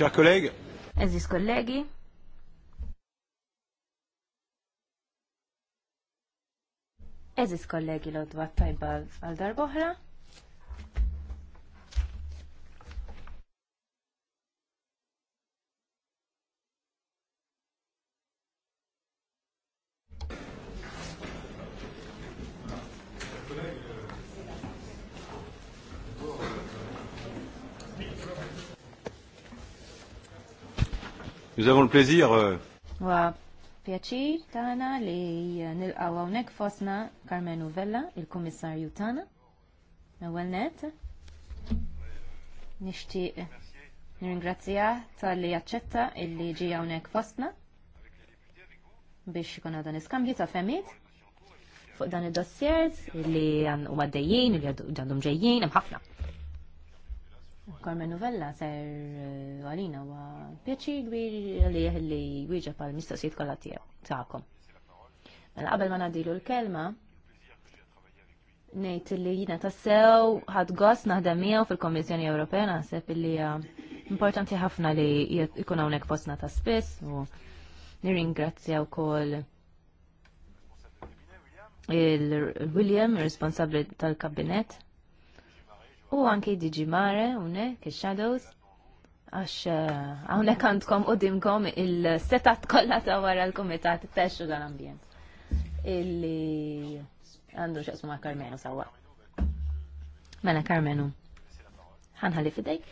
Chers collègues. Aziz kollegi. Eżis kollegi l-odwa tajba għal darboħra. Nous avons le plaisir. Euh, Wa pjaċir tana li nilqgħu hawnhekk fosna Carmen Uvella, il-Kummissarju tana. Ewwel net. Nixtieq nirringrazzjah tal-li jaċċetta illi ġi hawnhekk fosna biex ikun dan iskambju ta' femmit fuq dan id-dossiers li huma għaddejjin, li għandhom ġejjin, hemm ħafna. Kormen Novella ser eh, għalina wa pjaċi kbir li li wieġa pal mistoqsijiet kollha tijaw taħkom. Mela qabel ma nadilu l-kelma, ngħid li jiena tassew ħadd gost naħdem miegħu fil-Kommissjoni Ewropea naħseb li importanti ħafna li jkun hawnhekk postna ta' spiss u nirringrazzja wkoll il-William, il-responsabbli tal-kabinet u anki Digi Mare unne, il-Shadows, għax eh, għawne għandkom u dimkom il-setat kolla ta' wara l-Komitat t-teċu dal ambjent illi għandu xaqsu ma' Karmenu sawa. Mela Karmenu, ħanħalli fidejk?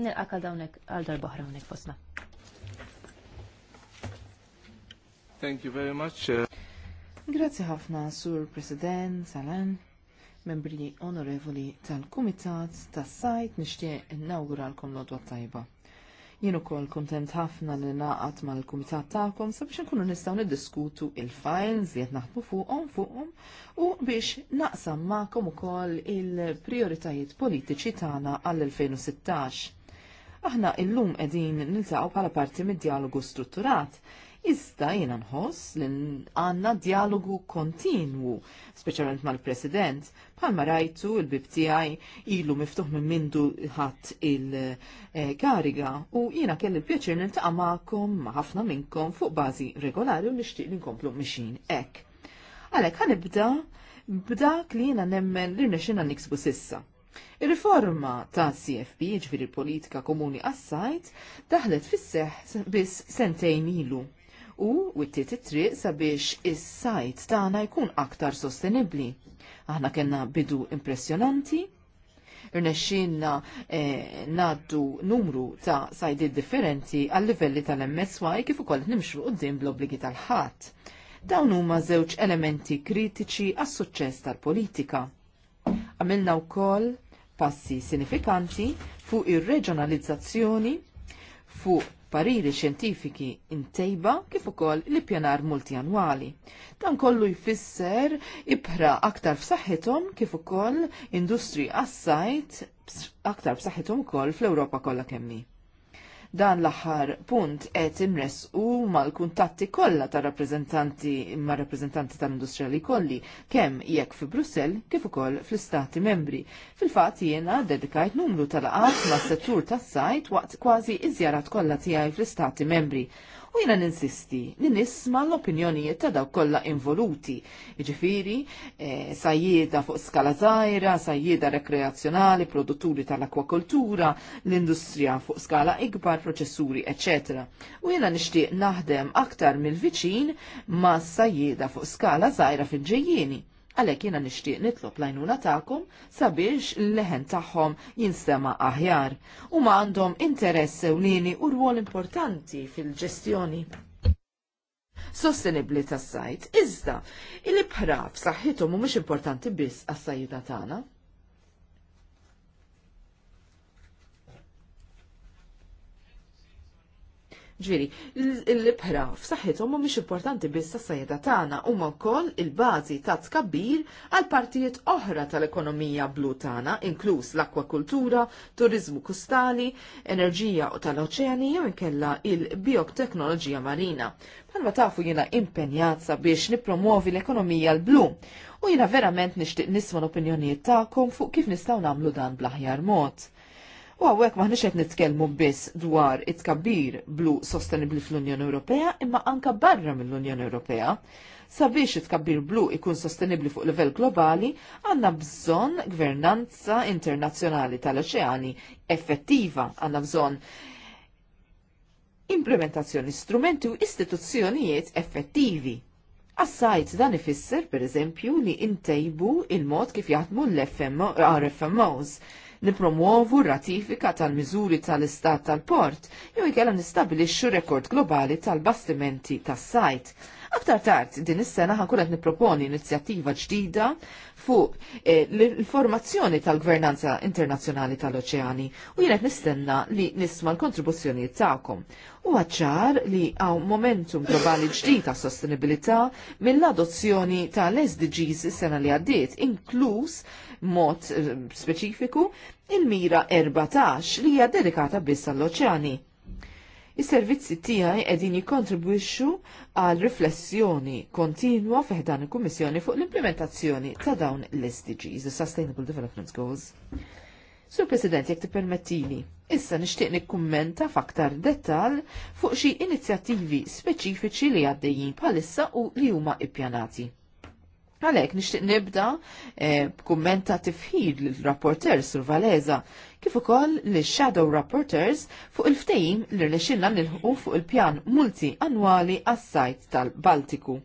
Nilqak għal dawnek għal darbohra unek fosna. Thank you very much. Eh. Grazie ħafna, Sur President, Salan membri onorevoli tal-Kumitat tas-Sajt nixtieq innawguralkom l-odwa tajba. Jien ukoll kuntent ħafna li naqat mal-kumitat tagħkom sabiex inkunu nistgħu niddiskutu il-files li qed naħdmu fuqhom fuqhom u biex naqsam magħkom ukoll il-prijoritajiet politiċi tagħna għall-2016. Aħna illum qegħdin niltaqgħu bħala parti mid-dialogu strutturat Iżda jiena nħoss li għandna dialogu kontinwu, speċjalment mal-President, bħalma rajtu il-bib tiegħi ilu miftuħ minn mindu ħadd il-kariga u jiena kelli l-pjaċir niltaqa' magħkom ma' ħafna minnkom fuq bażi regolari u nixtieq li nkomplu mixin hekk. Għalhekk ħanibda b'dak li jiena nemmen li rnexxinha niksbu sissa. Ir-riforma ta' CFP, ġviri politika komuni għas-sajt, daħlet fis-seħ biss sentejn ilu u wittiet it-triq sabiex is-sajt tagħna jkun aktar sostenibbli. Aħna kellna bidu impressjonanti, rnexxinna eh, naddu numru ta' sajdiet differenti għal livelli tal-MSY kif ukoll nimxu qudiem bl-obbligi tal-ħadd. Dawn huma żewġ elementi kritiċi għas-suċċess tal-politika. Għamilna wkoll passi sinifikanti fuq ir-reġjonalizzazzjoni fuq pariri xjentifiki intejba kif ukoll l-ippjanar multjanwali. Dan kollu jfisser ibra aktar f'saħħithom kif ukoll industri assajt aktar b'saħħithom ukoll fl-Ewropa kollha kemmi. Dan l-aħħar punt qed imresqu mal-kuntatti kollha ta' rappreżentanti ma' rappreżentanti tal-industrija li kolli, kemm jekk fi Brussell kif ukoll fl-istati membri. Fil-fatt jiena dedikajt numru tal-qat mas settur tas-sajt waqt kważi iż-żjarat kollha tiegħi fl-istati membri u jina ninsisti li nisma l-opinjonijiet ta' dawk kollha involuti. Jiġifieri eh, sajjieda fuq skala żgħira, sajjieda rekreazzjonali, produtturi tal-akwakultura, l-industrija fuq skala ikbar, proċessuri, ecc. U jina nixtieq naħdem aktar mill-viċin ma' sajjieda fuq skala żgħira fil ġejjini Għalek jena nishtiq nitlob lajnuna ta'kom sabiex l-leħen tagħhom jinstema aħjar u ma għandhom interess ewlieni u rwol importanti fil-ġestjoni sostenibli tas-sajt. Iżda, il-ibħra f'saħħithom mhumiex importanti biss għas sajda tagħna. Ġviri, l-libħra f'saħħithom mhumiex importanti biss s sajjeda tagħna huma wkoll il-bażi ta' tkabbir għal partijiet oħra tal-ekonomija blu tagħna, inkluż l-akwakultura, turizmu kustali, enerġija u tal-oċeani jew inkella il-bioteknoloġija marina. Bħalma tafu jiena impenjat sabiex nipromuovi l-ekonomija l-blu u jiena verament nixtieq nisma' l-opinjonijiet tagħkom fuq kif nistgħu nagħmlu dan bl-aħjar mod U għawek maħniex qed nitkellmu biss dwar it kabir blu sostenibli fl-Unjoni Ewropea imma anka barra mill-Unjoni Ewropea. Sabiex it kabir blu ikun sostenibli fuq livell globali, għanna bżon gvernanza internazzjonali tal-oċeani effettiva, għanna bżon implementazzjoni strumenti u istituzzjonijiet effettivi. Assajt dan ifisser, per eżempju, li intejbu il-mod kif jaħdmu l-RFMOs, nipromuovu ratifika tal-miżuri tal-istat tal-port jew ikella nistabilixxu rekord globali tal-bastimenti tas-sajt. Aktar tard din is-sena ħankun qed nipproponi inizjattiva ġdida fuq eh, l-formazzjoni tal-gvernanza internazzjonali tal-oċeani u jien qed nistenna li nisma' l-kontribuzzjonijiet tagħkom u għadċar li għaw momentum globali ġdid ta' sostenibilità mill-adozzjoni tal-SDGs sena li għaddiet, inkluż mod eh, speċifiku il-mira 14 li hija dedikata biss għall-oċjani. Is-servizzi tiegħi qegħdin jikkontribwixxu għal riflessjoni kontinwa fiħdan il-Kummissjoni fuq l-implementazzjoni ta' dawn l-SDGs, Sustainable Development Goals. Sur President, jek tippermettili, issa nixtieq nikkummenta f'aktar dettal fuq xi inizjattivi speċifiċi li għaddejjin bħalissa u li huma ippjanati. Għalek, nixtieq nibda eh, b'kummenta eh, tifħid l-rapporter Sur Valeza kif ukoll l shadow rapporters fuq il-ftejim li rnexxinna nilħu fuq il-pjan multi annwali għas-sajt tal-Baltiku.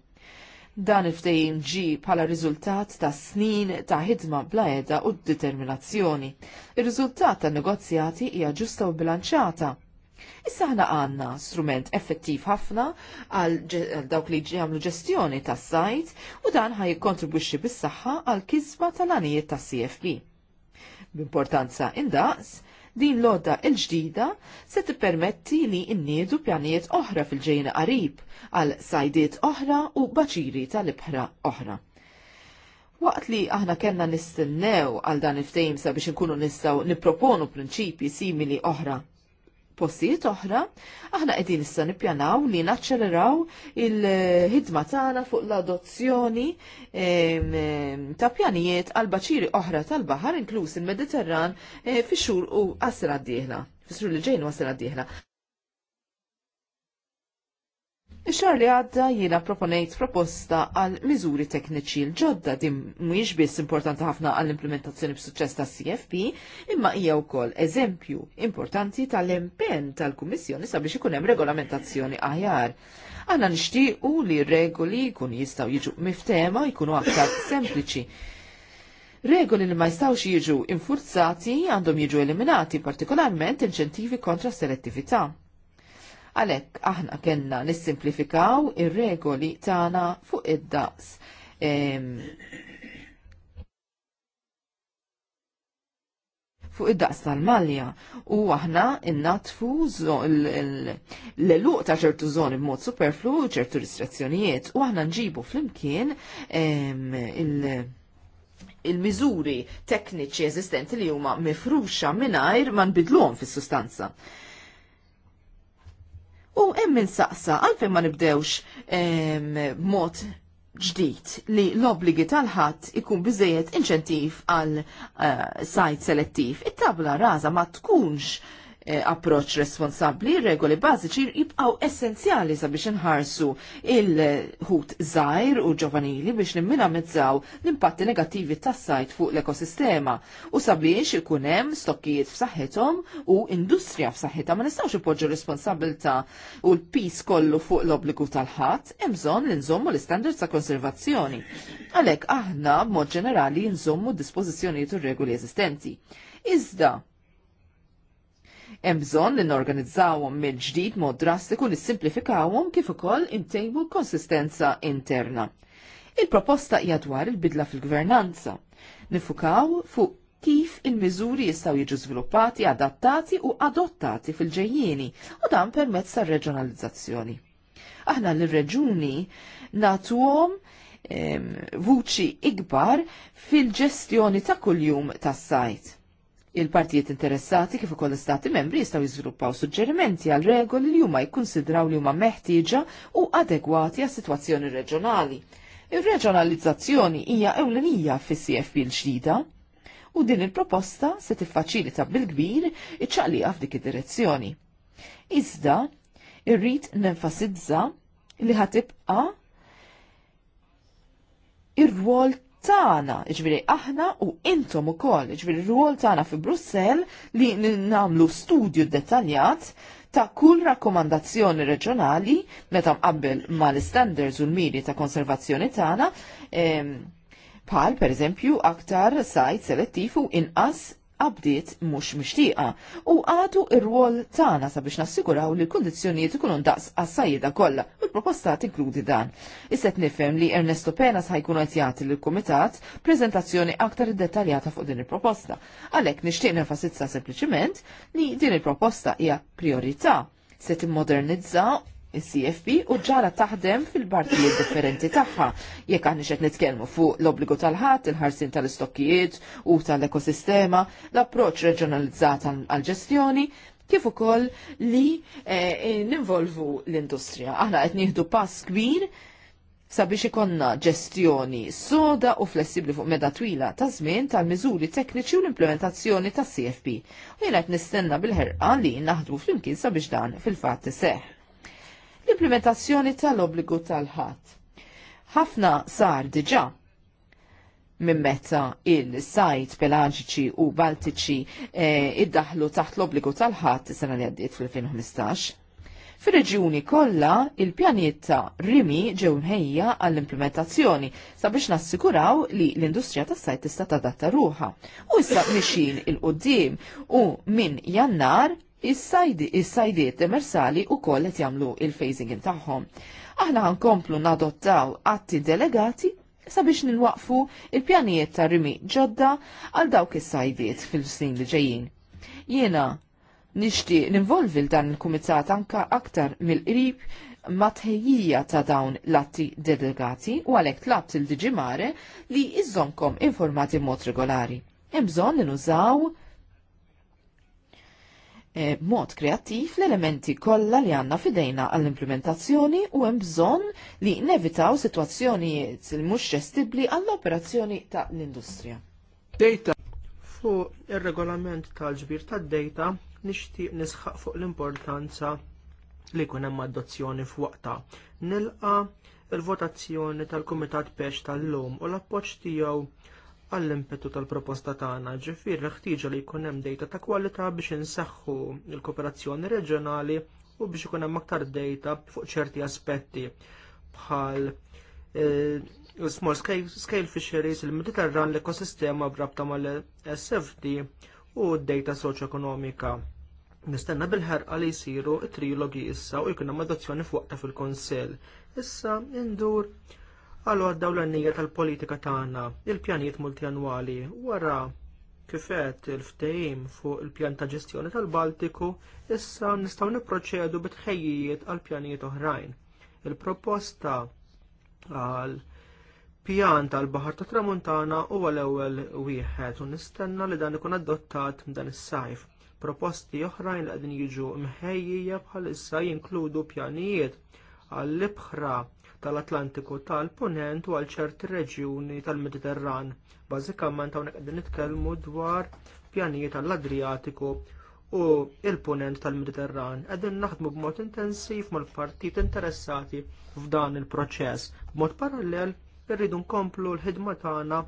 Dan il-ftejim ġi bħala riżultat ta' snin ta' ħidma bla edha u determinazzjoni. Ir-riżultat ta' negozjati hija ġusta u bilanċata. Issa ħna għanna strument effettiv ħafna għal dawk li jagħmlu ġestjoni tas sajt u dan ħaj kontribwixxi bis-saħħa għal kisma tal-għanijiet tas-CFP. B'importanza indaqs, Din l-odda il-ġdida se tippermetti li innidu pjanijiet oħra fil-ġejna qarib għal sajdiet oħra u baċiri tal-ibħra oħra. Waqt li aħna kellna nistennew għal dan il-ftejm sabiex nkunu nistgħu nipproponu prinċipji simili oħra postijiet oħra, aħna qegħdin issa nippjanaw li naċċeleraw il-ħidma tagħna fuq l-adozzjoni ta' pjanijiet għal baċiri oħra tal-baħar inkluż il-Mediterran eh, fi xhur u għasra d-dieħla, fi xhur li ġejn u għasra d-dieħla. Ix-xar li għadda jiena proponejt proposta għal miżuri tekniċi l-ġodda din mhijiex biss importanti ħafna għall implementazzjoni b'suċċess tas CFP, imma hija wkoll eżempju importanti tal-impenn tal-Kummissjoni sabiex ikun hemm regolamentazzjoni aħjar. Aħna nixtiequ li regoli jkun jistgħu jiġu miftema jkunu aktar sempliċi. Regoli li ma jistawx jiġu infurzati għandhom jiġu eliminati partikolarment inċentivi kontra selettività. Għalhekk aħna kellna nissimplifikaw ir-regoli tagħna fuq id-daqs. fuq id-daqs tal-malja u aħna innatfu l luq ta' ċertu zoni b'mod superflu ċertu restrizzjonijiet u aħna nġibu flimkien il- il-miżuri tekniċi eżistenti li huma mifruxa mingħajr ma nbidluhom fis-sustanza. U emmin saqsa, għalfejn ma nibdewx mod ġdid li l-obligi tal ħat ikun biżejjed inċentiv għal eh, sajt selettiv. It-tabla raza ma tkunx Eh, approċ responsabli, regoli bażiċi jibqaw essenzjali sabiex inħarsu il-ħut żgħir u ġovanili biex nimminamizzaw l-impatti negattivi tas-sajt fuq l-ekosistema u sabiex ikun hemm stokkijiet f'saħħithom u industrija f'saħħitha ma nistgħux ipoġġu responsabilità u l-pis kollu fuq l-obbligu tal-ħadd hemm bżonn li nżommu l-istandards ta' konservazzjoni. Għalhekk aħna b'mod ġenerali nżommu d-dispożizzjonijiet u regoli eżistenti. Iżda, Hemm bżonn li norganizzawhom mill-ġdid mod drastiku li simplifikawhom kif ukoll intejbu konsistenza interna. Il-proposta hija dwar il-bidla fil-gvernanza. Nifukaw fuq kif il-miżuri jistgħu jiġu żviluppati, adattati u adottati fil-ġejjieni u dan permezz tar-reġjonalizzazzjoni. Aħna l-reġuni natuhom vuċi ikbar fil-ġestjoni ta' kuljum tas sajt Il-partijiet interessati kif ukoll l-Stati membri jistgħu jiżviluppaw suġġerimenti għal regoli li huma jikkunsidraw li huma meħtieġa u adegwati għas sitwazzjoni reġjonali. Ir-reġjonalizzazzjoni hija ewlenija fis-CFP l-ġdida u din il-proposta se tiffaċilita bil-kbir iċċaqliqha f'dik id-direzzjoni. Iżda, irrid nenfasizza li ħatibqa' ir-rwol Tana, ġviri aħna u intom ukoll, ġifieri ġviri rwol tagħna fi Brussell li nagħmlu studju dettaljat ta' kull rakkomandazzjoni reġjonali meta mqabbel mal-standards u l-miri ta' konservazzjoni tagħna, bħal per eżempju aktar sajt selettiv u inqas qabdiet mhux mixtieqa u għadu ir-rwol tagħna sabiex nassiguraw li l-kundizzjonijiet ikunu daqs għas-sajjida kollha u l-proposta tinkludi dan. Issa qed nifhem li Ernesto Penas ħajkun qed jagħti lill-kumitat preżentazzjoni aktar iddettaljata fuq din il-proposta. Għalhekk nixtieq nenfasizza sempliċiment li din il-proposta hija priorità se timmodernizza il-CFP u ġara taħdem fil-partijiet differenti tagħha. Jekk aħniex qed nitkellmu fuq l-obbligu tal-ħadd, il-ħarsin tal-istokkijiet u tal-ekosistema, l-approċċ reġjonalizzat għal-ġestjoni, kif ukoll li eh, ninvolvu l-industrija. Aħna qed nieħdu pass kbir sabiex ikonna ġestjoni soda u flessibli fuq meda twila ta' żmien tal-miżuri tekniċi u l-implementazzjoni tas CFP. U jiena qed nistenna bil-ħerqa li naħdmu flimkien sabiex dan fil-fatt iseħħ l-implementazzjoni tal-obbligu tal-ħadd. Ħafna sar diġà minn meta il-sajt pelagiċi u baltiċi eh, iddaħlu taħt l-obbligu tal-ħadd sena li għaddiet fil-2015. Fir-reġjuni kollha il-pjanijiet ta' rimi ġew mħejja għall-implementazzjoni sabiex nassikuraw li l-industrija tas-sajt tista' tadatta ruha. U issa mixin il-qudiem u minn Jannar is-sajdiet demersali u koll qed jagħmlu il-phasing in tagħhom. Aħna ħankomplu nadottaw atti delegati sabiex ninwaqfu il-pjanijiet ta' rimi ġodda għal dawk is-sajdiet fil-snin li ġejjin. Jiena nixtieq ninvolvi dan il-kumitat anka aktar mill-qrib matħejjija ta' dawn l-atti delegati u għalek tlabt il-diġimare li iżomkom informati mod regolari. Imżon li nużaw E, mod kreattiv l-elementi kollha li għandna fidejna għall-implementazzjoni u hemm bżonn li nevitaw sitwazzjonijiet il mhux ġestibbli għall-operazzjoni ta' l-industrija. Data fuq ir-regolament tal-ġbir tad-data nixtieq nisħaq fuq l-importanza li jkun hemm adozzjoni f'waqta. Nilqa' il-votazzjoni tal-Kumitat Pex tal-lum u l-appoġġ tiegħu għall-impetu tal-proposta tagħna ġifieri ħtieġa li jkun hemm dejta ta' kwalità biex insaħħu l-kooperazzjoni reġjonali u biex ikun hemm aktar dejta fuq ċerti aspetti bħal eh, small scale fisheries, il-Mediterran, l-ekosistema brabta mal-SFD u d-dejta soċ-ekonomika. Nistenna bil-ħerqa li jsiru t trilogi issa u jkun hemm adozzjoni fuqta fil kunsill Issa indur. Allora daw l-għannija tal-politika tagħna, il-pjanijiet multianwali, wara kifet il-ftehim fuq il-pjan ta' ġestjoni tal-Baltiku, issa nistgħu nipproċedu bitħejjiet għal pjanijiet oħrajn. Il-proposta għal pjan tal-Baħar tat Tramuntana huwa l-ewwel wieħed u nistenna li dan ikun adottat dan is-sajf. Proposti oħrajn li qegħdin jiġu mħejjija bħalissa jinkludu pjanijiet għall-ibħra tal-Atlantiku tal-Punent u għal ċerti reġjuni tal-Mediterran. Bażikament hawnhekk qegħdin nitkellmu dwar pjanijiet tal-Adriatiku u l punent tal-Mediterran. Qegħdin naħdmu b'mod intensiv mal-partit interessati f'dan il-proċess. B'mod parallel irridu nkomplu l-ħidma tagħna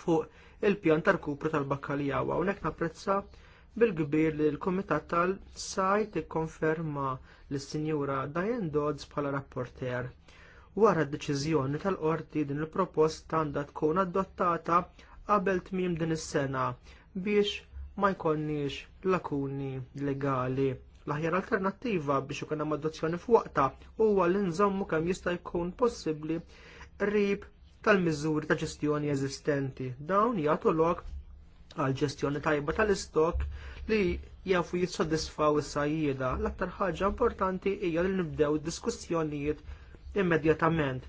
fuq il-pjan tal-kupru tal-bakkaljawa u nek napprezza bil-kbir li l-Komitat tal-Sajt ikkonferma l sinjura Diane Dodds bħala rapporter. Wara d-deċiżjoni tal-qorti din il-proposta għandha tkun adottata qabel tmiem din is-sena biex ma jkollniex lakuni legali. L-aħjar alternattiva biex ikun hemm adozzjoni f'waqta huwa li nżommu kemm jista' jkun possibbli qrib tal-miżuri ta' ġestjoni eżistenti. Dawn jagħtu lok għal ġestjoni tajba tal-istok li jafu jissodisfaw is-sajjieda. L-aktar ħaġa importanti hija li nibdew id diskussjonijiet immedjatament.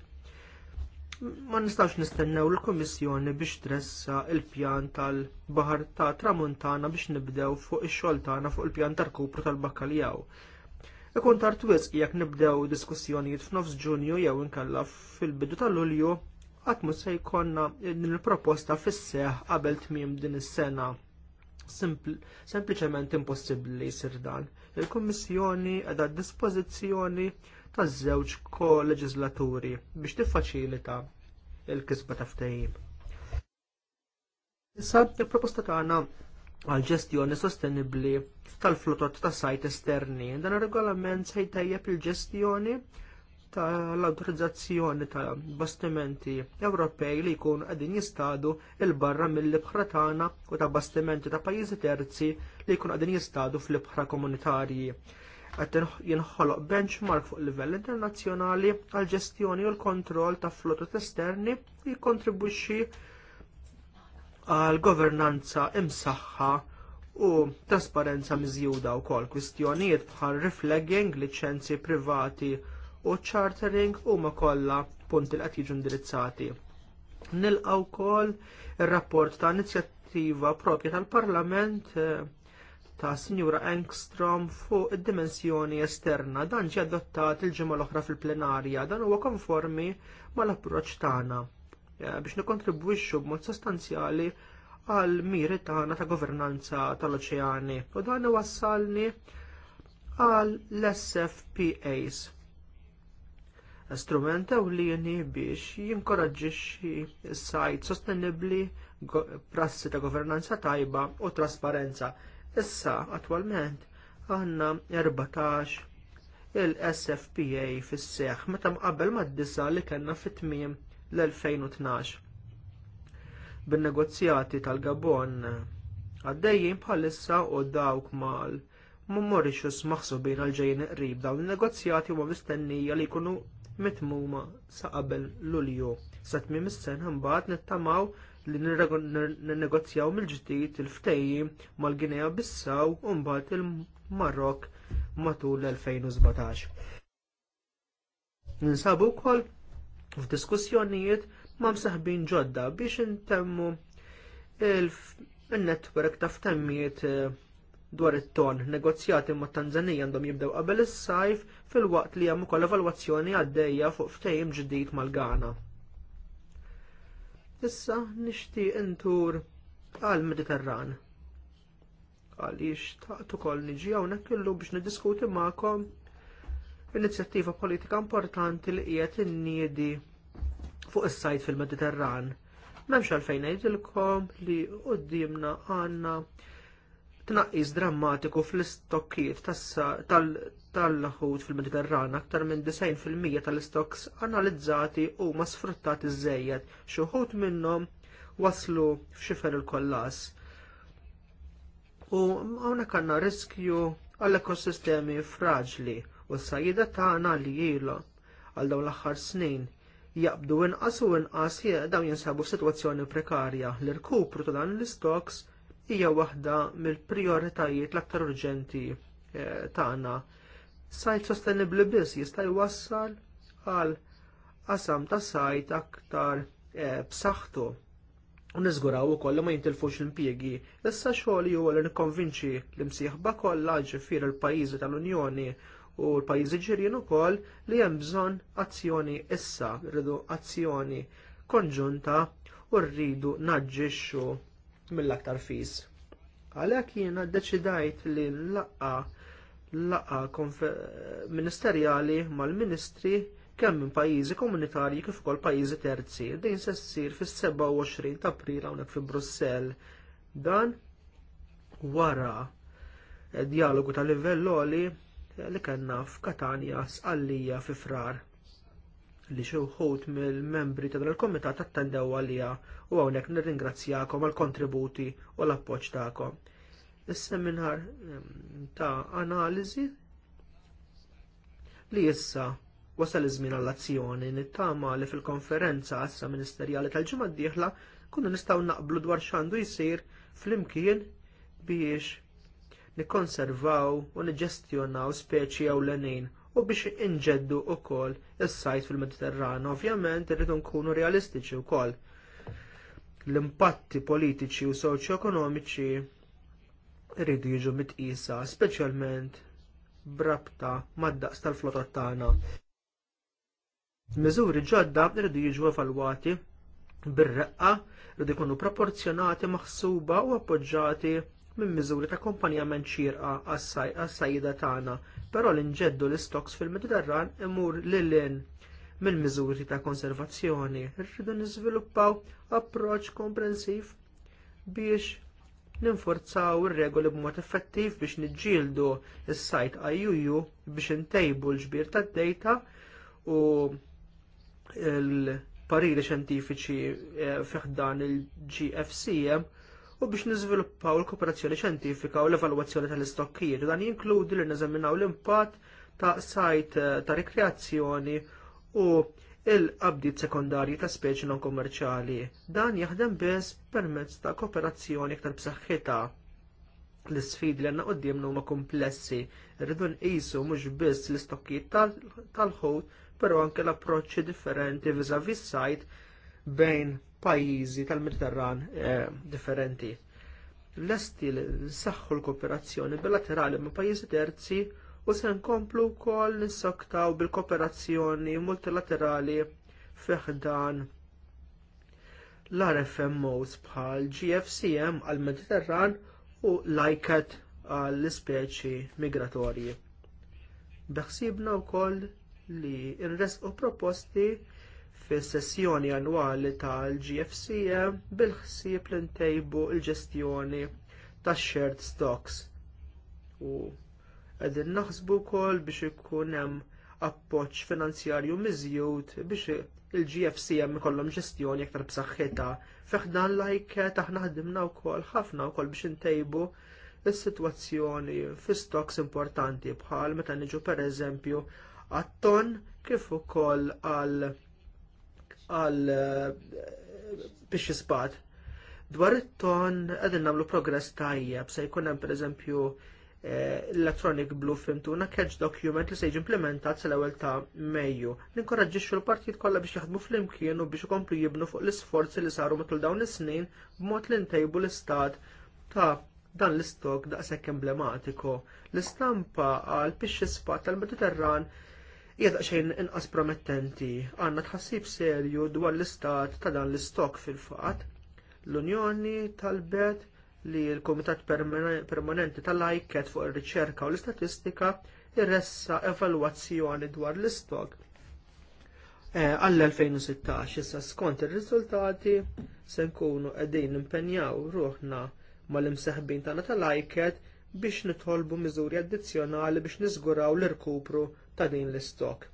Ma nistax nistennew l-Kummissjoni biex tressa il-pjan tal-Bahar ta' Tramuntana biex nibdew fuq ix-xogħol tagħna fuq il-pjan tal-kupru tal-Bakkaljaw. Ikun tar twisq jekk nibdew diskussjonijiet f'nofs Ġunju jew inkella fil-bidu tal-Lulju qatt mhux se jkollna din il-proposta fis-seħ qabel tmiem din is-sena. Sempliċement impossibbli jsir dan. Il-Kummissjoni qiegħda dispożizzjoni taż-żewġ ko-leġislaturi biex tiffaċilita l-kisba ta' ftehim. Issa il-proposta tagħna għal ġestjoni sostenibbli tal-flutot ta' sajt esterni. Dan ir-regolament se jtejjeb il-ġestjoni tal-autorizzazzjoni ta' bastimenti Ewropej li jkunu qegħdin jistadu il-barra mill-libħra tagħna u ta' bastimenti ta' pajjiżi terzi li jkunu qegħdin jistadu fl-libħra komunitarji għed jinħoloq benchmark fuq livell internazzjonali għal ġestjoni u l-kontroll ta' flotot esterni li jikkontribwixxi għal governanza imsaħħa u trasparenza miżjuda wkoll kwistjonijiet bħal reflagging, liċenzji privati u chartering huma kollha punti li qed jiġu indirizzati. Nilqgħu kol ir-rapport ta' inizjattiva propja tal-Parlament eh, ta' Sinjura Engstrom fuq id-dimensjoni esterna dan ġie adottat il-ġimgħa l-oħra fil-plenarja dan huwa konformi mal-approċċ tagħna eh, biex nikkontribwixxu b'mod sostanzjali għal miri tagħna ta' governanza tal-oċeani u dan iwassalni għal l-SFPAs strument ewlieni biex jinkoraġġixxi s-sajt sostenibbli prassi ta' governanza tajba u trasparenza. Issa, attualment, għandna 14 il-SFPA fis seħħ meta mqabbel mad disa li kellna fit tmiem l-2012. Bin-negozjati tal-Gabon għaddejjin bħalissa u dawk mal Mauritius maħsubin għal-ġejjin qrib dawn il-negozjati huma mistennija li jkunu mitmuma sa qabel Lulju. Sa tmiem is sen mbagħad nittamaw li nirnegozjaw mill-ġdid il-ftejji mal-Ginea Bissaw u mbagħad il-Marok matul l-2017. Ninsabu wkoll f'diskussjonijiet ma' msaħbin ġodda biex intemmu il-netwerk ta' ftemmijiet eh, dwar it-ton negozjati ma' Tanzanija għandhom jibdew qabel is-sajf fil-waqt li hemm ukoll evalwazzjoni għaddejja fuq ftehim ġdid mal-Ghana. Issa nixtieq intur għall mediterran Għaliex taqtu ukoll niġi hawnhekk kellu biex niddiskuti l inizjattiva politika importanti li qiegħed inniedi fuq is-sajt fil-Mediterran. M'hemmx għalfejn ngħidilkom li qudiemna għandna tnaqqis drammatiku fl-istokkijiet tal tal-ħut fil-Mediterran aktar minn 90% tal-istoks analizzati huma sfruttati żejjed, xi wħud minnhom waslu f'xifer il-kollas. U hawnhekk għandna riskju għall-ekosistemi fraġli u s sajida tagħna li jilu għal dawn l-aħħar snin jaqbdu inqas u inqas dawn jinsabu f'sitwazzjoni prekarja l irkupru ta' dan l-istoks hija waħda mill-prijoritajiet l-aktar urġenti eh, tagħna Sajt sostenibli biss jista' jwassal għal qasam ta' sajt aktar e, b'saħħtu. U niżguraw ukoll li ma jintilfux l-impjiegi. Issa xogħol huwa li nikkonvinċi l-imsieħba kollha ġifier il-pajjiżi tal-Unjoni u l-pajjiżi ġirien ukoll li hemm bżonn azzjoni issa, rridu azzjoni konġunta u rridu naġġixxu mill-aktar fis. Għalhekk jiena ddeċidajt li nlaqqa laqgħa ministerjali mal-ministri kemm minn pajjiżi komunitarji kif ukoll pajjiżi terzi. Din se ssir fis-27 ta' April hawnhekk fi Brussell. Dan wara dialogu ta' livell oli li kellna f'Katania sqallija fi frar li xi wħud mill-membri ta' dan il-komitat attendew għalija u hawnhekk nirringrazzjakom għall kontributi u l-appoġġ tagħkom is-seminar ta' analiżi li issa wasal iż-żmien għall-azzjoni nittama li fil-konferenza assa ministerjali tal-ġimgħa d-dieħla kunu nistgħu naqblu dwar jisir jsir flimkien biex nikkonservaw u niġestjonaw speċi l-enin u biex inġeddu wkoll is-sajt fil-Mediterran. Ovvjament irridu nkunu realistiċi wkoll. L-impatti politiċi u soċjo-ekonomiċi rridu jiġu mitqisa, speċjalment brabta mad-daqs tal-flotta tagħna. Miżuri ġodda rridu jiġu evalwati bir-reqqa, rridu jkunu proporzjonati maħsuba u appoġġati minn miżuri ta' kompanjament xierqa għas-sajda tagħna, però li nġeddu l-istoks fil-Mediterran imur lilin minn miżuri ta' konservazzjoni. Rridu niżviluppaw approċċ komprensiv biex ninforzaw ir-regoli b'mod effettiv biex niġġieldu is-sajt IUU biex intejbu l-ġbir tad-dejta u l-pariri xjentifiċi eh, fiħdan il-GFCM u biex niżviluppaw il-kooperazzjoni xjentifika u l-evalwazzjoni tal-istokkijiet. Dan jinkludi li neżaminaw l-impatt ta' sajt eh, ta' rikreazzjoni u il-qabdiet sekondarji ta' speċi non kommerċali. Dan jaħdem biss permezz ta' kooperazzjoni iktar b'saħħitha. L-isfidi li għandna qudiem huma komplessi, rridu nqisu mhux biss l-istokkijiet tal-ħut, però anke l-approċċi differenti viżavi s-sajt bejn pajjiżi tal-Mediterran eh, differenti. l li nsaħħu l-kooperazzjoni bilaterali ma' pajjiżi terzi u se nkomplu wkoll nissoktaw bil-kooperazzjoni multilaterali fiħdan l-RFMOs bħal GFCM għall mediterran u l-ICAT għall ispeċi migratorji. Beħsibna wkoll li nresqu proposti fis sessjoni annwali tal-GFCM bil-ħsieb li ntejbu l-ġestjoni tax shared stocks u Qegħdin naħsbu wkoll biex ikun hemm appoġġ finanzjarju miżjud biex il-GFCM ikollhom ġestjoni aktar b'saħħitha. Feħdan lajke taħna ħdimna wkoll ħafna wkoll biex intejbu is-sitwazzjoni fi stocks importanti bħal meta niġu pereżempju għat-ton kif ukoll għal għal biex isbat. Dwar it-ton qegħdin nagħmlu progress tajjeb se jkun hemm pereżempju Eh, electronic blue Tuna catch document li se jiġi implementat sal ewwel ta' Mejju. Ninkoraġġixxu l-partijiet kollha biex jaħdmu flimkien u biex ikomplu jibnu fuq l-isforzi li saru matul dawn is-snin b'mod li ntejbu l-istat ta' dan l-istok daqshekk emblematiku. L-istampa għal pixxi spat tal-Mediterran hija daqsxejn inqas promettenti. Għandna tħassib serju dwar l-istat ta' dan l-istok fil-fatt. L-Unjoni tal-bed li l-Komitat Permanenti tal ajket fuq ir-riċerka u l-istatistika irressa evalwazzjoni dwar l-istok e, għall-2016 issa skont ir-riżultati se nkunu qegħdin nimpenjaw ruħna mal-imseħbin tagħna tal ajket biex nitħolbu miżuri addizzjonali biex niżguraw l-irkupru ta' din l-istok.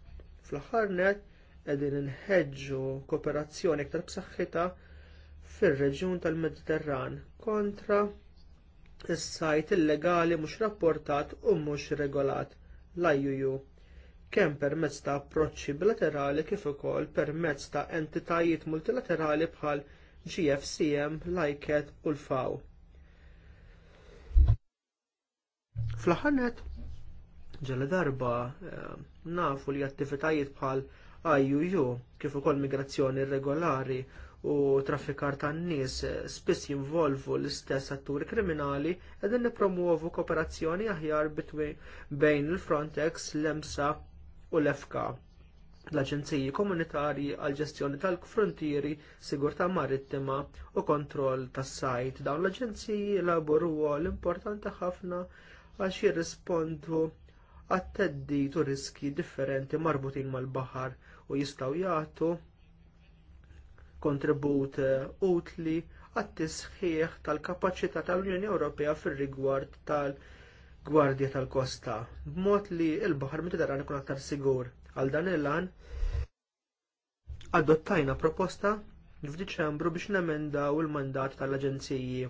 Fl-aħħar net qegħdin inħeġġu kooperazzjoni iktar b'saħħitha fir-reġjun tal-Mediterran kontra is-sajt illegali mhux rapportat u mhux regolat l-IUU kemm permezz ta' approċċi bilaterali kif ukoll permezz ta' entitajiet multilaterali bħal GFCM, l-ICAT e u l-FAW. fl ġalla darba eh, nafu li attivitajiet bħal IUU kif ukoll migrazzjoni regolari u traffikar tan-nies spiss jinvolvu l-istess atturi kriminali qegħdin nippromuovu kooperazzjoni aħjar bejn il-Frontex, l-EMSA u l-EFKA l-Aġenziji Komunitarji għall ġestjoni tal-Frontieri, Sigurtà Marittima u Kontroll tas-Sajt. Dawn l-Aġenziji laboru rwol importanti ħafna għax jirrispondu għat-teddi u riski differenti marbutin mal-baħar u jistgħu jagħtu kontribut eh, utli għat-tisħiħ tal-kapaċità tal-Unjoni Ewropea fir-rigward tal-Gwardja tal-Kosta, b'mod li l-baħar Mediterran ikun aktar sigur. Għal dan il-lan, adottajna proposta f'Diċembru biex nemendaw il-mandat tal-Aġenziji.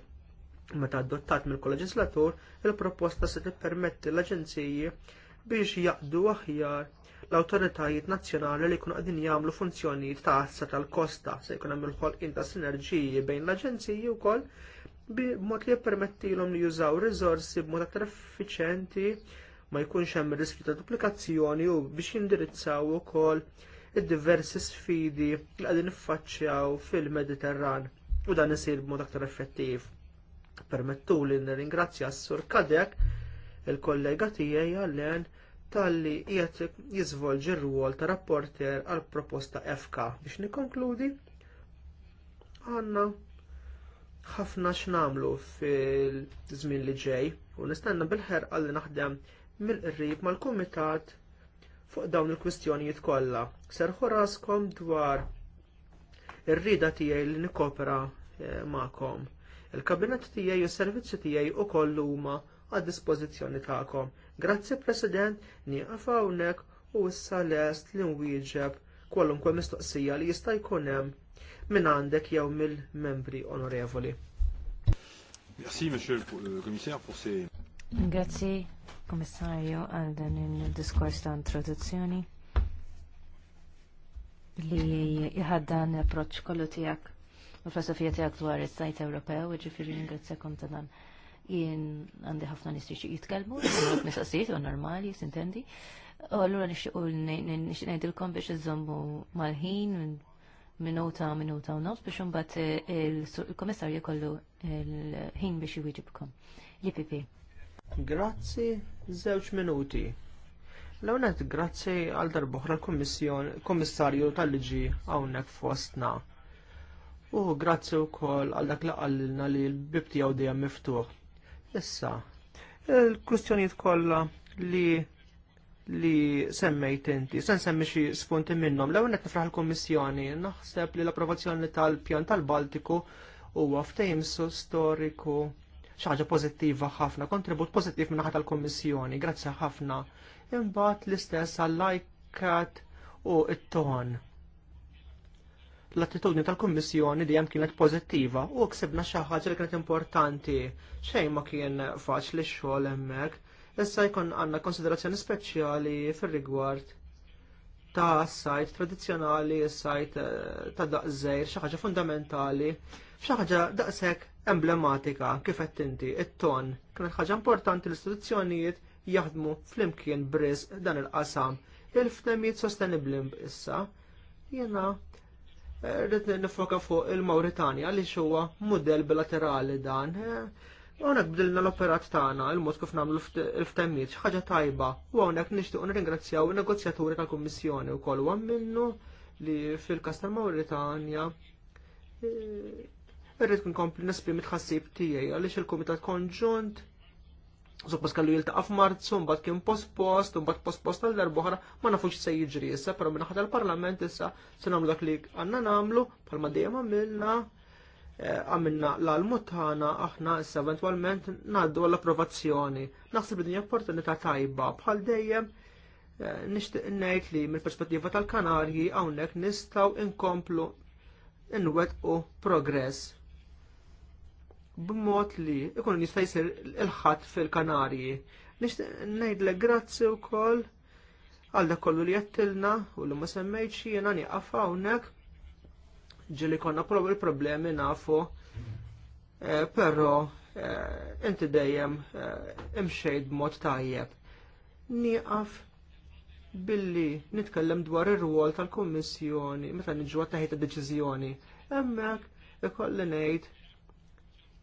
Meta adottat mill-Kolleġislatur, il-proposta se tippermetti l-Aġenziji biex jaqdu aħjar l-awtoritajiet nazzjonali li jkunu qegħdin jagħmlu funzjonijiet ta' assa tal-kosta se jkun hemm il-ħolqien ta' sinerġiji bejn l-aġenziji wkoll b'mod li jippermettilhom li jużaw riżorsi b'mod aktar effiċjenti ma jkunx hemm riskju ta' duplikazzjoni u biex jindirizzaw ukoll id-diversi sfidi li qegħdin iffaċċjaw fil-Mediterran u dan isir b'mod aktar effettiv. Permettu li nirringrazzja s-sur Kadek, il-kollega tiegħi għallen talli qiegħed jiżvolġi r-rwol ta' rapporter għal proposta FK biex nikkonkludi għandna ħafna x'namlu fil-żmien li ġej u nistenna bil-ħerqa li naħdem mill-qrib mal-kumitat fuq dawn il-kwistjonijiet kollha. Serħu raskom dwar ir-rida tiegħi li nikkopera eh, magħkom. Il-kabinet tiegħi u s-servizzi tiegħi wkoll huma għad dispożizzjoni tagħkom. Grazzi President, nieqaf hawnhekk u issa lest li nwieġeb kwalunkwe mistoqsija li jista' jkun hemm minn għandek jew mill-membri onorevoli. Merci, Monsieur le Commissaire, pour ces... Grazie, Commissario, għal dan il-diskors ta' introduzzjoni li jħaddan l-approċ kollu tijak u filosofija tijak dwar il-sajt Ewropew, ġifiri ringrazzakom ta' dan jien għandi ħafna nistriċi jitkellmu, għandek nisqasijiet u normali, sintendi. U allura nixtiqu ngħidilkom biex iżommu mal-ħin minuta minuta u nofs biex imbagħad eh, il-kummissarju kollu l-ħin biex jwieġibkom. Jipipi. Grazzi, żewġ minuti. L-għonet grazzi għal darbohra l-Kommissarju tal-liġi għawnek fostna. U grazzi u koll għal dak laqallina li l bibti tijaw dejjem miftuħ. Issa, il-kwistjonijiet kollha li li semmejt inti, sen semmi xi spunti minnhom. L-ewwel qed nifraħ il-Kummissjoni, naħseb li l-approvazzjoni tal-pjan tal-Baltiku huwa ftehim storiku xi ħaġa pożittiva ħafna, kontribut pożittiv minn tal-Kummissjoni, grazzi ħafna. Imbagħad l-istess għal-lajkat u t ton l-attitudni tal-Kummissjoni dejjem kienet pożittiva u ksibna xi ħaġa li kienet importanti. Xejn ma kien faċli x-xogħol hemmhekk. Issa jkun għandna konsiderazzjoni speċjali fir-rigward ta' sajt tradizzjonali, sajt eh, ta' daqżejr, xi ħaġa fundamentali, xaħġa ħaġa daqshekk emblematika kif qed inti, it-ton. Kienet ħaġa importanti l-istituzzjonijiet jaħdmu flimkien bris dan il-qasam il-ftemijiet sostenibli issa. Jena rrid nifoka fuq il-Mauritania li huwa mudell bilaterali dan. għonek bdilna l-operat tagħna il-mod kif namlu l-ftemmiet ħaġa tajba. U hawnhekk un nirringrazzjaw in-negozjaturi tal-Kummissjoni wkoll kollu minnu li fil-kas tal-Mauritania eh, irrid nkompli nesprimi tħassib tiegħi għaliex il-Kumitat Konġunt Suppost kallu jiltaqa f'Marzu, mbagħad kien postpost, mbagħad postpost għal darbohra, ma nafux se jiġri issa, però minn ħadd parlament issa se nagħmlu dak li għandna nagħmlu bħalma dejjem għamilna eh, għamilna l almutana tagħna aħna issa eventwalment ngħaddu għall-approvazzjoni. Naħseb li din opportunità tajba bħal dejjem eh, nixtieq ngħid li mill-perspettiva tal-Kanarji hawnhekk nistgħu inkomplu inwet u progress b'mod li ikun jista' jsir il-ħadd fil-Kanarji. Ngħidlek grazzi wkoll għal dak kollu li jattilna u li ma semmejtx jiena nieqaf hawnhekk ġieli konna prob il-problemi nafu eh, però eh, inti dejjem eh, imxejt b'mod tajjeb. Nieqaf billi nitkellem dwar ir-rwol tal-Kummissjoni meta niġu għat taħita deċiżjoni. Hemmhekk ikolli ngħid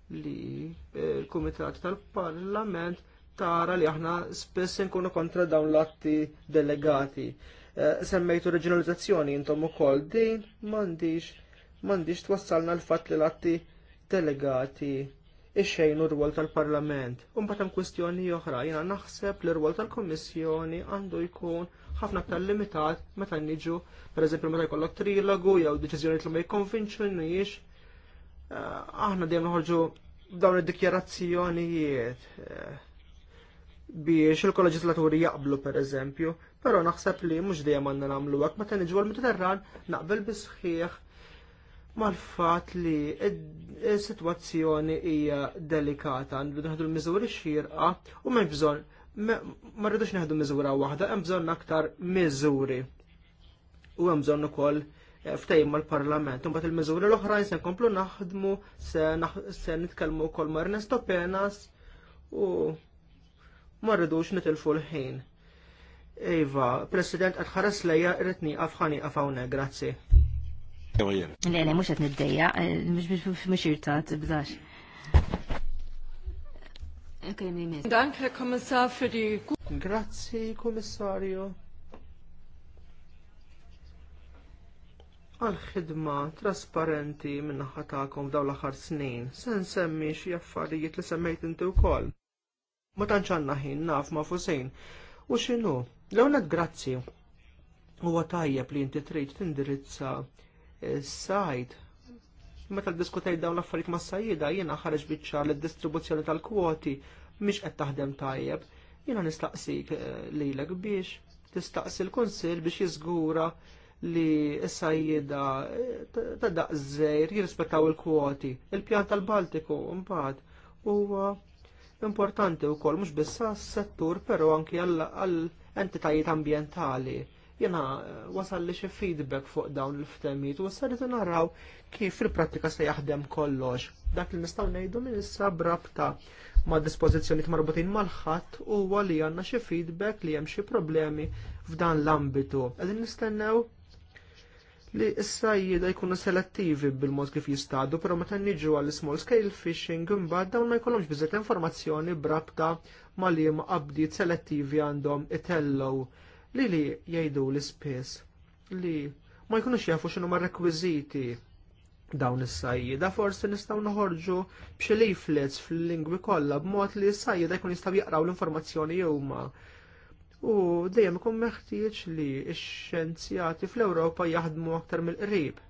li eh, l-Kumitat tal-Parlament tara li aħna spess nkunu kontra dawn l-atti delegati. Eh, semmejtu reġionalizzazzjoni intom ukoll din m'għandix m'għandix twassalna l-fatt li l-atti delegati ixxejn u rwol tal-Parlament. Umbat hemm kwistjoni oħra jiena naħseb li rwol tal-Kummissjoni għandu jkun ħafna aktar limitat meta niġu pereżempju meta jkollok trilogu jew deċiżjoni li ma jikkonvinċunix Eh, aħna dejjem noħorġu dawn id-dikjarazzjonijiet eh, biex il-kolleġislaturi jaqblu per eżempju, naħseb li mhux dejjem għandna nagħmlu hekk meta niġu l-Mediterran naqbel bisħieħ mal-fatt li s-sitwazzjoni hija delikata, nridu naħdu l-miżuri xierqa u m'hemm bżonn ma rridux neħdu miżura waħda, hemm bżonn aktar miżuri. U hemm bżonn ukoll ftejn mal-Parlament. Imbagħad il-miżuri l-oħrajn se nkomplu naħdmu se nitkellmu kol ma' Ernesto Penas u ma rridux nitilfu l-ħin. Iva, President qed leja lejja għafħani għafawne, grazzi. Le, le, mux għet niddeja, eh, mux irtat, bżax. Dank, Herr Kommissar, für die... Grazie, Kommissario. għal ħidma trasparenti min-naħa tagħkom dawn l-aħħar snin. Se nsemmi xi affarijiet li semmejt inti wkoll. Ma tantx għandna ħin naf ma' fusejn. U x'inhu? Lewnet grazzi. Huwa tajjeb li inti trid tindirizza s-sajt meta ddiskutejt dawn l-affarijiet ma' sajjida jiena ħareġ biċċa lid distribuzzjoni tal-kwoti mhix qed taħdem tajjeb. Jiena nistaqsik eh, lilek biex tistaqsi l-Kunsill biex jiżgura li s-sajjida eh, ta' daqżejr jirrispettaw il-kwoti. Il-pjan tal-Baltiku mbagħad huwa importanti wkoll mhux biss settur però anki għall entitajiet ambjentali. Jena eh, wasal li xi feedback fuq dawn il-ftemiet u s naraw kif il prattika se jaħdem kollox. Dak li nistgħu ngħidu minn issa brabta ma' dispożizzjonijiet marbutin mal-ħadd huwa li għandna xi feedback li hemm xi problemi f'dan l-ambitu. Qegħdin nistennew li issa jida jkunu selettivi bil-mod kif jistadu, pero meta niġu għall small scale fishing imbagħad dawn ma jkollhomx biżżejjed informazzjoni brabta ma li qabdiet selettivi għandhom itellow. li li jgħidu l spiss li ma jkunux jafu xinu ma rekwiżiti dawn is-sajjida forsi nistgħu noħorġu b'xi leaflets fil-lingwi kollha b'mod li s-sajjida jkun jistgħu jaqraw l-informazzjoni huma u dejjem ikun meħtieġ li x-xjenzjati fl-Ewropa jaħdmu aktar mill-qrib.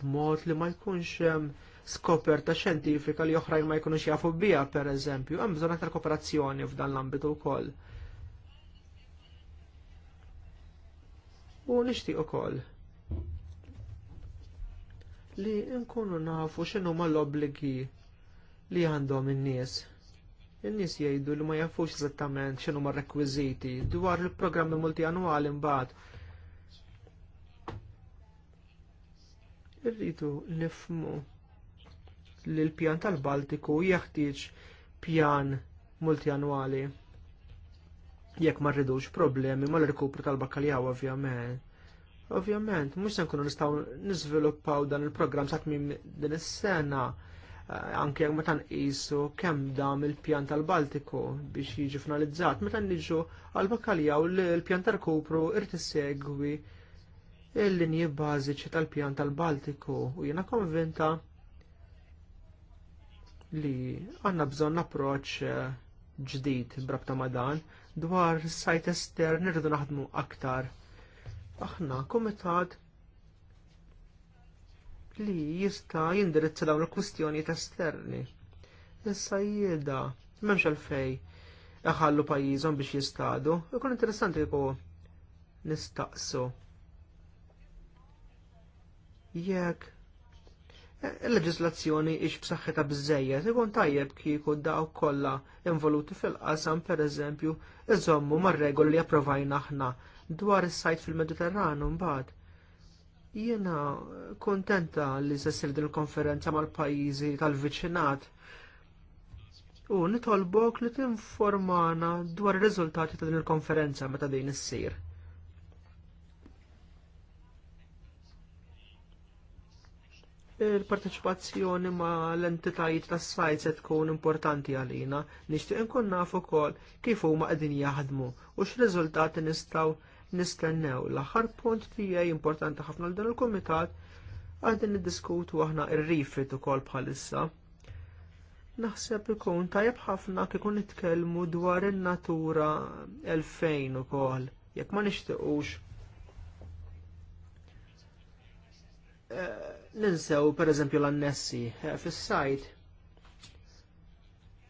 B'mod li ma jkunx hemm skoperta xjentifika li oħrajn ma jkunux jafu biha pereżempju, hemm bżonn aktar kooperazzjoni f'dan l-ambitu wkoll. U nixtieq ukoll li nkunu nafu x'inhuma l-obbligi li għandhom in-nies in-nies jgħidu li ma jafux eżattament x'inhuma ma rekwiżiti dwar il-programmi multianwali imbagħad. Irridu nifmu li l-pjan tal-Baltiku jeħtieġ pjan multianwali. Jekk ma rridux problemi mal-rikupru tal bakaljaw ovvjament. Ovvjament, mhux se nkunu nistgħu niżviluppaw dan il-programm sa tmiem din is-sena. il programm sa tmiem din is sena Eh, anke jekk meta nqisu kemm dam il-pjan tal-Baltiku biex jiġi finalizzat, meta niġu għal bakkaljaw l-pjan tal-Kupru irid isegwi il-linji bażiċi tal-pjan tal-Baltiku u jiena konvinta li għandna bżonn approċċ ġdid brabta ma' dan dwar sajt estern irridu naħdmu aktar. Aħna kumitat li jista jindirizza dawn il-kwistjoni esterni. Issa jieda, m'hemmx għalfej iħallu pajjiżhom biex jistadu, ikun interessanti jieku nistaqsu. Jekk e, il-leġislazzjoni ix b'saħħitha bżejjed ikun tajjeb kieku daw kollha involuti fil-qasam pereżempju iżommu mar-regoli li approvajna aħna dwar is-sajt fil-Mediterranu mbagħad Jiena kontenta li sessir din il-konferenza mal-pajjiżi tal-viċinat u nitolbok li tinformana dwar ir-riżultati ta' din il-konferenza meta din issir. il-parteċipazzjoni ma l-entitajiet tas sfajt se tkun importanti għalina, nixtieq inkun naf ukoll kif huma qegħdin jaħdmu u x'riżultati nistgħu nistennew. L-aħħar punt tiegħi importanti ħafna l dan il-kumitat għadin niddiskutu aħna ir-rifit ukoll bħalissa. Naħseb ikun tajjeb ħafna kikun nitkellmu dwar in-natura 2000 ukoll, jekk ma nixtiequx eh, ninsew pereżempju l-annessi eh, fis-sajt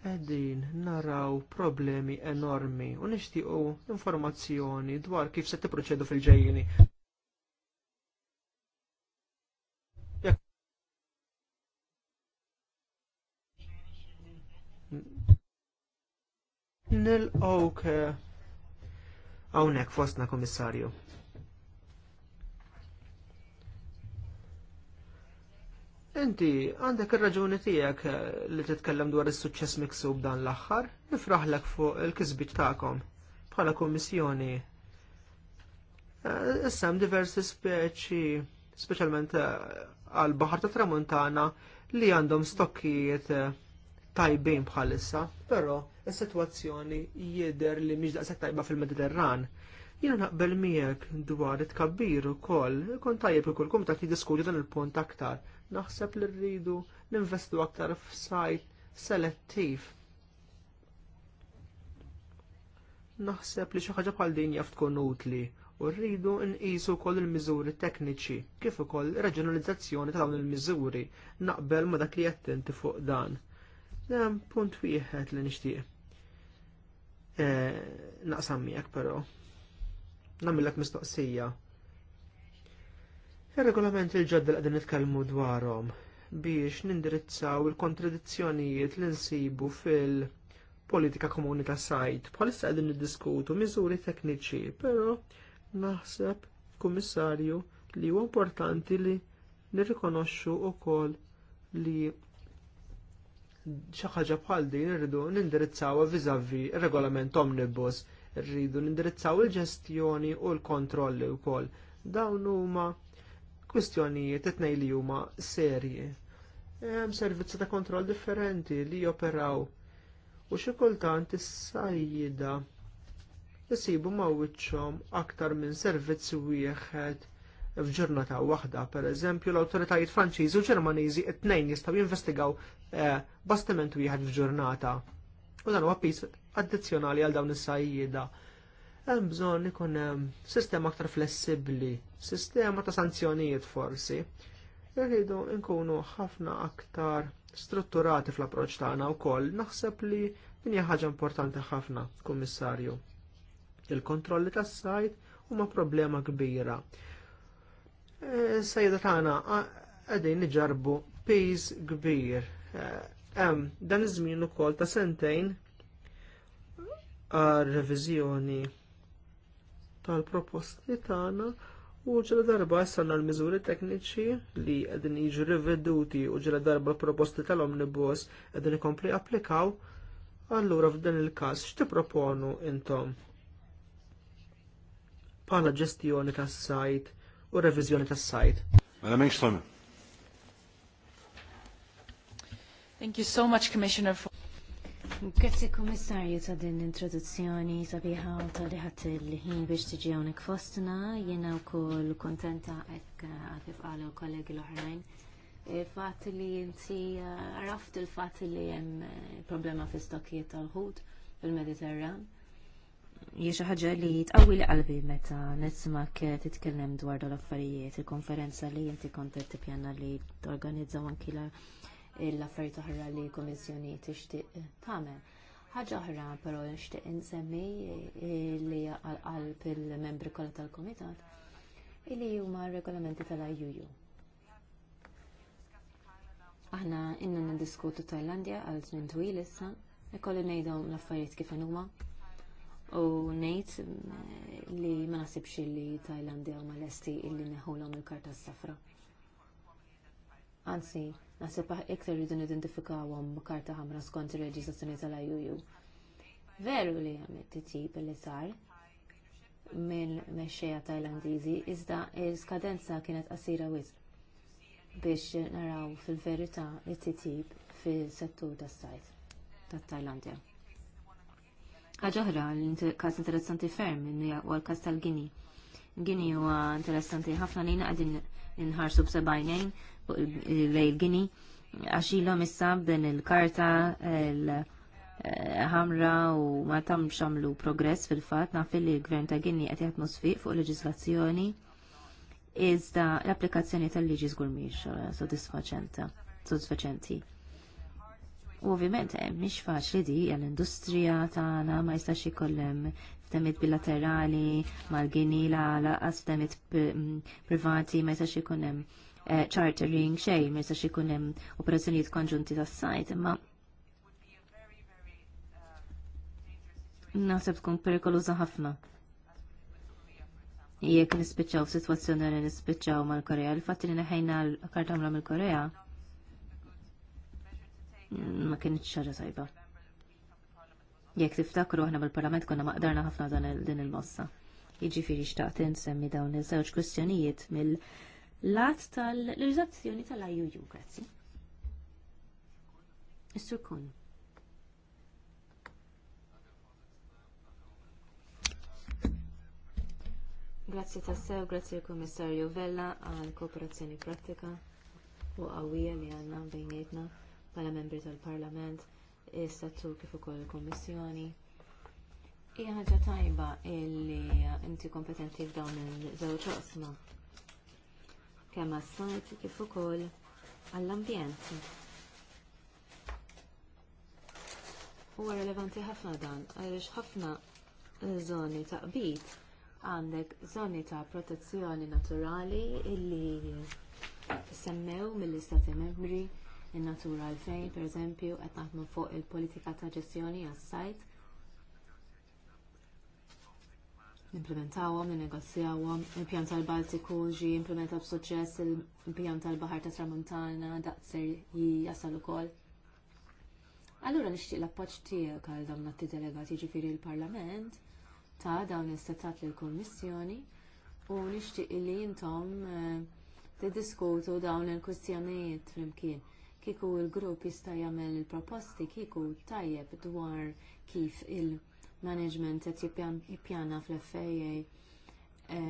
Qegħdin naraw problemi enormi u nixtiequ informazzjoni dwar kif se tipproċedu fil-ġejjini. Nil-ok. Awnek fostna komissarju. Inti għandek ir-raġuni tiegħek eh, li titkellem dwar is-suċċess miksub dan l-aħħar, nifraħlek fuq il-kisbiet tagħkom bħala kummissjoni. Eh, Issa hemm diversi speċi, speċjalment eh, għal baħar ta' tramuntana li għandhom stokkijiet tajbin bħalissa, però is-sitwazzjoni jidher li mhix daqshekk tajba fil-Mediterran. Jiena naqbel miegħek dwar it tkabbir ukoll, ikun tajjeb ikun kumitat jiddiskuti dan il-punt aktar naħseb li rridu ninvestu aktar f'sajt selettiv. Naħseb li xi ħaġa bħal din jaf tkun utli u rridu nqisu wkoll il-miżuri tekniċi kif ukoll reġjonalizzazzjoni ta' dawn il-miżuri naqbel ma' dak li qed tinti fuq dan. Dan punt wieħed li nixtieq. Eh, naqsam miegħek però. Nagħmilek mistoqsija. Ir-regolament il-ġodda li nitkellmu dwarhom biex nindirizzaw il-kontradizzjonijiet li nsibu fil- politika komuni ta' sajt. Bħalissa qegħdin niddiskutu miżuri tekniċi, però naħseb kummissarju li huwa importanti li nirrikonoxxu wkoll li xi ħaġa bħal din irridu nindirizzawha viżavi regolament omnibus, irridu nindirizzaw il-ġestjoni u l-kontrolli wkoll. Dawn huma kwistjonijiet etnej li huma serji. Hemm servizzi ta' kontroll differenti li joperaw u xi kultant is-sajjida jisibu mawwiċċhom aktar minn servizz wieħed f'ġurnata waħda, pereżempju l-awtoritajiet Franċiżi u Ġermaniżi it-tnejn jistgħu jinvestigaw eh, bastiment wieħed f'ġurnata. U dan huwa pis addizzjonali għal dawn is-sajjieda hemm bżonn ikun hemm sistema aktar flessibbli, sistema ta' sanzjonijiet forsi. Irridu nkunu ħafna aktar strutturati fl-approċċ tagħna wkoll naħseb li din hija ħaġa importanti ħafna, Kummissarju. Il-kontrolli tas-sajt huma problema kbira. E, Sejda tagħna qegħdin niġarbu pejż kbir. E, hemm dan iż-żmien ukoll ta' sentejn għal reviżjoni tal-proposti tagħna u ġela darba sanna l-miżuri tekniċi li qegħdin jiġu riveduti u ġela darba proposti tal-omnibus qegħdin ikompli applikaw, allura f'dan il-każ x'tipproponu intom? Bħala ġestjoni tas-sajt u reviżjoni tas-sajt. Mela m'hemmx Thank you so much, Commissioner. For Grazzi kummissarju ta' din l-introduzzjoni sabiħa u ta' liħat il-ħin biex tiġi hawnhekk fostna, jiena wkoll kuntenta hekk kif qalu kollegi l-oħrajn. Fat li inti eh, raft il fatti li hemm eh, problema fi stokkijiet tal-ħut fil-Mediterran jiexa ħaġa li tqawwi li qalbi meta nismak titkellem dwar l affarijiet il-konferenza li inti kontet tippjana li torganizzaw anki la l-affarijiet oħra li kummissjoni tixtieq tagħmel. Ħaġa oħra però nixtieq insemmi li għalb il-membri kollha tal-Kumitat li huma r-regolamenti tal-IUU. Aħna inna nindiskutu Tajlandja għal żmien twil issa, ikolli ngħidhom l-affarijiet kif huma. U ngħid eh, li ma nasibxi li Tajlandja huma lesti illi neħulhom il-karta s-safra. Anzi, Naħseb iktar rridu nidentifikawhom karta ħamra skont ir-reġistrazzjoni tal-IUU. Veru li hemm it tip li sar minn mexxejja Tajlandiżi iżda l-skadenza kienet qasira wisq biex naraw fil-verità it titjib fis-settur tas-sajt tat-Tajlandja. Ħaġa oħra l-każ interessanti ferm minn huwa l-każ tal-Gini. Gini huwa interessanti ħafna lejna qegħdin inħarsu b'sebgħinejn lejl-Gini għax ilhom issa b'din il-karta ħamra u ma tam xamlu progress fil-fatt naf li l-gvern ta' Gini qed jaħdmu musfiq fuq leġislazzjoni iżda l-applikazzjoni tal-liġi żgur mhix uh, sodisfaċenti. U ovvjament eh, mhix faċli di għal industrija tagħna ma jistax jikollem f'temiet bilaterali mal la' għas f'temiet privati ma jistax ikun hemm Eh, chartering xej, ma jistax ikun hemm operazzjonijiet konġunti tas-sajt, imma naħseb tkun perikoluża ħafna. Jekk nispiċċaw f'sitwazzjoni li nispiċċaw mal-Korea, l-fatt li neħejna l-kartamra mill-Korea ma kienx ħaġa sajba. Jekk tiftakru aħna bil-Parlament konna maqdarna ħafna dan il-mossa. Jiġifieri xtaqt insemmi dawn iż-żewġ kwistjonijiet mill- lat tal realizzazzjoni tal-IUU. Grazzi. Mr. sur Kun. Grazzi tassew, grazzi l-Komissarju Vella għal kooperazzjoni pratika u qawwija li għandna bejnietna bħala membri tal-Parlament, is kif ukoll il-Kummissjoni. Hija ħaġa tajba illi inti kompetenti f'dawn iż-żewġ osma kemm għas-sajt kif ukoll għall-ambjent. Huwa rilevanti ħafna dan għaliex ħafna żoni ta' qbit għandek żoni ta' protezzjoni naturali illi semmew mill-istati membri in-natura għalfejn, pereżempju, qed naħdmu fuq il-politika ta' ġestjoni għas-sajt nimplementawhom, ninnegozjawhom, il-pjan tal-Baltiku ġi implementa b'suċċess il-pjan tal-Baħar ta' Tramuntana daqser jasal ukoll. Allura nixtieq l-appoġġ tiegħek għal dawn natti delegati ġifieri l-Parlament ta' dawn l-istatat lill kummissjoni u nixtieq li intom eh, tiddiskutu dawn il-kwistjonijiet flimkien kieku l-grupp jista' jagħmel il-proposti kieku tajjeb dwar kif il- management qed jippjana fl-FAA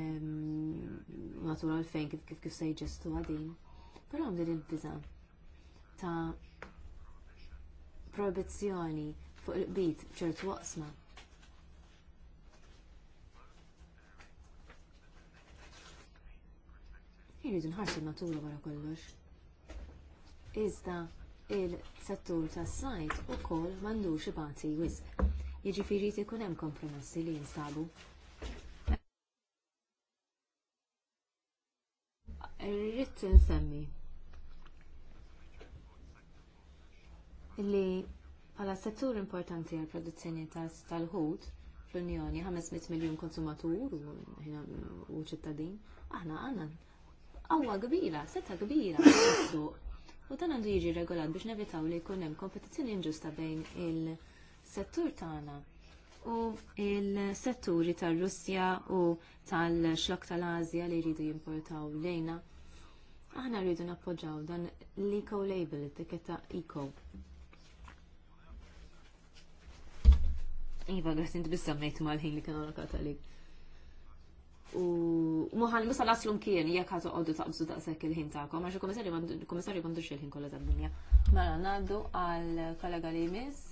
matul għalfejn kif kif kif se jġestu għadin. Però għam din il-biża ta' proibizzjoni fuq il bit ċertu waqsma. Jiridu nħarsu natura wara kollox. Iżda il-settur tas-sajt ukoll m'għandux ibati wisq jiġifieri ikun hemm kompromessi li jinsabu. Rrid nsemmi li bħala settur importanti għall produzzjoni tal-ħut fl-Unjoni 500 miljun konsumatur u ċittadin, aħna għandna qawwa kbira, setta kbira fis-suq. U dan għandu jiġi regolat biex nevitaw li jkun hemm kompetizzjoni inġusta bejn il- settur tagħna u il-setturi tar-Russja u tal-xlok tal-Azja li jridu jimportaw lejna. Aħna rridu nappoġġaw dan l-eco label, it-tiketta eco. Iva, għas t bissam nejt mal-ħin li kena rakat għalik. U muħan musa laslum kien, jek għatu għoddu taqbżu daqsek il-ħin taqom, għax il-komissarju għandu il-ħin kolla tad-dinja. Mela, naddu għal kollega li mis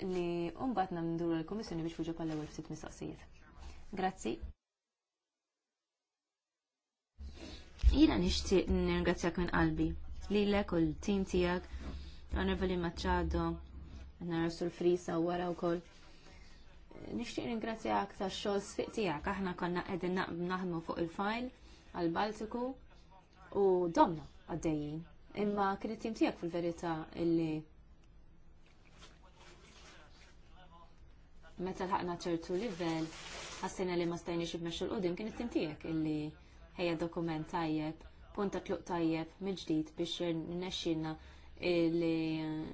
li umbat namduru l-Komissjoni biex fuġu pal għal ftit mistoqsijiet. Grazzi. Jina nixtieq nirringrazzjak minn qalbi lilek u l-tim tiegħek, maċċado, Machado, Narasul Frisa u wara wkoll. Nixtieq nirringrazzjak tax-xogħol sfiq tiegħek aħna konna qegħdin naħdmu fuq il-fajl għal-Baltiku u domna għaddejjin. Imma kien it-tim tiegħek fil-verità illi meta lħaqna ċertu livell ħassina li ma stajniex ibmexxu l-qudiem kien it-tim tiegħek illi ħejja dokument tajjeb, punta tluq tajjeb mill-ġdid biex nexxinna li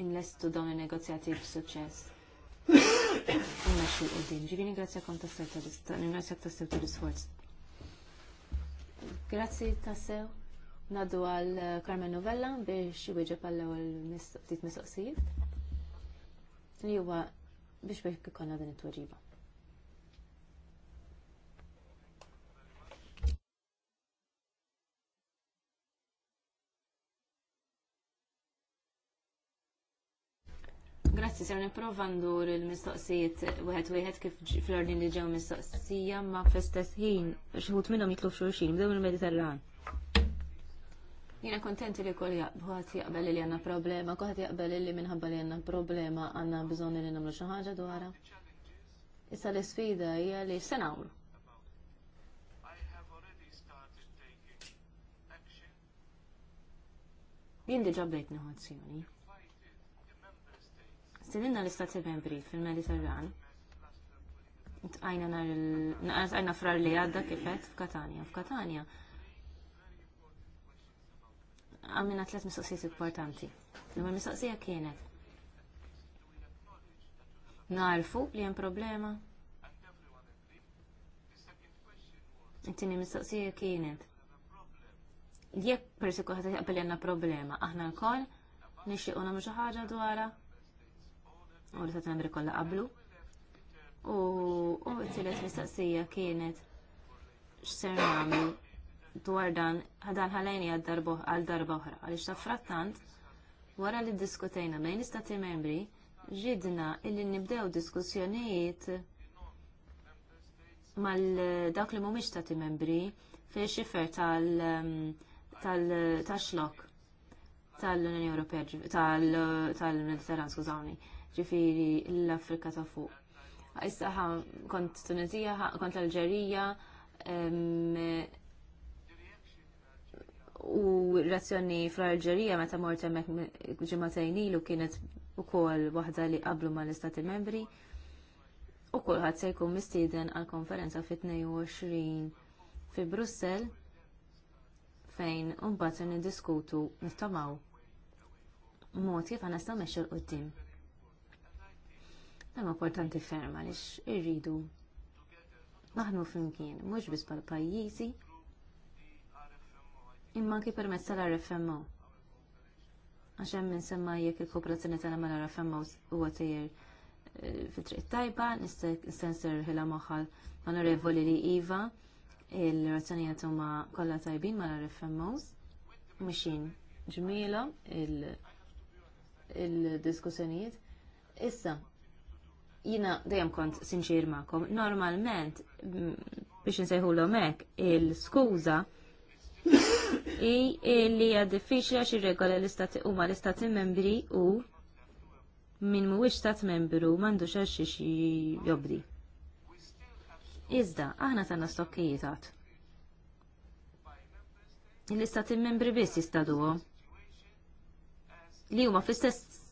inlestu dawn in-negozjati b'suċċess. Immexxu l-qudiem. Ġifieri ngrazzjakom tas-sew ngrazzjak tas-sew tal-isforz. Grazzi tassew. nadu għal eh, Carmen Novella biex jwieġeb għall-ewwel ftit mistoqsijiet. Li huwa biex biex kikonna din it-tweġiba. Grazzi, ser niprofa ndur il-mistoqsijiet wieħed wieħed kif fl-ordin li ġew mistoqsija ma fl-istess ħin xħut minnhom jitlu xulxin bdew il-Mediterran. Jina kontenti li kol jaqbħat jaqbel li għanna problema, kuħat jaqbel li minħabba li għanna problema għanna bżonni li namlu xaħġa dwarha. Issa l-sfida hija li senawru. Jien diġa bdejt negozjoni. Stedinna l-istati membri fil-Mediterran. Għajna nar il-għajna frar li għadda kifet f'Katania. F'Katania għamilna tlet mistoqsijiet importanti. L-ewwel mistoqsija kienet narfu li hemm problema. It-tieni mistoqsija kienet jekk persi kuħat jaqbel jenna problema, aħna lkoll nixtiequ nagħmlu xi ħaġa dwarha u li tatna kollha qablu. U t-tielet mistoqsija kienet x'ser nagħmlu dwar dan ħadan ħalajni għal darba oħra għaliex ta' frattant wara li ddiskutejna bejn istati membri ġidna illi nibdew diskussjonijiet mal dawk li mhumiex stati membri fejn xifer tal tal taxlok tal-Unjoni Ewropea tal-Mediterran skużawni ġifiri l-Afrika ta' fuq. Issa kont Tunizija, kont Alġerija, u razzjoni fl-Alġerija meta mort mek ġimagħtejn ilu kienet ukoll waħda li qablu mal-Istati Membri u kulħadd se jkun mistieden għal konferenza fit-22 fi Brussell fejn imbagħad se niddiskutu nittamaw mod kif għana nistgħu mexxu l qoddim Dan importanti ferma lix irridu naħdmu flimkien mhux biss bħal pajjiżi imma anki permezz tal-RFMO. Għax hemm semma jekk il-kooperazzjoni tal mal-RFMO huwa tejjer eh, fit-triq tajba, nistensir hila moħħal onorevoli li Iva, il-razzjonijiet huma kollha tajbin mal-RFMOs, mixin ġmila il-diskussjonijiet. Issa, jina dejjem kont sinċir ma'kom, normalment biex nsejħu l-omek il-skuża i li hija diffiċli għax regola l-istati huma l-istati membri u min mhuwiex stat membru m'għandux għax xi jobdi. Iżda, aħna tanna stokkijiet L-istati membri biss għom. Li huma fl-istess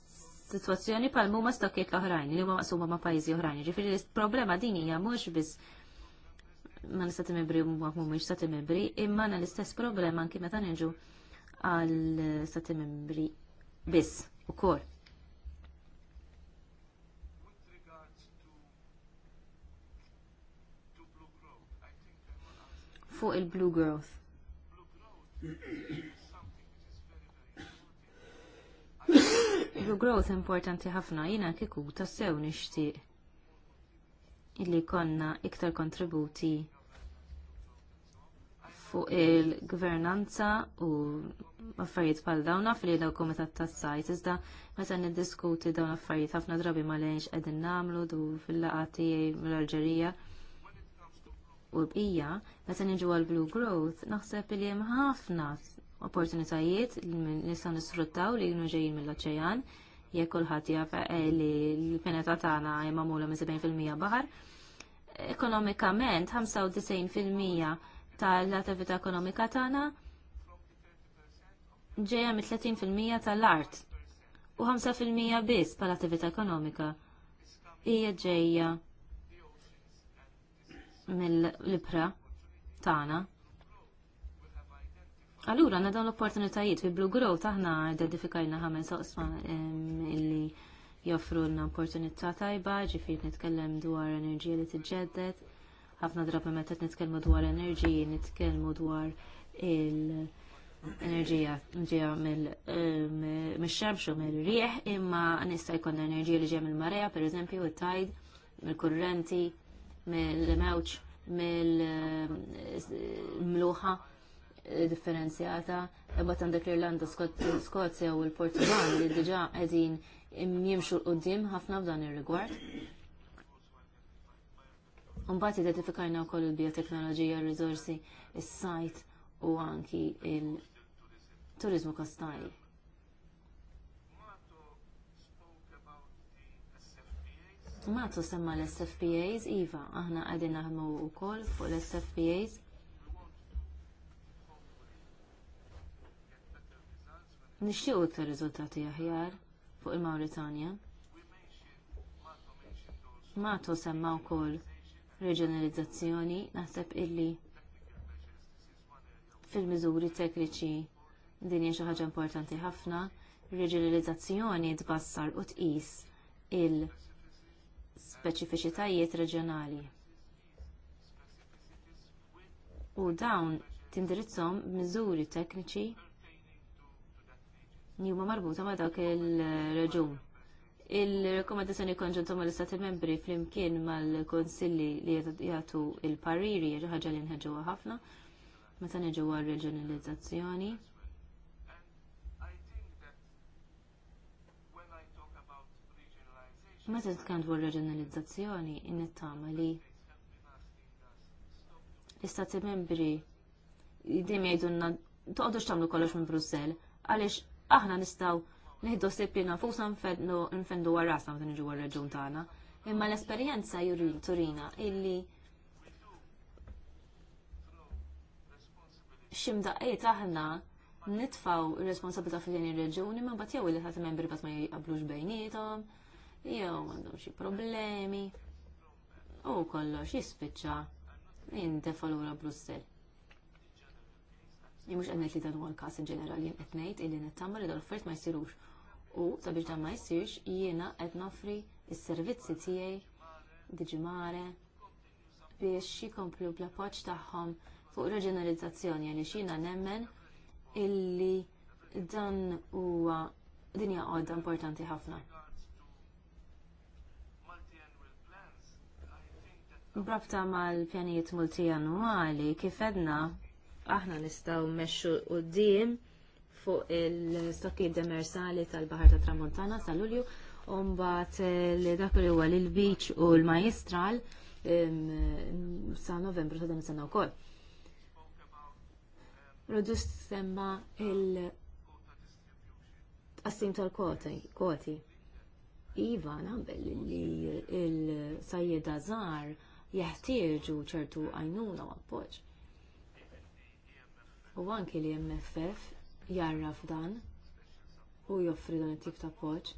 situazzjoni pal huma stokkiet l-oħrajn, li huma maqsuma ma' pajjiżi oħrajn. Ġifiri l-problema din hija mhux biss ma nista membri u ma mhumiex stati membri, imma għandna l-istess problema anki meta niġu għal stati membri biss ukoll. Fuq il-blue growth. Blue growth importanti ħafna jina kiku ta' sew nixtieq illi jkollna iktar kontributi fuq il-gvernanza u affarijiet bħal dawn naf li daw komitat ta' sajt iżda meta niddiskuti dawn affarijiet ħafna drabi ma lejnx qegħdin nagħmlu du fil laqgħa tiegħi mill-Alġerija u bqija meta niġu għal Blue Growth naħseb li hemm ħafna opportunitajiet li nistgħu nisfruttaw li jkunu ġejjin mill-oċean jekk kulħadd jaf eh, li l-pineta tagħna hija magħmula minn 70% baħar. Ekonomikament 95% tal-attività ekonomika tagħna ġejja mit 30% tal-art u 5% biss bħala attività ekonomika hija ġejja mill-libra tagħna Allura, għanna dawn l-opportunitajiet fi Blue Grow taħna identifikajna ħamen soqsma illi joffru l opportunità tajba, ġifir nitkellem dwar enerġija li t-ġeddet, ħafna drabi meta nitkellmu dwar enerġiji, nitkellmu dwar il-enerġija ġeja mill-xemx u mill-rieħ, imma nista' jkun enerġija li ġeja mill-marea, pereżempju, it-tajd, mill-kurrenti, mill-mewġ, mill-mluħa differenzjata, imma e għandek l-Irlanda, Skozja u l-Portugal li diġa għedin jimxu l-qoddim ħafna f'dan ir-rigward. Mbagħad identifikajna wkoll il-bioteknoloġija, r-riżorsi, is-sajt u anki il-turizmu kostali. Matu semma l-SFPAs, Iva, aħna għadin naħmu u koll fuq l-SFPAs Nixtiequ ta' riżultati aħjar fuq il-Mawritanja. Matu semma wkoll reġenerizzazzjoni naħseb illi fil-miżuri tekniċi din hija xi ħaġa importanti ħafna, reġenerizzazzjoni tbassar u tqis il-speċifiċitajiet reġjonali. U dawn tindirizzhom miżuri tekniċi li huma marbuta ma' dak il-reġun. Il-rekomendazzjoni konġunta mal istati membri flimkien mal-konsilli li jagħtu il-pariri ħaġa li nħeġġuha ħafna meta niġu għal Ma Meta tkant dwar reġionalizzazzjoni innittama li l-istati membri jiddim jgħidunna toqgħodux tagħmlu kollox minn Brussell għaliex aħna nistgħu nieħdu sibjina fuqsa nfendu nfendu wara nġu għarraġun taħna. tagħna. Imma l-esperjenza turina illi ximdaqiet aħna nitfaw responsabilta fil-din ir-reġuni ma bat jew li ħadd membri bat ma jgħablux bejnietom, jew għandhom xie problemi. U kollox jispiċċa jintefal ura Brussel. Jien mhux qed li dan huwa l-każ ġenerali jien qed ngħid illi nittama li dal-offert ma jsirux. U sabiex dan ma jsirx jiena qed nofri s-servizzi tiegħi diġimare biex jikomplu bl appoċ tagħhom fuq reġenerizzazzjoni għaliex xina nemmen illi dan huwa dinja għodda importanti ħafna. Brabta mal-pjanijiet multijanuali kif edna aħna nistgħu mmexxu qudiem fuq il-stokkijiet demersali tal-Baħar ta' Tramontana sal-Ulju u mbagħad eh, li dak li huwa lil beach u l-Majestral sa Novembru ta' dan is-sena wkoll. Rodus semma il- tqassim tal-kwoti. Iva, naqbel li il-sajjeda żgħar jeħtieġu ċertu għajnuna u appoġġ u anki li MFF jarraf dan u joffri dan it-tip ta' appoġġ.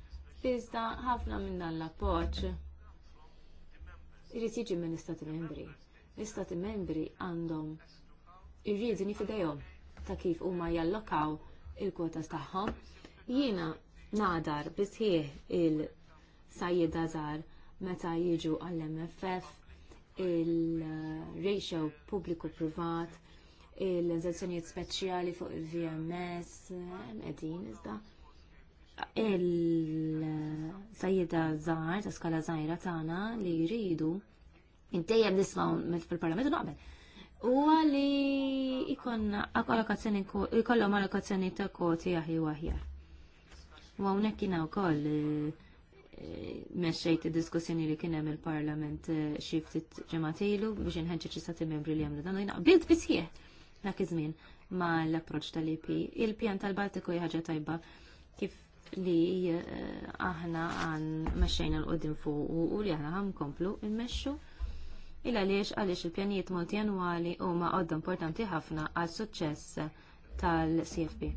Iżda ħafna minn dan l-appoġġ irid jiġi minn istati membri. L-istati membri għandhom irridini fidejhom ta' kif huma jallokaw il-kwotas tagħhom. Jiena nadar bisħieħ il-sajjida żgħar meta jiġu għall-MFF il-ratio pubbliku privat il-leżazzjonijiet speċjali fuq il-VMS, edin, iżda. Il-sajjida zaħar, ta' skala zaħira tagħna li jridu, intejjem nisma' fil-parlamentu naqbel. Huwa li ikonna allokazzjoni ikollhom allokazzjoni ta' koti għahi u aħjar. U hawnhekk jiena wkoll eh, mexxejt id-diskussjoni li kien hemm il-Parlament eh, xi ftit ġematilu biex inħeġġeġ istati membri li għamlu dan u jnaqbilt bisħieħ dak iż-żmien mal-approċċ tal-EP. Il-pjan tal-Baltiku hija ħaġa tajba kif li eh, aħna għan meċċejna l-qoddim fuq u li aħna għan komplu il-meċċu. Il għaliex għalix il-pjanijiet multianwali u ma għodda importanti ħafna għal suċċess tal-CFP.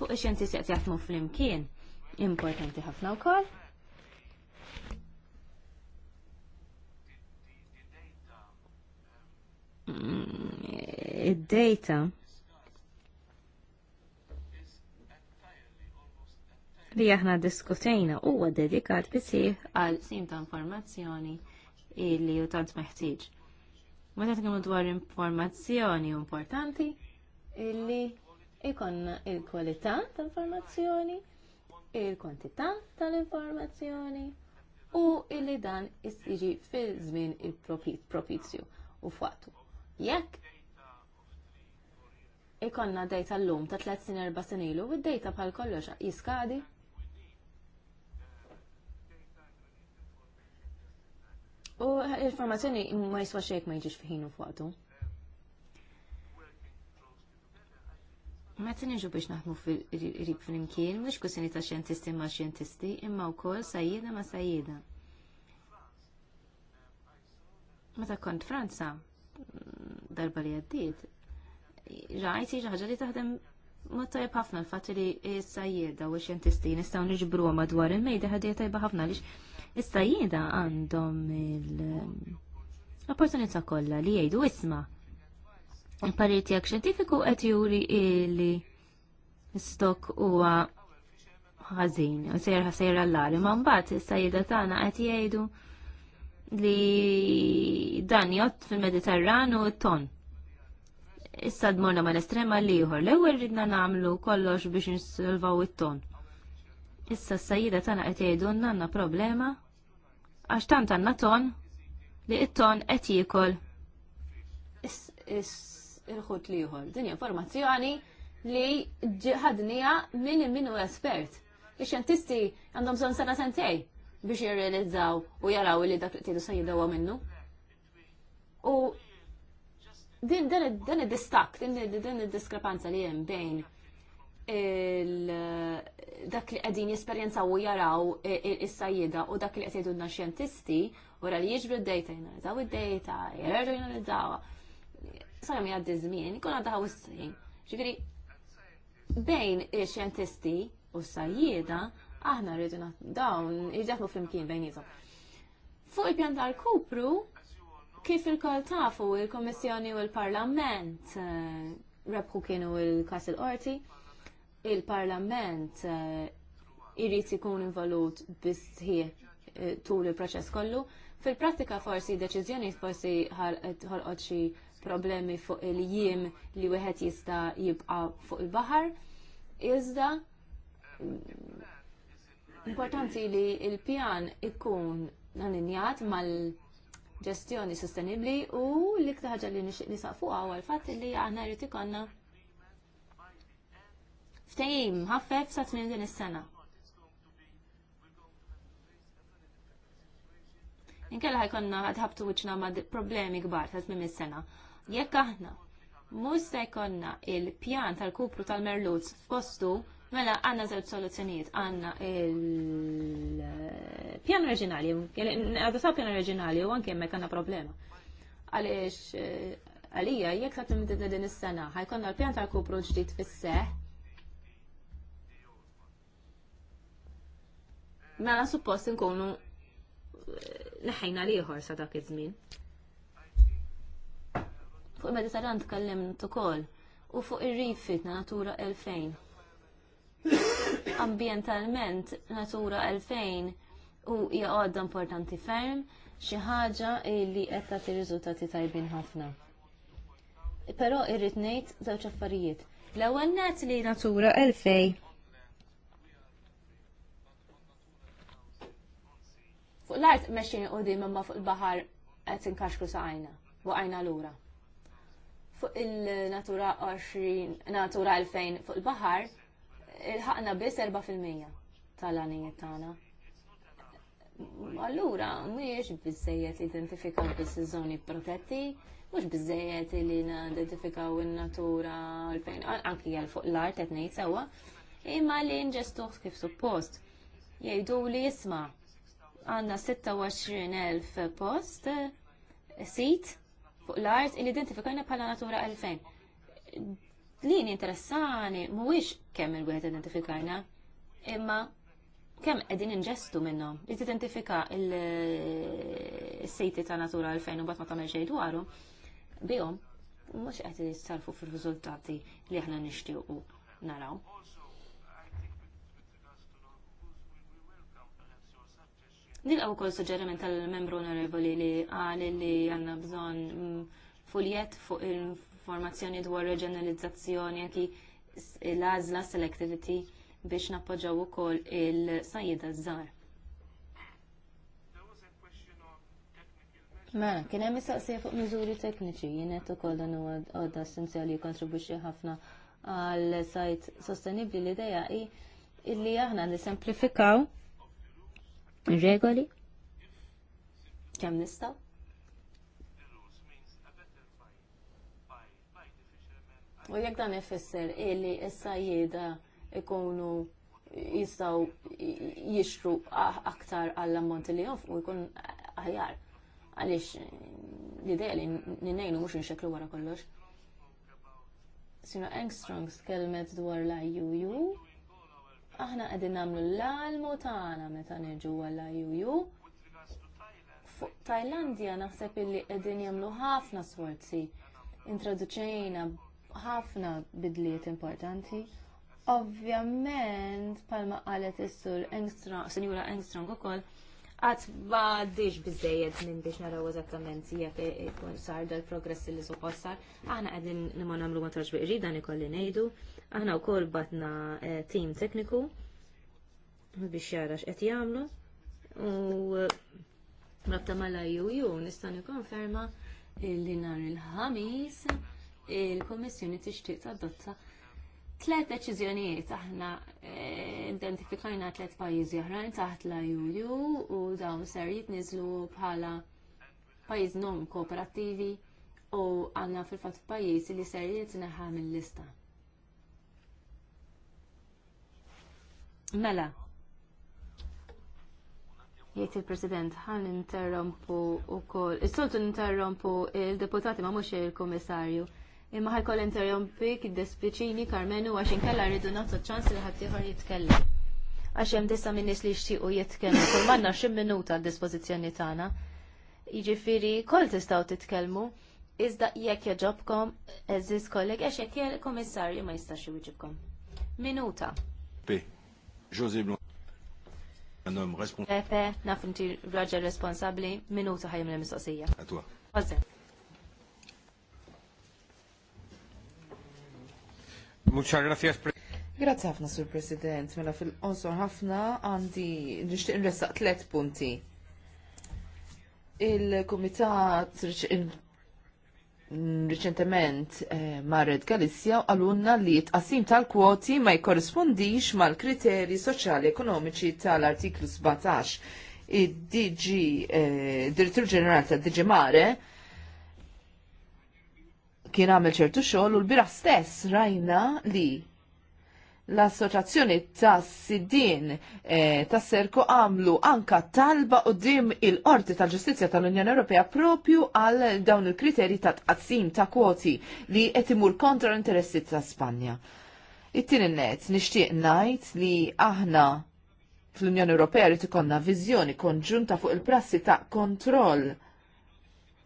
Fuq ix-xjenti seqt jaħdmu fl-imkien importanti ħafna koll. Mm, id-data li aħna diskutejna huwa dedikat bisih għal sim ta' informazzjoni illi u tant meħtieġ. Meta tkellmu dwar informazzjoni importanti illi ikonna il-kwalità ta' informazzjoni, il-kwantità tal-informazzjoni u illi dan jiġi fil-żmien il-propizju u fatu. Jekk ikonna dejta l-lum ta' 3 sin 4 sin ilu, u d-dejta bħal kollox jiskadi. U l-informazzjoni ma jiswa xejk ma jiġix u fuqtu. Ma t-nġu biex naħmu fil-rib fil-imkien, mux kussini ta' xjentisti ma' xjentisti, imma u kol sajjida ma' sajjida. Meta kont Franza, darba li għaddiet, rajt xi li taħdem mod tajb ħafna l fat li s-sajjeda u xjentisti nistgħu niġbru madwar il-mejda ħadija tajba ħafna li is-sajjeda għandhom l opportunita kollha li jgħidu isma' il pariet tiegħek xjentifiku qed juri li stok huwa ħażin, sejra sejra l għali ma mbagħad is-sajjeda tagħna qed jgħidu li dan jott fil-Mediterran u ton. Issa d-morna ma l-estrema li juħor. L-ewel ridna namlu kollox biex nisolvaw it-ton. Issa s-sajida tana qed jgħidulna għandna problema għax tant għandna ton li it-ton qed jiekol il-ħut li juħor. Din informazzjoni li ġiħadnija minn minnu espert. Ix-xjentisti għandhom bżonn sena sentej biex jirrealizzaw u jaraw li dak li tidu sa jidawa minnu. U din id-distak, din id-diskrepanza li hemm bejn dak li qegħdin jesperjenzaw u jaraw is-sajjida u dak li qed jgħidulna xjentisti wara li jiġbru d-dejta jnalizzaw id-dejta, jerġgħu jnalizzawha. Sa hemm jgħaddi żmien, ikun għadha ħaw is-sejn. Ġifieri bejn ix-xjentisti u s sajjida aħna rridu dawn irġaħlu flimkien bejnietom. Fuq il-pjan tal-kupru, kif il-kol tafu il-Komissjoni u il-Parlament eh, rebħu kienu il-kas Orti, qorti il-Parlament eh, irrit ikun involut bisħieħ eh, tul il-proċess kollu. Fil-prattika forsi deċizjoni forsi ħolqot problemi fuq il-jiem li wieħed jista' jibqa' fuq il-baħar. Iżda Importanti li l pjan ikun għaninjat mal-ġestjoni sostenibli u l ktaħġa li nixtieq nisaq fuqha fat li aħna jrid konna. ftehim ħaffef sa tmiem din is-sena. Inkella ħajkonna għadħabtu wiċċna ma' problemi kbar ta' tmiem is-sena. Jekk aħna mhux se jkollna il-pjan tal-kupru tal-merluz f'kostu Mela għanna żewġ soluzzjonijiet għanna il-pjan reġinali, għadu sa' pjan reġinali u għanke jemmek għanna problema. Għalix għalija jekk sa' timmitidna din is-sena, ħajkonna l-pjan ta' kupru ġdid fis-seħ. Mela suppost nkunu eh, neħħejna liħor sa' dak iż-żmien. Fuq il-Mediterran tkellimt ukoll u fuq ir-rifit Natura 2000 ambientalment Natura 2000 u hija għodda importanti ferm xi ħaġa li qed tagħti riżultati tajbin ħafna. Però irrid ngħid żewġ affarijiet. L-ewwel nett li Natura 2000 fuq l-art meċin u di mamma fuq il-bahar għet inkaxkru sa' għajna, bu għajna l-ura. Fuq il-natura 20, natura 2000 fuq il-bahar, il-ħakna bis 4% tal-għanijiet tagħna. Allura, mhijiex biżejjed li identifikaw biss iż-żoni protetti, mhux biżejjed li identifikaw in-natura l-fejn, anki għal fuq l-art qed ngħid sewwa, imma li nġestuh kif suppost. Jgħidu li jisma' għandna 26,000 post sit fuq l-art il-identifikajna bħala natura 2000 Lin interessani mhuwiex kemm il-wieħed identifikajna, imma kemm qegħdin inġestu minnhom. Li tidentifika il-sejti ta' natura l fejn u bat ma tagħmel xejn dwarhom bihom mhux qed jissarfu fir-riżultati li aħna nixtiequ naraw. Nilqaw kol suġġeriment tal-membru onorevoli li għal li għanna bżon mm, fuljet fuq il- informazzjoni dwar reġionalizzazzjoni anki l-għażla selectivity biex nappoġġaw ukoll il-sajjida żgħar. Mela, kien hemm mistaqsija fuq miżuri tekniċi, jien qed ukoll dan huwa għodda essenzjali jikkontribwixxi ħafna għal sajt sostenibbli l-idea hi illi aħna nisemplifikaw regoli kemm nistgħu U jekk dan ifisser illi s jieda ikunu jistaw jixtru aktar għall-ammont li jof u jkun aħjar. Għaliex l idea li n-nejnu mux nxeklu wara kollox. Sina Engstrong skelmet dwar la juju. Aħna għedin namlu l-almu taħna meta nirġu għalla juju. Fuq Tajlandja naħseb illi għedin jamlu ħafna sforzi. Introduċejna ħafna bidliet importanti. Ovvjament, palma qalet is-sur Senjura Engstrom u ukoll, għat baddix bizzejed minn biex naraw eżattament ikun sar dal progress li suppost Aħna qegħdin nimma nagħmlu ma tarġ biqri dan ikolli ngħidu. Aħna wkoll batna eh, tim tekniku biex jara x'qed jagħmlu. U eh, rabta malajju ju nista' nikkonferma li nhar il-ħamis il-Kommissjoni tixtieq tadotta tliet deċiżjonijiet aħna eh, identifikajna tliet pajjiżi oħrajn taħt la Julju u dawn ser jitniżlu bħala pajjiż non kooperattivi u għandna fil-fatt pajjiż li ser jitneħħa mill-lista. Mela, jiet il-President, ħan interrompu u kol, il-soltu interrompu il-deputati ma mux il-komissarju imma ħajkoll interrompik id-despiċini Karmenu għax inkella rridu nagħtu ċans li ħaddieħor jitkellem. Għax hemm disa minn nies li jixtiequ jitkellmu, kull m'għandna xi minuta d-dispożizzjoni tagħna. Jiġifieri kol tistgħu titkellmu, iżda jekk jaġobkom eżiż kolleg għax jekk jel komissarju ma jistax jwiġibkom. Minuta. P. José Blanc. Pepe, naf inti raġel responsabbli, minuta ħajm l-mistoqsija. Għazza. Grazie ħafna, Sur President. Mela fil-qosor ħafna għandi nixtieq nressaq tliet punti. Il-Kumitat riċentement eh, marred Galizja u għalunna li tqassim tal-kwoti ma jkorrispondix mal-kriteri soċjali ekonomiċi tal-artiklu 17. Id-DG, eh, Direttur Ġenerali tad-DG Mare, kien għamel ċertu xogħol u l-bira stess rajna li l-assoċazzjoni ta' Sidin eh, ta' Serko għamlu anka talba u dim il-Qorti tal-Ġustizja tal-Unjoni Ewropea propju għal dawn il-kriteri ta' tqazzim ta' kwoti li qed imur kontra l-interessi ta' Spanja. It-tieni net nixtieq ngħid li aħna fl-Unjoni Ewropea rid ikollna viżjoni konġunta fuq il-prassi ta' kontroll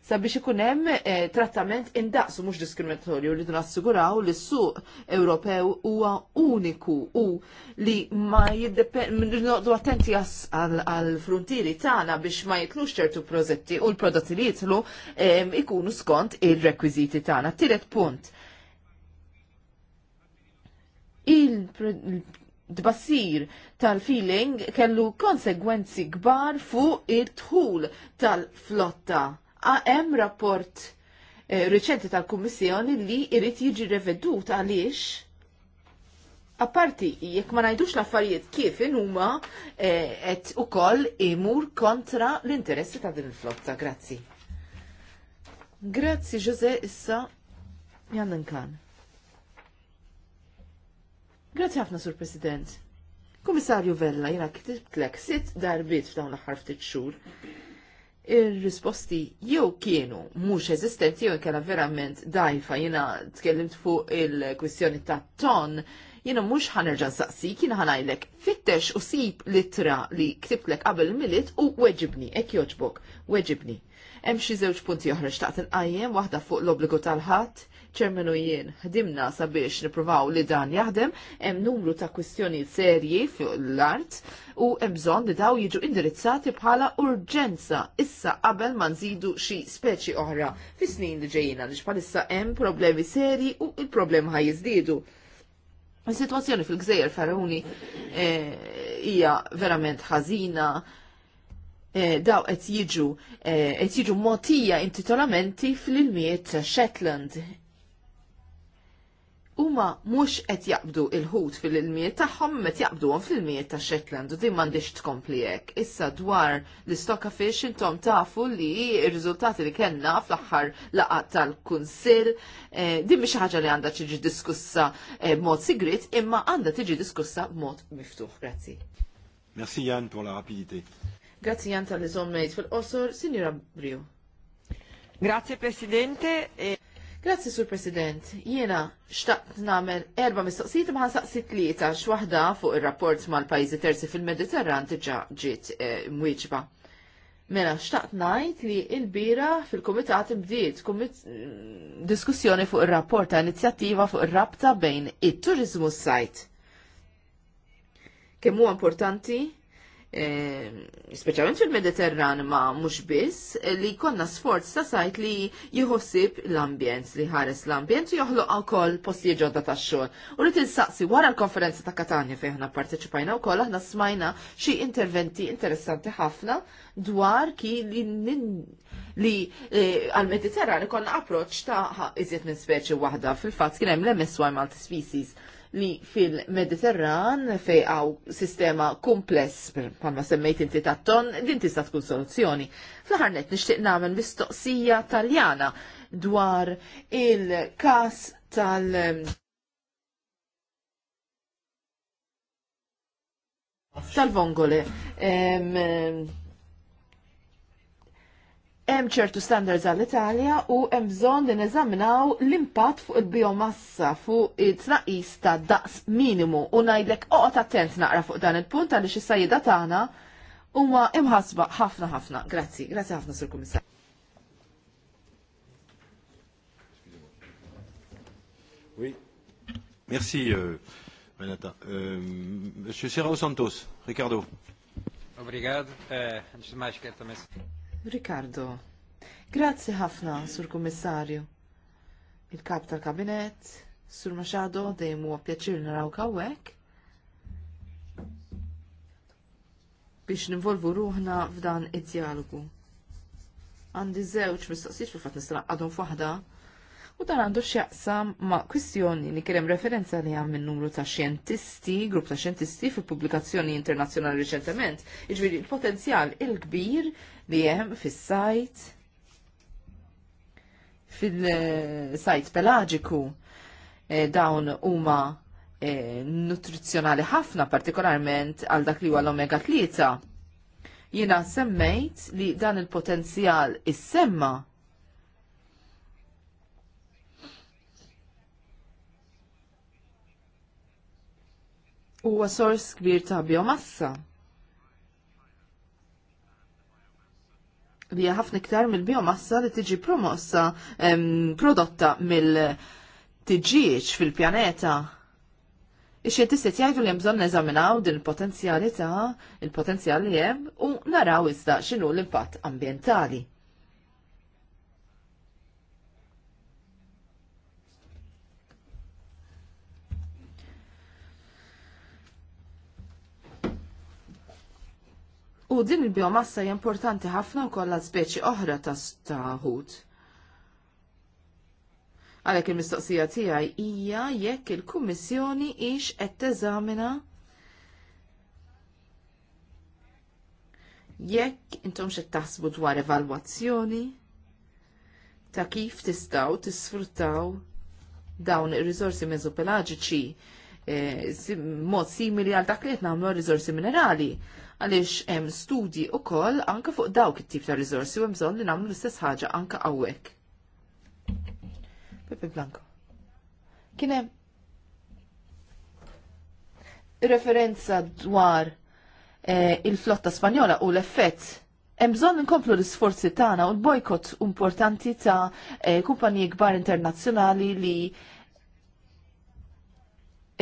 sabiex ikun hemm eh, trattament indaqsu mhux diskriminatorju li nassiguraw li s-suq Ewropew huwa uniku u li ma jiddependu attenti għall fruntieri tagħna biex ma jitlux ċertu prożetti u l-prodotti li jitlu ikunu skont il-rekwiżiti tagħna. Tielet punt. Il dbassir tal-feeling kellu konsegwenzi kbar fuq it-tħul tal-flotta hemm rapport eh, riċenti tal-Kummissjoni li jrid jiġi revedut għaliex apparti jekk ma ngħidux l-affarijiet kif in huma qed eh, ukoll imur kontra l-interessi ta' din il-flotta. Grazzi. Grazzi Jose issa jannan kan. Grazzi ħafna Sur President. Kummissarju Vella, jena kitibt l sitt darbit f'dawn l-aħħar ftit xhur il-risposti jew kienu mhux eżistenti jew kellha verament dajfa jiena tkellimt fuq il-kwistjoni ta' ton, jiena mhux ħanerġa' saqsi kien ħanajlek fittex u sib litra li ktibtlek qabel milit u weġibni, hekk joġbok, weġibni. Hemm xi żewġ punti oħra xtaqt inqajjem waħda fuq l-obbligu tal-ħadd ċermenu jien ħdimna sabiex nipruvaw li dan jaħdem, hemm numru ta' kwistjoni serji fuq l-art u hemm bżonn li daw jiġu indirizzati bħala urġenza issa qabel ma nżidu xi speċi oħra fi snin li ġejjina li bħalissa hemm problemi serji u il-problemi ħajjiżdiedu. Is-sitwazzjoni fil-gżejjer Faruni eh, hija eh, verament ħażina e, daw qed jiġu eh, qed jiġu motija intitolamenti fl-ilmiet Shetland huma mhux qed jaqbdu il-ħut fil-ilmijiet tagħhom meta jaqbduhom fil-ilmijiet ta' Shetland u din m'għandix tkompli hekk. Issa dwar l istokka fiex intom tafu li r-riżultati li kellna fl-aħħar laqgħa tal-Kunsill eh, din mhix ħaġa li għandha tiġi diskussa eh, b'mod sigrit imma għandha tiġi diskussa b'mod miftuħ. Grazzi. Merci Jan pour la rapidité. Grazzi Jan tal iżommejt fil-qosor, Signora Brio. Grazie Presidente. E- Grazzi, Sur President. Jiena xtaqt namel erba mistoqsijiet ma saqsi tlieta x'waħda fuq ir-rapport mal pajzi terzi fil-Mediterran diġà ġiet eh, mwieġba. Mela xtaqt ngħid li il bira fil komitat imbdiet mm, diskussjoni fuq ir-rapport ta' inizjattiva fuq il rabta bejn it-turizmu s-sajt. Kemm huwa importanti Eh, speċjalment fil-Mediterran ma mhux biss, eh, li konna sforz ta' sajt li jħossib l-ambjent, li ħares l-ambjent u joħloq ukoll postijiet ġodda tax-xogħol. U li tinsaqsi wara l-konferenza ta' Katania fejn aħna pparteċipajna wkoll aħna smajna xi interventi interessanti ħafna dwar ki li li eh, għal-Mediterran ikonna approċ ta' iżjed minn speċi waħda fil-fatt kien hemm l-MSY multi species li fil-Mediterran fej għaw sistema kumpless, palma semmejt inti ta' ton, din tista' tkun soluzzjoni. Fl-ħarnet nixtieq nagħmel mistoqsija taljana dwar il-kas tal- tal-vongole. Um, hemm ċertu standards għall-Italja u hemm bżonn li neżaminaw l-impatt fuq il-biomassa fuq it-tnaqis ta' daqs minimu u ngħidlek oqgħod attent naqra fuq dan il-punt għaliex is sajjieda tagħna huma imħasba ħafna ħafna. Grazzi, grazzi ħafna sur kummissar. Oui. Merci, euh, Renata. Euh, Monsieur Serrao Santos, Ricardo. Obrigado. Euh, antes de mais, quero também Ricardo. Grazzi ħafna, Sur Kummissarju. Il-kap tal-kabinet, Sur Machado, dejjem huwa pjaċir naraw hawnhekk. biex ninvolvu ruħna f'dan id-dialogu. Għandi żewġ mistoqsijiet fat fatt għadhom fuħda. u dan għandu x'jaqsam ma' kwistjoni li kerem referenza li għam minn numru ta' xjentisti, grupp ta' xjentisti fil pubblikazzjoni internazzjonali riċentement, iġviri l potenzjal il-kbir li hemm fis-sajt fil-sajt pelagiku eh, dawn huma eh, nutrizjonali nutrizzjonali ħafna partikolarment għal dak li huwa l-omega 3. Jiena semmejt li dan il-potenzjal is-semma huwa sors kbir ta' biomassa. li ħafna iktar mill-biomassa li tiġi promossa prodotta mill-tiġiġ fil-pjaneta. Ix-xjentisti jgħidu li jemżon bżonn neżaminaw din il-potenzjalità, il-potenzjal li hemm u naraw iżda x'inhu l-impatt ambjentali. U din il-biomassa hija importanti ħafna wkoll għal speċi oħra ta' staħut. Għalhekk il-mistoqsija tiegħi hija jekk il-Kummissjoni hix qed teżamina jekk intom xed taħsbu dwar evalwazzjoni ta' kif tistgħu tisfruttaw dawn ir-riżorsi mezopelagiċi eh, mod simili għal dak li qed nagħmlu riżorsi minerali għaliex hemm studji ukoll anke fuq dawk it-tip ta' rizorsi u mżon bżonn li nagħmlu l-istess ħaġa anke hawnhekk. Pepe Blanco. Kien hemm referenza dwar eh, il-flotta Spanjola u l-effett hemm bżonn inkomplu l-isforzi tagħna u l bojkot importanti ta' eh, kumpaniji kbar internazzjonali li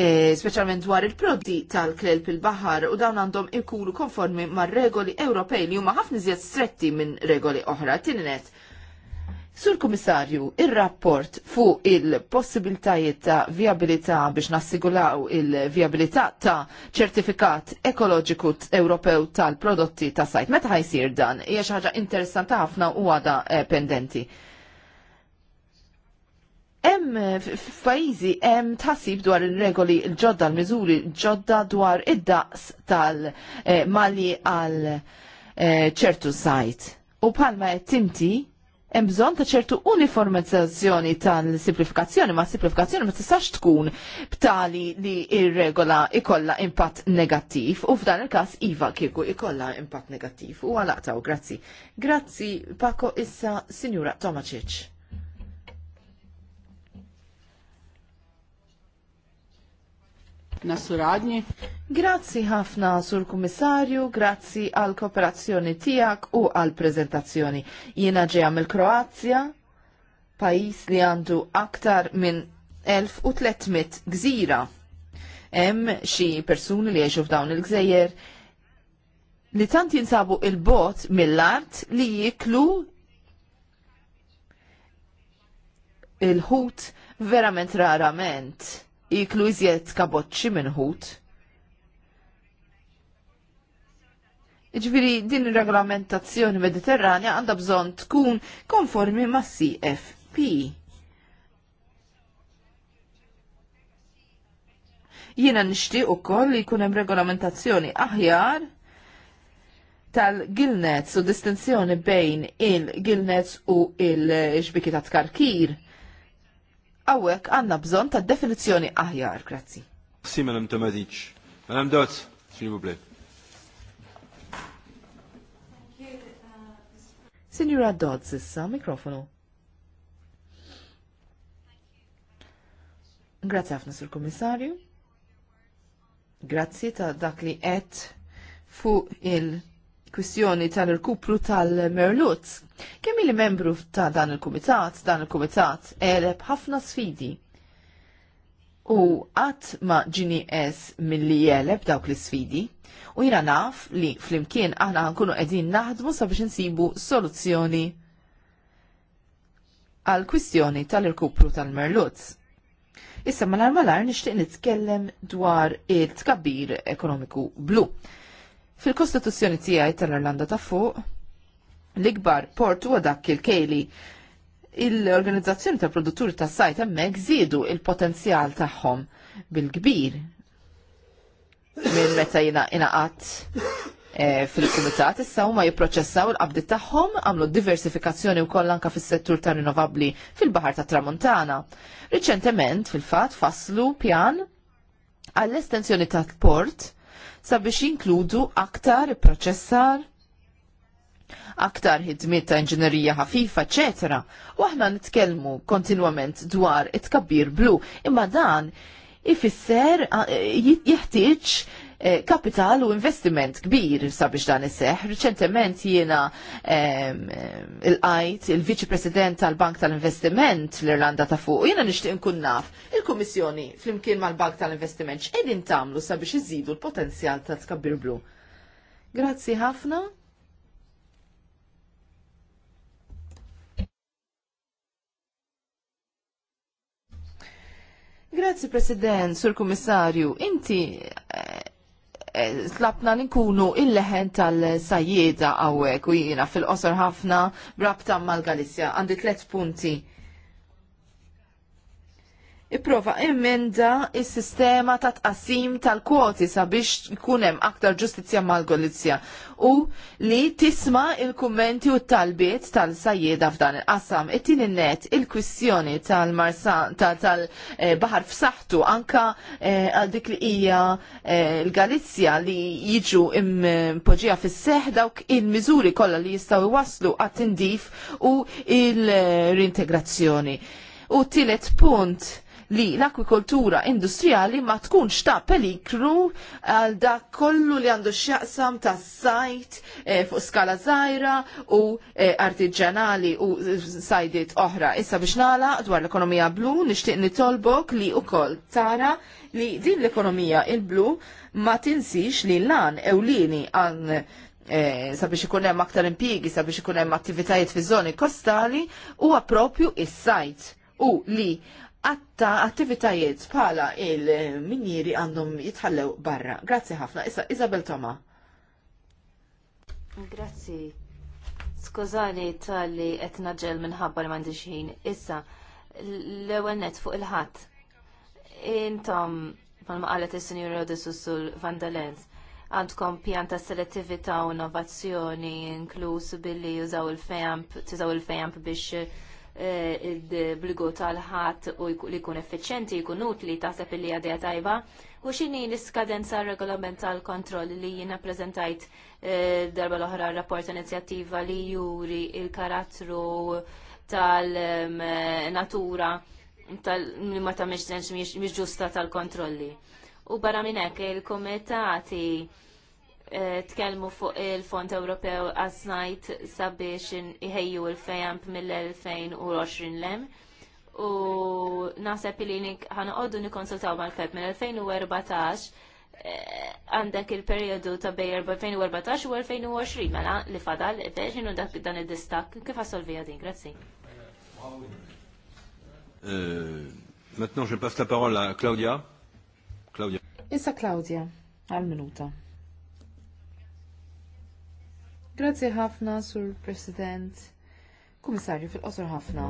specialment speċjalment dwar il-prodotti tal-klelb il-baħar u dawn għandhom ikunu konformi mar regoli Ewropej li huma ħafna iżjed stretti minn regoli oħra. Tinnet, Sur Komissarju, il-rapport fuq il-possibiltajiet ta' viabilità biex nassigulaw il-viabilità ta' ċertifikat ekoloġiku Ewropew tal-prodotti ta' sajt. Meta ħajsir dan? Hija xi ħaġa interessanti ħafna u għada eh, pendenti. Hemm f'pajjiżi hemm tasib dwar ir-regoli l-ġodda l-miżuri ġodda dwar id-daqs tal-mali eh, għal eh, ċertu sajt. U bħalma qed timti hemm bżonn ta' ċertu uniformizzazzjoni tal-simplifikazzjoni, ma' simplifikazzjoni ma tistax tkun b'tali li ir-regola ikollha impatt negattiv u f'dan il-każ iva kieku ikollha impatt negattiv u għalaqtaw, grazzi. Grazzi Pako issa Sinjura Tomacic. nasuradni. Grazzi ħafna sur kummissarju, grazzi għal kooperazzjoni tijak u għal prezentazzjoni. Jiena ġejja mill kroazja pajis li għandu aktar minn 1300 gżira. Hemm xi persuni li jiexu f'dawn il-gżejjer li tant jinsabu il-bot mill-art li jiklu il-ħut verament rarament Iklu iżjed kabotċi minħut. Iġviri, din regolamentazzjoni mediterranja għanda bżon tkun konformi ma' CFP. Jiena nixtieq ukoll li jkun hemm regolamentazzjoni aħjar tal-gilnets u distinzjoni bejn il-gilnets u il-ġbiki ta' tkarkir għawek għanna bżon ta' definizjoni aħjar, grazzi. Si, Madam Tomadic. Madam Dot, s'il vous plaît. Signora Dodds issa, mikrofonu. Grazie ħafna sur kommissarju. Grazzi ta' dak li qed fuq il-kwistjoni tal-rkupru tal-Merluz Kemm li membru ta' dan il-kumitat, dan il-kumitat eleb ħafna sfidi. U għat ma ġini es mill-li jeleb dawk l-sfidi, u jina naf li fl-imkien aħna għankunu edin naħdmu sabiex nsibu soluzzjoni għal kwistjoni tal-irkupru tal merlut Issa malar malar nishtiq nitkellem dwar il-tkabbir ekonomiku blu. Fil-Kostituzzjoni tiegħi tal-Irlanda ta' fuq, L-ikbar port huwa dak il-kejli. Il-organizzazzjoni ta' produtturi ta' sajt hemmhekk żiedu il-potenzjal tagħhom bil-kbir minn meta jina inaqat eh, fil-kumitat issa huma jipproċessaw il-qabdi tagħhom għamlu diversifikazzjoni wkoll anke fis-settur ta' rinnovabbli fil-Baħar ta' Tramuntana. Riċentement fil-fatt faslu pjan għall-estensjoni ta' port sabiex jinkludu aktar proċessar aktar ħidmiet ta' inġinerija ħafifa, eċetera. U aħna nitkellmu kontinwament dwar it-kabbir blu, imma dan ifisser e, jeħtieġ e, kapital u investiment kbir sabiex dan iseħ. Reċentement jiena il-qajt il-Viċi President tal-Bank tal-Investiment l-Irlanda ta' fuq, jiena nixtieq nkun naf il-Kummissjoni flimkien mal-Bank tal-Investiment x'qegħdin tagħmlu sabiex iżidu l-potenzjal ta' tkabbir blu. Grazzi ħafna. Grazzi President, Sur Kummissarju, inti eh, eh, tlapna ninkunu il-leħen tal-sajjeda għawek u jina fil-qosor ħafna brabta mal-Galizja. Għandi tlet punti. Iprofa emenda il sistema ta' tqassim tal-kwoti sabiex jkun hemm aktar ġustizzja mal-Golizja u li tisma' il-kummenti u t-talbiet tal-sajjeda f'dan il-qasam. It-tieni net il-kwissjoni tal-marsa tal-baħar f'saħħtu anka eh, għal dik li hija eh, l-Galizja li jiġu impoġija fis-seħ dawk il-miżuri kollha li jistgħu iwasslu għat-tindif u il-reintegrazzjoni. U tielet punt li l-akwikoltura industrijali ma tkunx ta' pelikru għal dak kollu li għandu x'jaqsam ta' sajt e, fuq skala żgħira u e, artiġjanali u sajdiet oħra. Issa biex nala dwar l-ekonomija blu nixtieq nitolbok li koll tara li din l-ekonomija il-blu ma tinsix li lan ewlieni għan E, sabiex ikun hemm aktar impjiegi, sabiex ikun hemm attivitajiet fi żoni kostali huwa propju is-sajt u li għatta attivitajiet bħala il-minjiri għandhom jitħallew barra. Grazzi ħafna. Issa, Isabel Toma. Grazzi. Skużani tal-li etnaġel minnħabba li mandi xħin. Issa, l-ewel fuq il-ħat. Intom, palma qalet il-Senjur sul Vandalens, għandkom pjanta selettivita u innovazzjoni inklus billi jużaw il-fejamp, tużaw il-fejamp biex Eh, il-bligu tal-ħat u li jkun effiċenti, jkun utli taħseb li għadija tajba. U xini l-iskadenza regolament tal-kontroll li jina prezentajt eh, darba l-oħra rapport inizjattiva li juri il-karattru tal-natura eh, tal-ma ta' miex ġusta tal-kontrolli. U barra minnek il-komitati Eh, tkellmu fuq il-Fond Ewropew għasnajt sabiex iħejju il-fejamp mill-2020 lem. U naħseb li ħanqoddu nikonsultaw mal-FEP mill-2014 eh, għandek il-periodu ta' bej 2014 u 2020 mela li fadal, u dak dan id-distak, kif għasolvija din, grazzi. Eh, maintenant, je passe la parole à Claudia. Claudia. Issa Claudia, għal minuta. Grazzi ħafna, Sur President. Kummissarju fil-qosor ħafna.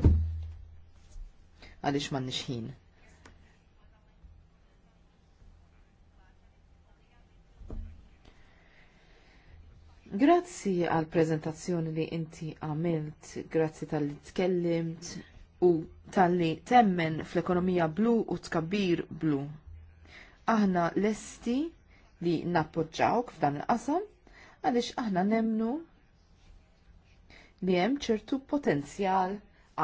Għalix man nixħin. Grazzi għal prezentazzjoni li inti għamilt, grazzi tal-li tkellimt u tal-li temmen fl-ekonomija blu u tkabbir blu. Aħna lesti li nappoġġawk f'dan il-qasam għaliex aħna nemnu li hemm ċertu potenzjal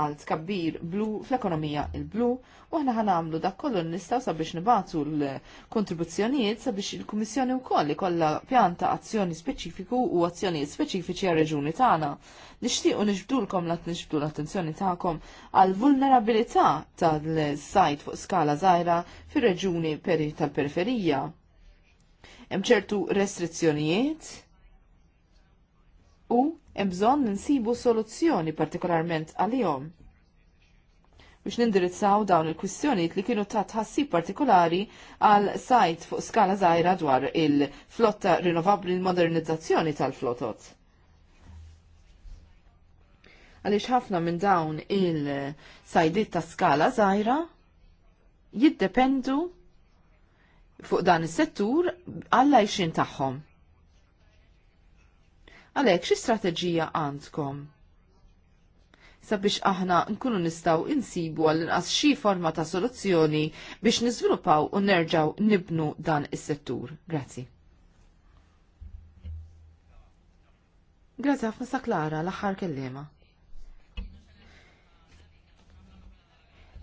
għal tkabbir blu fl-ekonomija il-blu u aħna għamlu dak kollu nistaw sabiex nibatu l-kontribuzzjonijiet sabiex il-Kummissjoni wkoll ikollha pjanta azzjoni speċifiku u azzjonijiet speċifiċi għal reġuni tagħna. Nixtiequ nixbdulkom lat nixbdu l-attenzjoni tagħkom għal vulnerabilità tal-sajt fuq skala żgħira fir-reġuni tal-periferija. Hemm ċertu restrizzjonijiet u hemm bżonn soluzzjoni partikolarment għalihom biex nindirizzaw dawn il-kwistjonijiet li kienu ta' tħassib partikolari għal sajt fuq skala żgħira dwar il-flotta rinnovabli l-modernizzazzjoni tal-flotot. Għaliex ħafna minn dawn il-sajdiet ta' skala żgħira jiddependu fuq dan is-settur għal għajxin tagħhom. Għalhekk strategija għandkom? sabiex aħna nkunu nistaw insibu għall-inqas xi forma ta' soluzzjoni biex niżviluppaw u nerġaw nibnu dan is-settur. Grazzi. Grazzi ħafna sa' Klara l-aħħar kellima.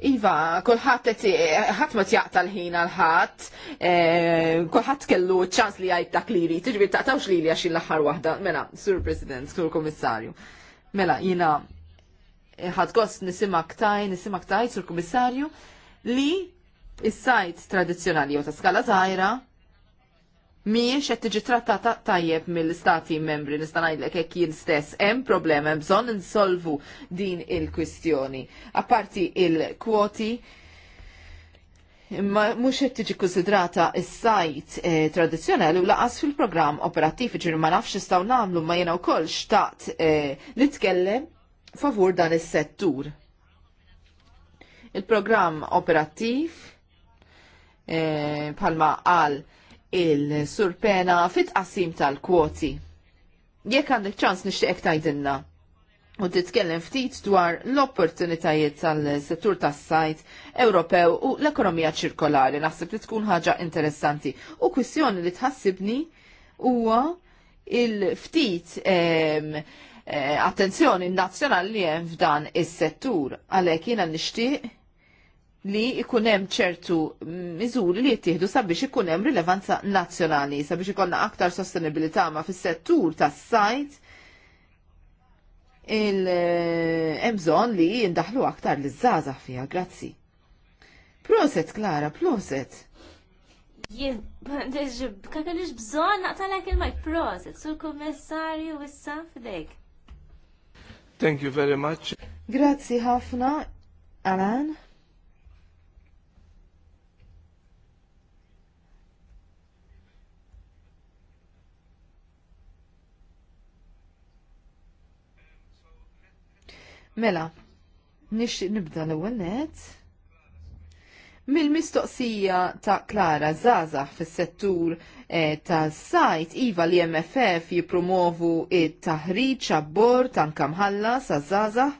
Iva, kullħat ħat ma tjaqta l-ħin għal-ħat, eh, kolħat kellu ċans li għajt dak li jrid, tiġbir taqtawx li li għaxin l-axħar wahda, mela, Sur President, Sur Komissarju. Mela, jina eh, ħat gost nisima ktaj, nisima ktaj, Sur Komissarju, li is-sajt tradizjonali u ta' skala zaħira miex qed tiġi trattata tajjeb mill-istati membri nista' ngħidlek hekk jien stess hemm problema hemm bżonn insolvu din il-kwistjoni. Apparti il-kwoti imma mhux qed tiġi konsidrata s-sajt eh, tradizzjonali u laqas fil-programm operattiv ġiri ma nafx nistgħu nagħmlu ma jiena wkoll xtaqt eh, li tkellem favur dan is-settur. Il il-programm operattiv eh, palma għal il-surpena fit-qasim tal-kwoti. Jekk għandek ċans nixtieq tajdinna u titkellem ftit dwar l-opportunitajiet tal-settur tas-sajt Ewropew u l-ekonomija ċirkolari. Naħseb li tkun ħaġa interessanti. U kwistjoni li tħassibni huwa il-ftit eh, attenzjoni nazzjonali li hemm f'dan is-settur. Għalhekk jiena nixtieq li ikunem hemm ċertu miżuri li jittieħdu sabiex ikun hemm rilevanza nazzjonali, sabiex ikonna aktar sostenibilità ma fis-settur tas-sajt il eh, bżonn li jindaħlu aktar li zazah fiha, grazzi. Proset, Klara, proset. Jien, kakalix bżon naqtalek il-majk, proset, sur kommissarju issa fidejk. Thank you very much. Grazzi ħafna, Alan. Mela, nix nibda l-ewwel net. Mill-mistoqsija ta' Klara Zazax fis-settur eh, ta' sajt iva li MFF jipromovu it-taħriġ abbor tanka mħalla sa' Zazax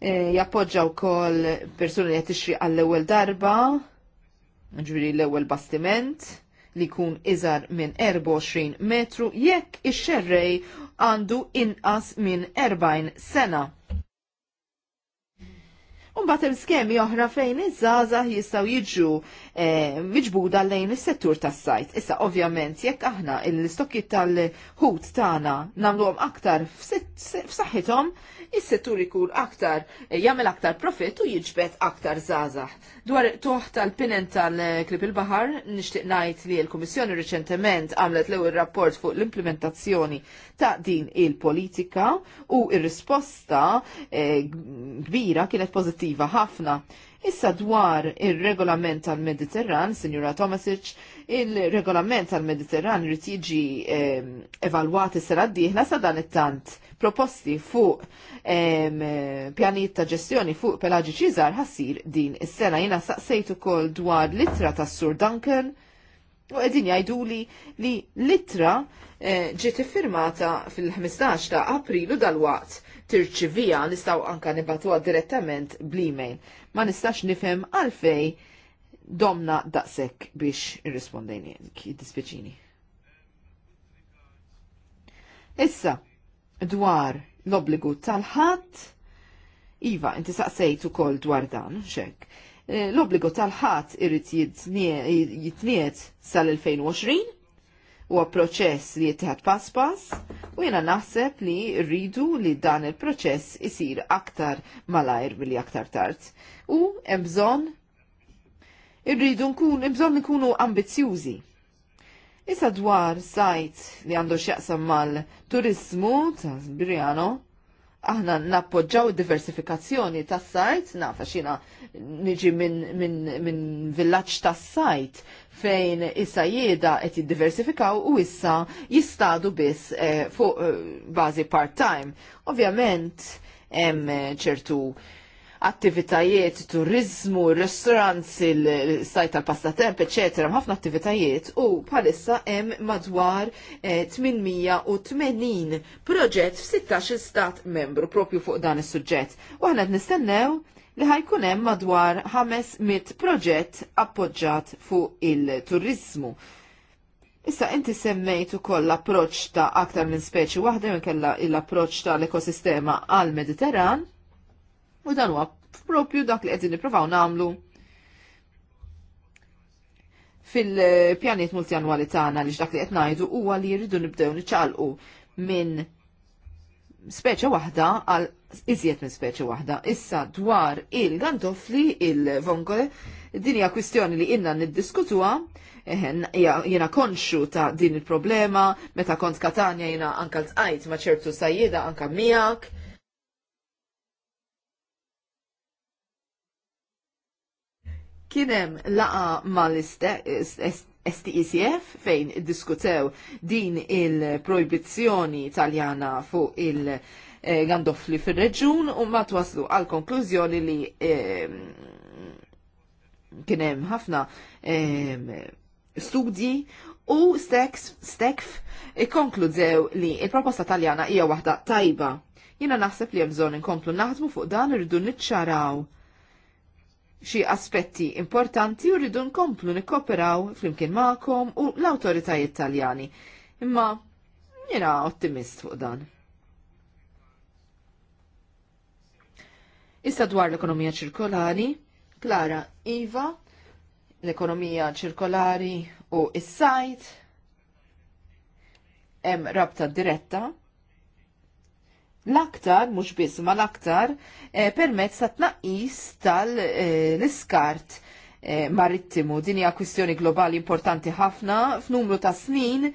eh, jappoġġaw kol persuni li tixri għall-ewel darba, ġviri l-ewel bastiment, li kun iżar minn 24 metru, jekk ix-xerrej għandu inqas minn 40 sena. bat il-skemi oħra fejn iż-żaza jistaw jiġu Eh, miġbuda lejn is-settur tas-sajt. Issa ovvjament jekk aħna l-istokki tal-ħut tagħna nagħmluhom aktar f'saħħithom, is-settur ikur aktar eh, jagħmel aktar profitt u jiġbed aktar żgħażagħ. Dwar toħ tal-pinent tal-klib il-baħar, nixtieq ngħid li l-Kummissjoni riċentement għamlet l-ewwel rapport fuq l-implementazzjoni ta' din il-politika u ir-risposta eh, kbira kienet pożittiva ħafna. Issa dwar il-regolament tal-Mediterran, Sinjura Tomasic, il-regolament tal-Mediterran rrit jiġi evalwati sera d sa dan it-tant proposti fuq eh, pjanijiet ta' ġestjoni fuq Pelagi Ċizar ħassir din is-sena jina saqsejtu kol dwar litra ta' Sur Duncan u edin jajdu li litra eh, ġiet iffirmata firmata fil-15 ta' aprilu dal-waqt tirċivija nistaw anka nibatuha direttament bl-email. Ma nistax nifhem għalfej domna daqsek biex irrispondejni dispieċini. Issa, dwar l-obligu tal-ħadd, Iva, inti saqsejt ukoll dwar dan, xek. Eh, l-obligu tal-ħadd irid jitniet sal-2020 huwa proċess li jittieħed pass pass u jiena naħseb li rridu li dan il-proċess isir aktar malajr billi aktar tard. U hemm bżonn irridu nkun bżonn nkunu ambizzjużi. Issa dwar sajt li għandu x'jaqsam mal-turismu ta' Briano, aħna nappoġġaw diversifikazzjoni tas sajt, nafa xina niġi minn min, min villaċ tas sajt fejn issa jieda qed jiddiversifikaw u issa jistadu biss eh, fuq eh, bażi part-time. Ovvjament hemm eh, ċertu eh, attivitajiet, turizmu, restorans, il sajt tal-pastatemp, etc. ħafna attivitajiet u bħalissa hemm madwar 880 eh, proġett f-16 stat membru propju fuq dan is-suġġett. U għanet nistennew li ħajkun hemm madwar 500 proġett appoġġat fuq il-turizmu. Issa inti semmejt ukoll l-approċċ ta' aktar minn speċi waħda minn kella l-approċċ tal ekosistema għal-Mediterran U dan huwa propju dak li qed nippruvaw nagħmlu fil-pjaniet multjanwali tagħna li dak li qed ngħidu huwa li jridu nibdew niċċalqu minn speċi waħda għal iżjed minn speċi waħda. Issa dwar il-gantofli, il-vongole, din hija kwistjoni li inna niddiskutuha, jena konxu ta' din il-problema, meta kont Katania jena anka l-tqajt ma' ċertu sajjeda anka miegħek Kienem laqa mal-STICF e, e, e fejn diskutew din il-proibizjoni taljana fuq il- eh, għandofli fil-reġun u ma twaslu għal konklużjoni li ehm, kienem ħafna ehm, studji u stekf konkludew li il-proposta taljana hija waħda tajba. Jina naħseb li jemżon inkomplu naħdmu fuq dan irridu niċċaraw xi aspetti importanti u rridu nkomplu nikkoperaw flimkien magħkom u l-awtoritajiet Taljani. Imma jiena ottimist fuq dan. Issa dwar l-ekonomija ċirkolari, Klara Iva, l-ekonomija ċirkolari u is-sajt, hemm rabta diretta l-aktar, mhux biss ma l-aktar, eh, permezz ta' tnaqqis tal-iskart eh, eh, marittimu. Din hija kwistjoni globali importanti ħafna f'numru ta' snin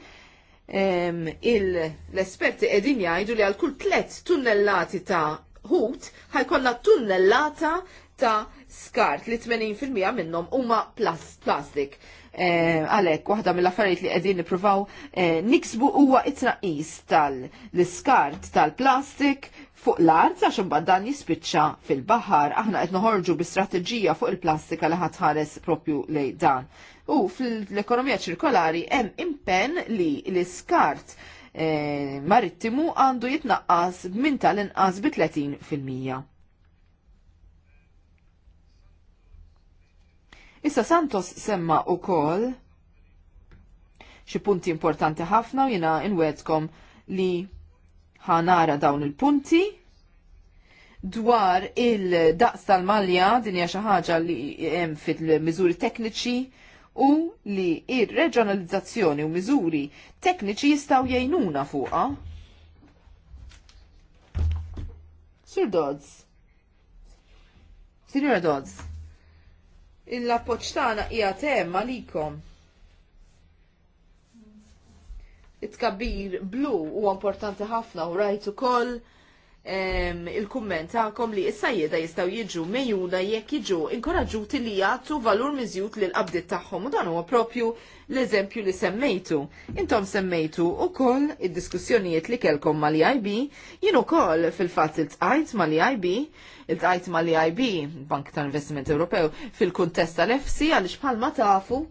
ehm, l-esperti qegħdin jgħidu li għal kull tliet tunnellati ta' hut, ħajkollna tunnellata ta' skart li 80% minnhom huma plastik. Eh, għalek, waħda mill-affarijiet li qegħdin nippruvaw eh, niksbu huwa it-tnaqqis tal-iskart tal-plastik fuq l-art għax imbagħad dan jispiċċa fil-baħar. Aħna qed noħorġu bi-strateġija fuq il-plastika li ħatħares propju lejn dan. U fl-ekonomija ċirkolari hemm impenn li l-iskart eh, marittimu għandu jitnaqqas minn tal-inqas bi 30 fil-mija. Issa Santos semma u kol xi punti importanti ħafna u jina inwedkom li ħanara dawn il-punti dwar il-daqs tal-malja din hija xi ħaġa li hemm fil-miżuri tekniċi u li ir-reġjonalizzazzjoni u miżuri tekniċi jistgħu jgħinuna fuqha. Sir Dodds. Signora Dodds il appoġġ tagħna hija tema likom. It-tkabbir blu huwa importanti ħafna u rajt ukoll il-kumment tagħkom li s-sajjeda jistgħu jiġu mejjuna jekk jiġu inkoraġġuti li jagħtu valur li l qabdiet tagħhom u dan huwa propju l-eżempju li semmejtu. Intom semmejtu koll id-diskussjonijiet li kelkom mal-IB, jien koll fil-fatt il-tqajt mal-IB, il-tqajt mal-IB, Bank ta' Investiment Ewropew, fil-kuntest tal fc għaliex bħalma tafu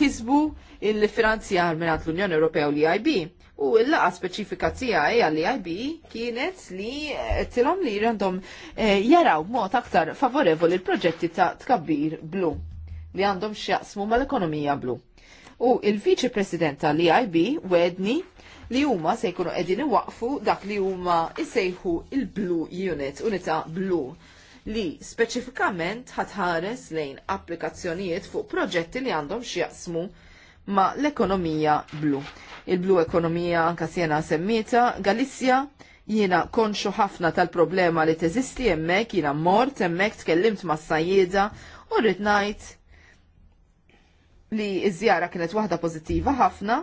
kisbu il-finanzjar minnat l-Unjoni Ewropew li IB U l-laqa speċifika tijaj għalli e ib kienet li eh, tilhom li għandhom eh, jaraw mot aktar favorevoli l-proġetti ta' tkabbir blu li għandhom x'jaqsmu mal-ekonomija blu. U il-Viċi President tal-IB e wedni li huma se jkunu qegħdin iwaqfu dak li huma jsejħu il-Blue Unit, unità blu li speċifikament ħatħares lejn applikazzjonijiet fuq proġetti li għandhom x'jaqsmu ma l-ekonomija blu. Il-blu ekonomija anka sjena semmita, Galizja jiena konxu ħafna tal-problema li teżisti hemmhekk, jiena mort hemmhekk tkellimt ma' sajjieda u rrid ngħid li iż-żjara kienet waħda pożittiva ħafna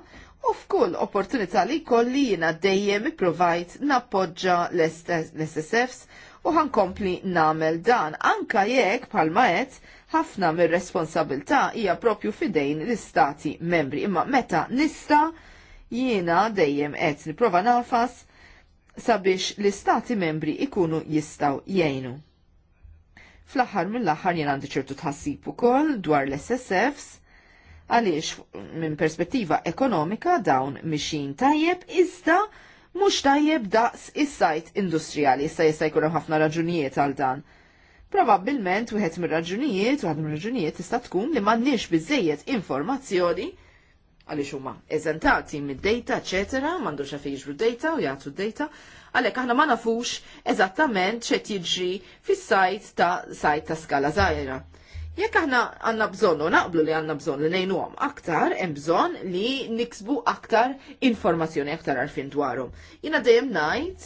u f'kull opportunità li jkolli jiena dejjem ipprovajt nappoġġa l-SSFs u ħankompli namel dan anka jekk pal qed ħafna mir-responsabilità hija propju fidejn l-istati membri imma meta nista jiena dejjem qed nipprova nafas sabiex l-istati membri ikunu jistaw jgħinu. Fl-aħħar mill-aħħar jien għandi ċertu tħassib ukoll dwar l-SSFs għaliex minn perspettiva ekonomika dawn mixin tajjeb iżda mhux tajjeb daqs is-sajt industrijali jista' jista' jkun ħafna raġunijiet għal dan. u wieħed mir-raġunijiet, għad mir-raġunijiet tista' tkun li m'għandniex bizzejiet informazzjoni għaliex huma eżentati mid-data, eċetera, m'għandux għaf jiġru data u jagħtu data, għalhekk aħna ma nafux eżattament x'qed jiġri fis-sajt ta' sajt ta' skala żgħira. Jekk aħna għanna bżonnu, naqblu li għanna bżonn li għom aktar, hemm bżonn li niksbu aktar informazzjoni aktar għarfin dwarhom. Jiena dejjem ngħid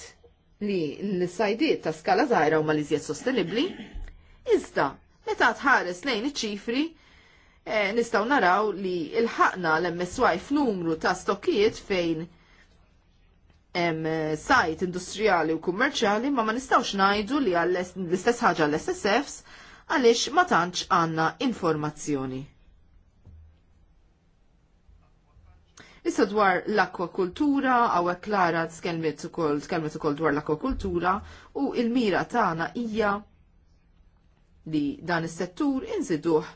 li l-sajdiet ta' skala żgħira huma li żjed sostenibbli, iżda meta tħares lejn iċ-ċifri eh, nistgħu naraw li il ħakna l-MSY f'numru ta' stokkijiet fejn hemm eh, sajt industrijali u kummerċjali ma ma nistgħux ngħidu li l-istess ħaġa l-SSFs għaliex ma tantx għandna informazzjoni. Issa dwar l-akwakultura, għawek Klara tkelmet ukoll tkellmet dwar l-akwakultura u il-mira tagħna hija li dan is-settur inżiduh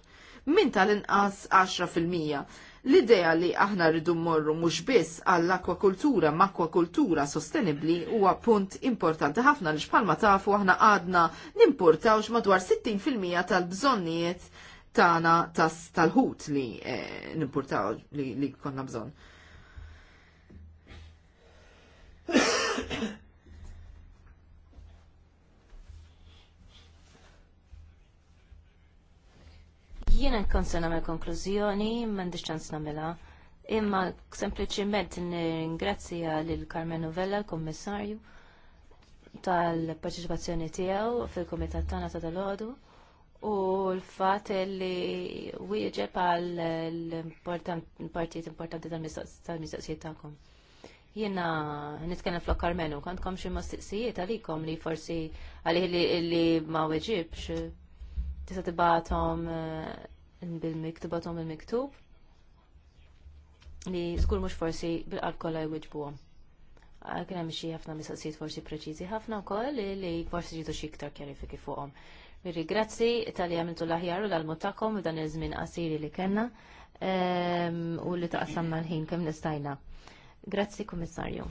minn tal-inqas 10 fil-mija L-idea li aħna rridu mmorru mhux biss għall-akwakultura ma' akwakultura sostenibbli huwa punt importanti ħafna li bħalma tafu aħna għadna nimportawx madwar 60% tal-bżonnijiet tagħna tal-ħut li eh, nimportaw li, li konna bżonn. Jiena nkun se nagħmel konklużjoni m'għandix ċans nagħmilha. Imma sempliċiment ningrazzja lil Carmen Novella l-Kummissarju tal parteċipazzjoni tiegħu fil-Kumitat tagħna ta' dalodu u l-fatt li wieġeb għal l partit importanti tal-mistoqsijiet tagħkom. Jiena nitkellem flok Carmenu, kontkom xi mistoqsijiet għalikom li forsi għalih li ma weġibx tista' tibatom eh, bil-miktubatom il-miktub li żgur mhux forsi bil-qalb kollha jwiġbuhom. Ah, kien hemm xi ħafna mistaqsijiet forsi preċiżi ħafna koll li forsi ġitu xiktar iktar kjarifiki fuqhom. Mirri grazzi tal-li għamiltu l-aħjar u l dan il-żmien qasiri li kena ehm, u li taqsamna l-ħin kemm nistajna. Grazzi, Kummissarju.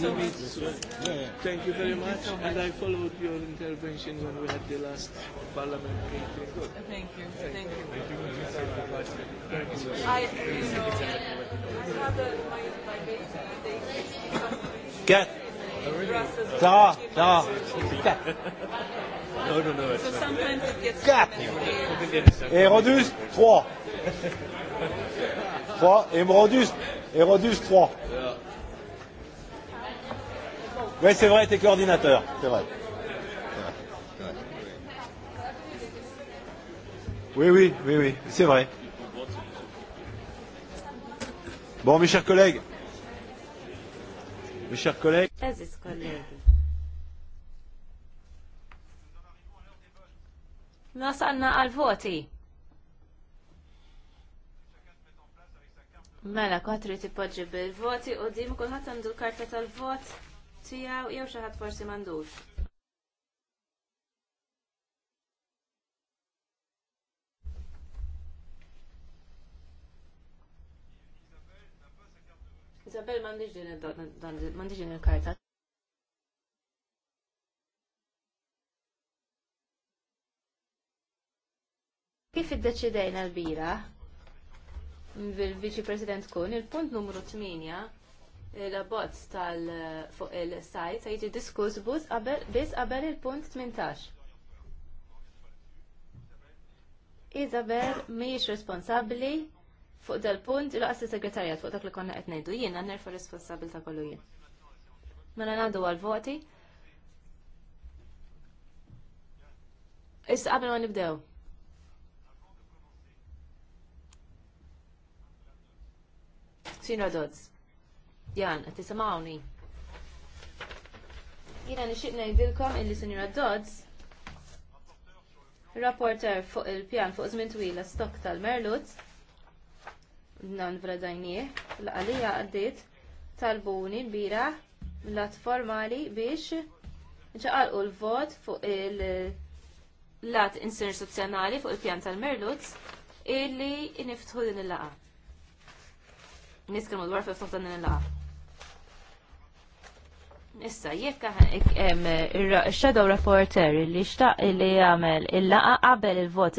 Thank you very much. And I followed your intervention when we had the last parliament meeting. Good. Thank you. Thank you. Thank you. I, you know, I have a, my, my baby, Get. Da, da. No, no, no. So sometimes it gets... 4. Et Rodus, Trois. 3. Et Rodus, et Rodus, 3. Yeah. Oui, c'est vrai, t'es coordinateur, c'est vrai. Oui, oui, oui, oui, c'est vrai. Bon, mes chers collègues, mes chers collègues, Nasanna għal-voti. Mela, kotri tipoġi bil-voti u dim kullħat għandu l-karta tal-vot tiegħu jew xi ħadd forsi m'għandux. Isabel m'għandix din m'għandix din il-karta. Kif iddeċidejna l-bira? Bil-Viċi President kun, il-punt numru 8 il abbozz tal eh, fuq il-sajt se jiġi diskuss biss qabel il-punt 18. Isabel mhijiex responsabbli fuq dal-punt il-qas segretarjat fuq dak li konna qed ngħidu jien nerfa ta' kollu jien. Mela ngħidu għal-voti. Issa qabel ma nibdew. Sinra Dodds. Jan, qed tisimgħuni. Jiena nixtieq ngħidilkom illi Sinjura Dodds rapporter fuq il-pjan fuq żmien twila stok tal-Merluz nan vradajnieh l-għalija għaddiet tal l-bira lat formali biex ċaqalqu l-vot fuq il-lat insirsuzjonali fuq il-pjan tal-Merluz illi niftħu din il-laqa. Niskrimu dwar fil-ftuħ din il-laqa. Issa, jekk hemm eh, il-shadow reporter li xtaq li jagħmel il-laqa qabel il-vot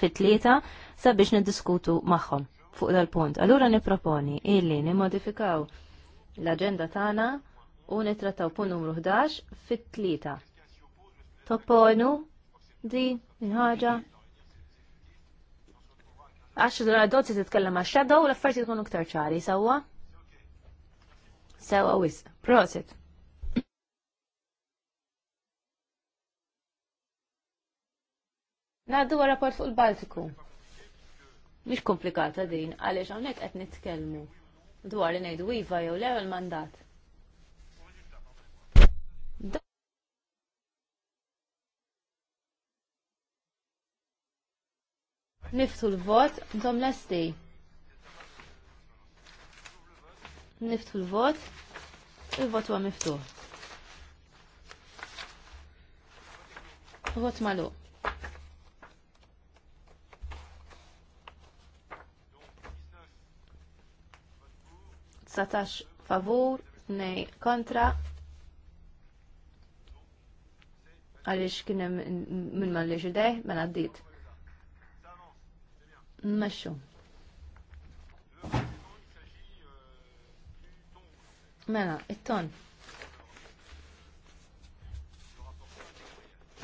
fit-tlieta sabiex niddiskutu magħhom fuq dal-punt. Allura nipproponi illi nimmodifikaw l-aġenda tagħna u nittrattaw punt numru 11 fit-tlieta. Topponu di ħaġa għax dura dozzi titkellem għax xadda u l-affarijiet ikunu ktar ċari, sawa? Sawa wis, prosit. Naddu rapport fuq il-Baltiku. Mhix komplikata din, għaliex hawnhekk qed nitkellmu dwar li ngħidu iva jew lew il-mandat. Niftu l-vot, l-esti. Niftu l-vot, il-vot huwa miftuħ. Vot maluq. Satax favur, nej kontra. Għalix kienem minn man li ġidej, man għaddit. Mmeċu. Mela, it-ton.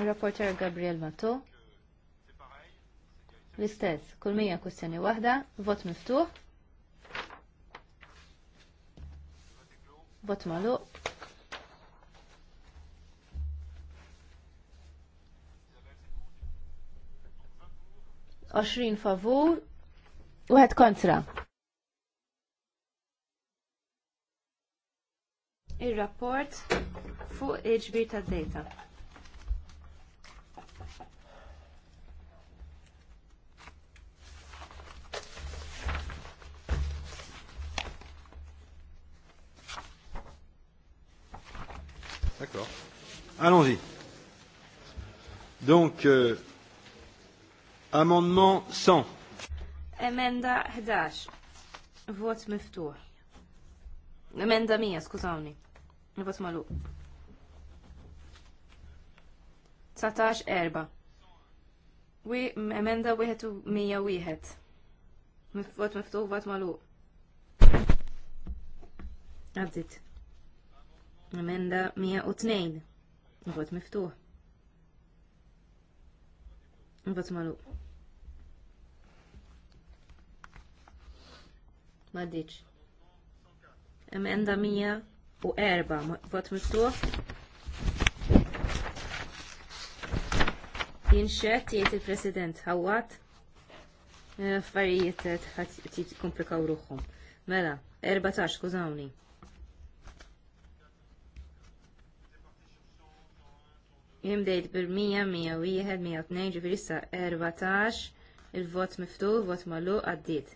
Rapporter Gabriel Mato. L-istess, kull mija kustjoni wahda, vot miftuħ. Vot malu. Oxrin favur, Wieħed kontra. Ir-rapport fuq iġbir tad-data. D'accord. Allons-y. Donc, euh, amendement 100. Emenda 11. Vot miftuħ. Emenda 100, skużawni. Vote malou. 19 erba. Wi emenda 101. Vote miftuħ, vote malou. Għaddit. Emenda 102. Vot miftuħ. Vot maluq. Maddiċ. Emenda 104. Vot miftuħ. Jinxet jgħid il-President ħawat eh, Farijiet tħat eh, komplikaw ruħhom. Mela, 14 kużawni. jimdejt bil-100, 101, 102, ġifieri 14, il-vot miftu, vot magħluq għaddit.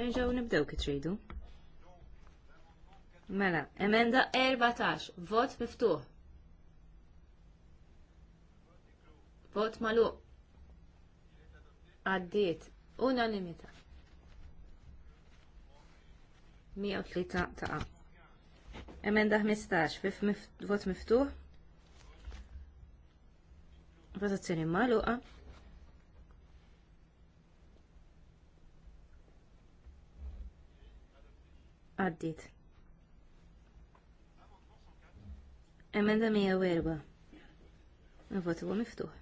Nerġaw nibdew kitridu. Mela, emenda 14, vot miftuħ. Vot malu għaddit. unanimità. 103 taqa. Emenda 15 fif vot miftuħ. Votazzjoni maluqa. Għaddit. Emenda 104. vot huwa miftuħ.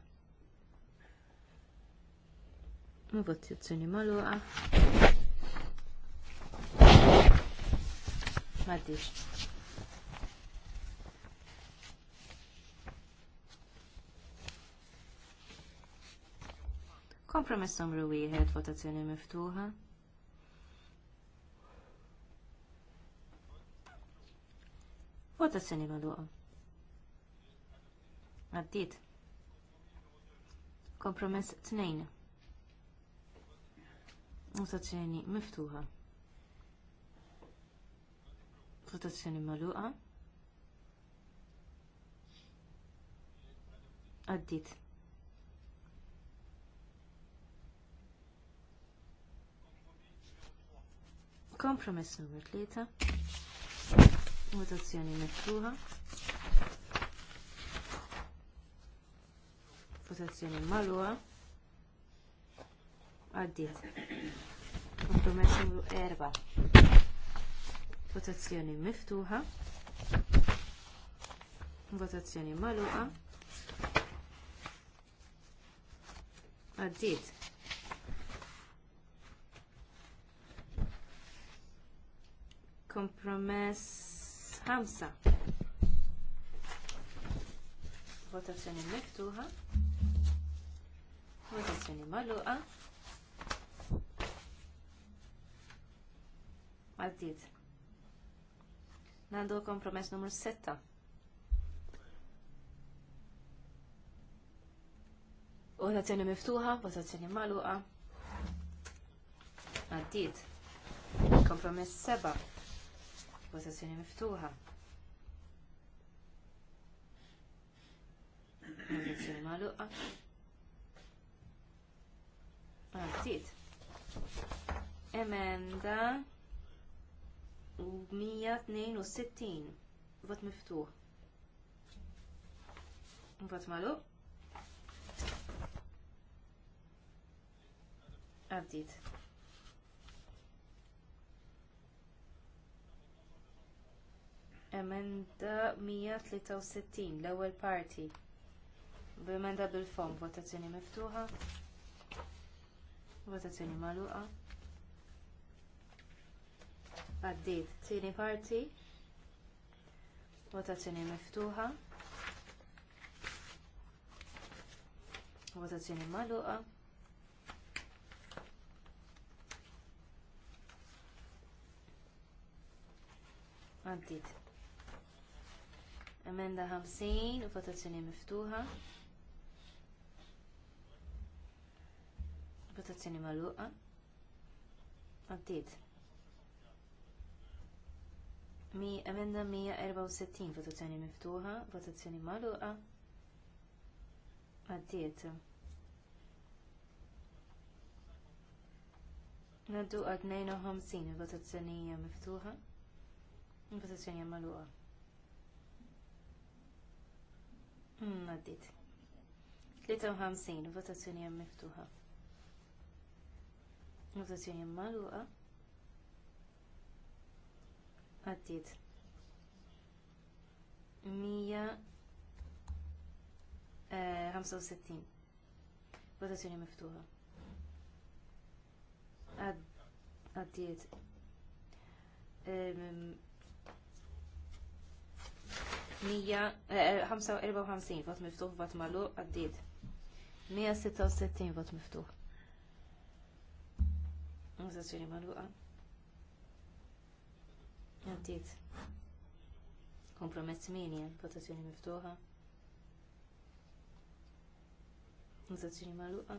Votazzjoni maluqa. maddix. Kompromess numru wieħed, votazzjoni miftuħa. Votazzjoni magħluqa. Għaddiet. Kompromess tnejn. Votazzjoni miftuħa protezzjoni magħluqa. Għaddit. Kompromess numru tlieta Votazzjoni miftuħa. Votazzjoni magħluqa. Għaddit. Kompromess numru erba Votazzjoni miftuħa. Votazzjoni magħluqa. Għaddit. Kompromess ħamsa. Votazzjoni miftuħa. Votazzjoni magħluqa. Għaddit. Nandu kompromess numru 6. Votazzjoni miftuħa, votazzjoni maluqa. Għaddit. Kompromess 7. Votazzjoni miftuħa. Votazzjoni maluqa. Għaddit. Emenda u 162 vot miftuħ. Vot malu. Għaddit. Emenda 163, l-ewwel parti. B'emenda bil-fond, votazzjoni miftuħa. Votazzjoni magħluqa għaddit tieni parti votazzjoni miftuħa votazzjoni magħluqa għaddit emenda 50 votazzjoni miftuħa votazzjoni magħluqa għaddit Mi emenda 164 votazzjoni miftuħa, votazzjoni magħluqa. Għaddiet. Naddu għad 52 votazzjoni hmm, miftuħa, votazzjoni magħluqa. Għaddiet. 53 votazzjoni miftuħa. Votazzjoni magħluqa għaddit. Mija 65. Eh, Votazzjoni miftuħa. Għaddiet. Mija 54 eh, vot miftuħ vot malu għaddiet. 166 vot miftuħ. Votazzjoni maluqa. Għaddit. Kompromess minja, votazzjoni miftuħa. Votazzjoni maluqa.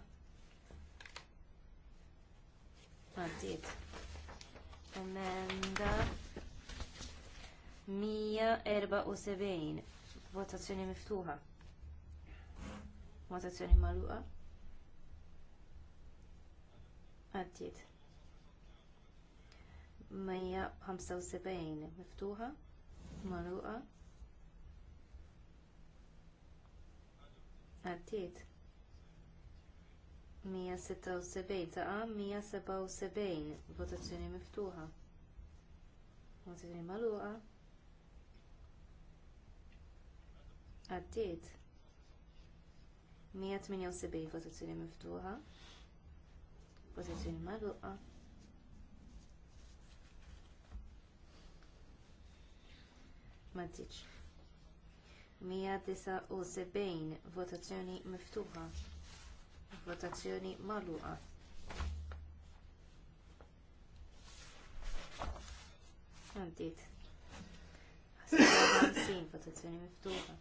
Għaddit. Emenda 174. Votazzjoni miftuħa. Votazzjoni maluqa. Għaddit. 175 miftuħa magħluqa għaddiet 176 تقع 177 votazzjoni مفتوحة votazzjoni magħluqa عديد 178 votazzjoni مفتوحة votazzjoni magħluqa maddiċ. 179 votazzjoni miftuħa. Votazzjoni magħluqa. Għaddit. 50 votazzjoni miftuħa.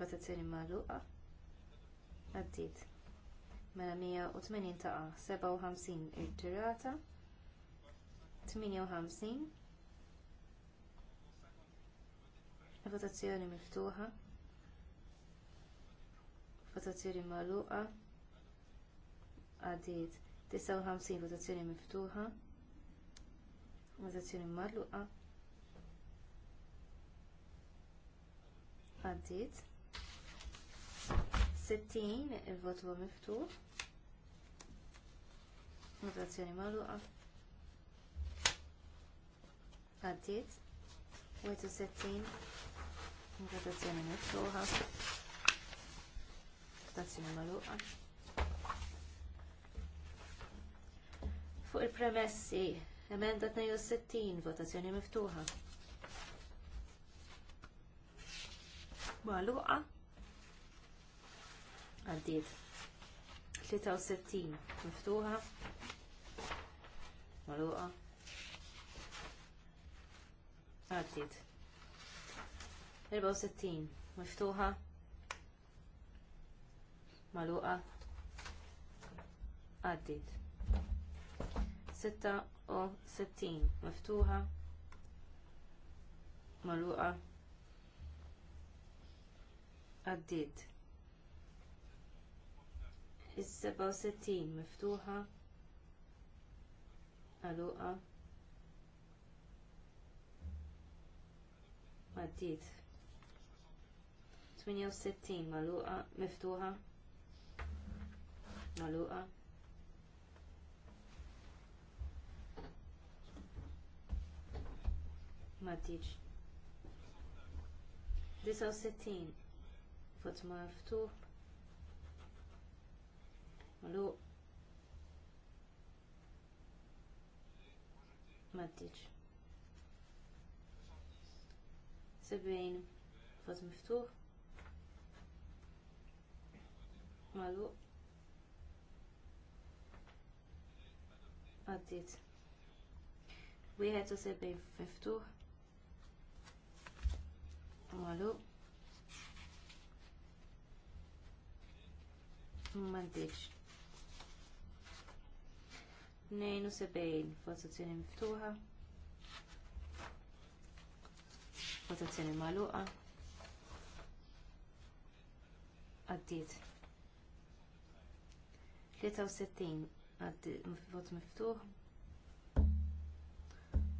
Votazzjoni magħluqa. Għaddit. Mela 180 taqa' 57 irtirata. 58 votazzjoni miftuħa votazzjoni magħluqa għaddiet 59 votazzjoni miftuħa votazzjoni magħluqa għaddiet 60 il-vot huwa miftuħ votazzjoni magħluqa għaddit, 61, votazzjoni miftuħa, votazzjoni maluqa. Fuq il-premessi, emenda 62, votazzjoni miftuħa. Maluqa. Għaddit. 63 miftuħa maluqa għaddit. 64 miftuħa maluqa għaddit. 66 miftuħa maluqa għaddit. Is-67 miftuħa maluqa għaddit. għaddit. 68 maluqa, miftuħa, maluqa. Maddiċ. 69 fot maftuħ, maluq. Maddiċ. 76 fos miftuħ malu għaddit 71 miftuħ malu mandiċ 72 pożizzjoni miftuħa votazzjoni magħluqa. Għaddiet. 63 għaddi vot miftuħ.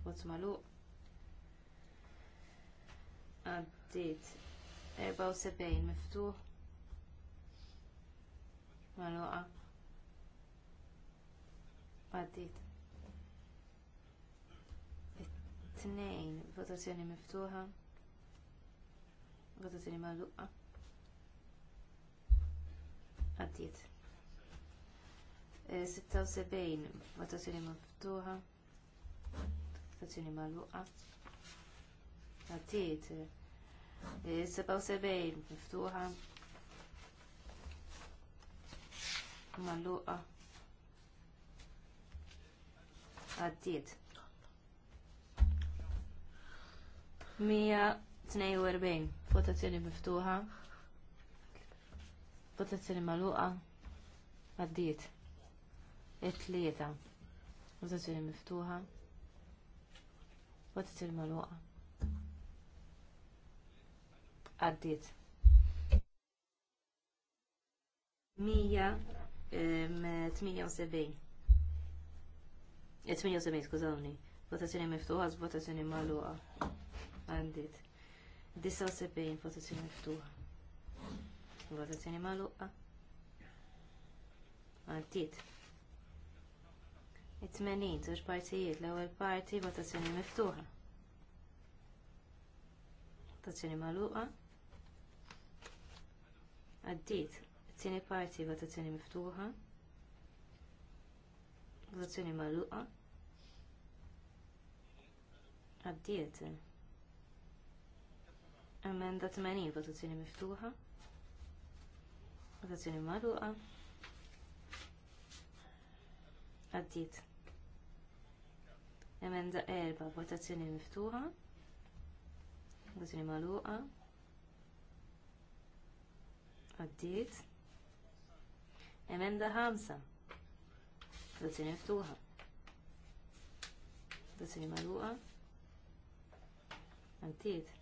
Vot magħluq. Għaddiet. 74 miftuħ. Magħluqa. Għaddiet. tnejn votazzjoni miftuħa, votazzjoni magħluqa. Għaddiet. 76 eh, votazzjoni miftuħa, votazzjoni magħluqa. Għaddiet. 77 eh, miftuħa, magħluqa. Għaddiet. 142 votazzjoni miftuħa votazzjoni maluqa għaddiet it-tlieta votazzjoni miftuħa votazzjoni magħluqa għaddiet 178 78 eh, skużawni votazzjoni miftuħa votazzjoni maluqa għandit 79 votazzjoni miftuħa. Votazzjoni magħluqa. Għandit. 80 żewġ partijiet l-ewwel parti votazzjoni miftuħa. Votazzjoni magħluqa. Għandit. Tieni parti votazzjoni miftuħa. Votazzjoni magħluqa. Għaddiet. Emenda 80, votazzjoni miftuħa. Votazzjoni marruqa. Għaddit. Emenda 4, votazzjoni miftuħa. Votazzjoni marruqa. Għaddit. Emenda 5. Votazzjoni miftuħa. Votazzjoni magħluqa. Għaddit.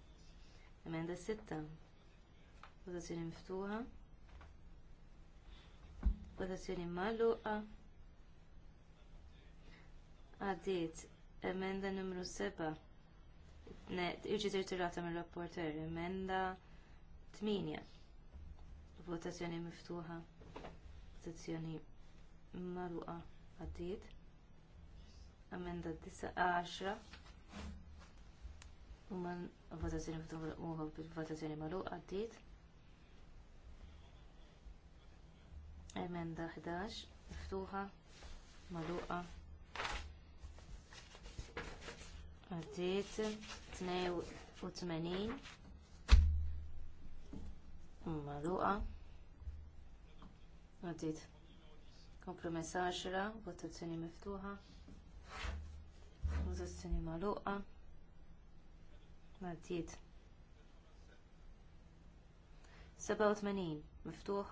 Emenda 6. Votazzjoni miftuħa. maluqa. magħluqa. imen emenda numru 7. Irġi rata mir-rapporter. Emenda tminja. Votazzjoni miftuħa. Votazzjoni magħluqa. Amenda disa' 10 u man votazzjoni miftuħa bil-votazzjoni magħluq għaddiet. Emenda 11 miftuħa magħluqa għaddiet 82 magħluqa għaddiet. 10, votazzjoni miftuħa, votazzjoni maluqa. Maltiet. 87 miftuħ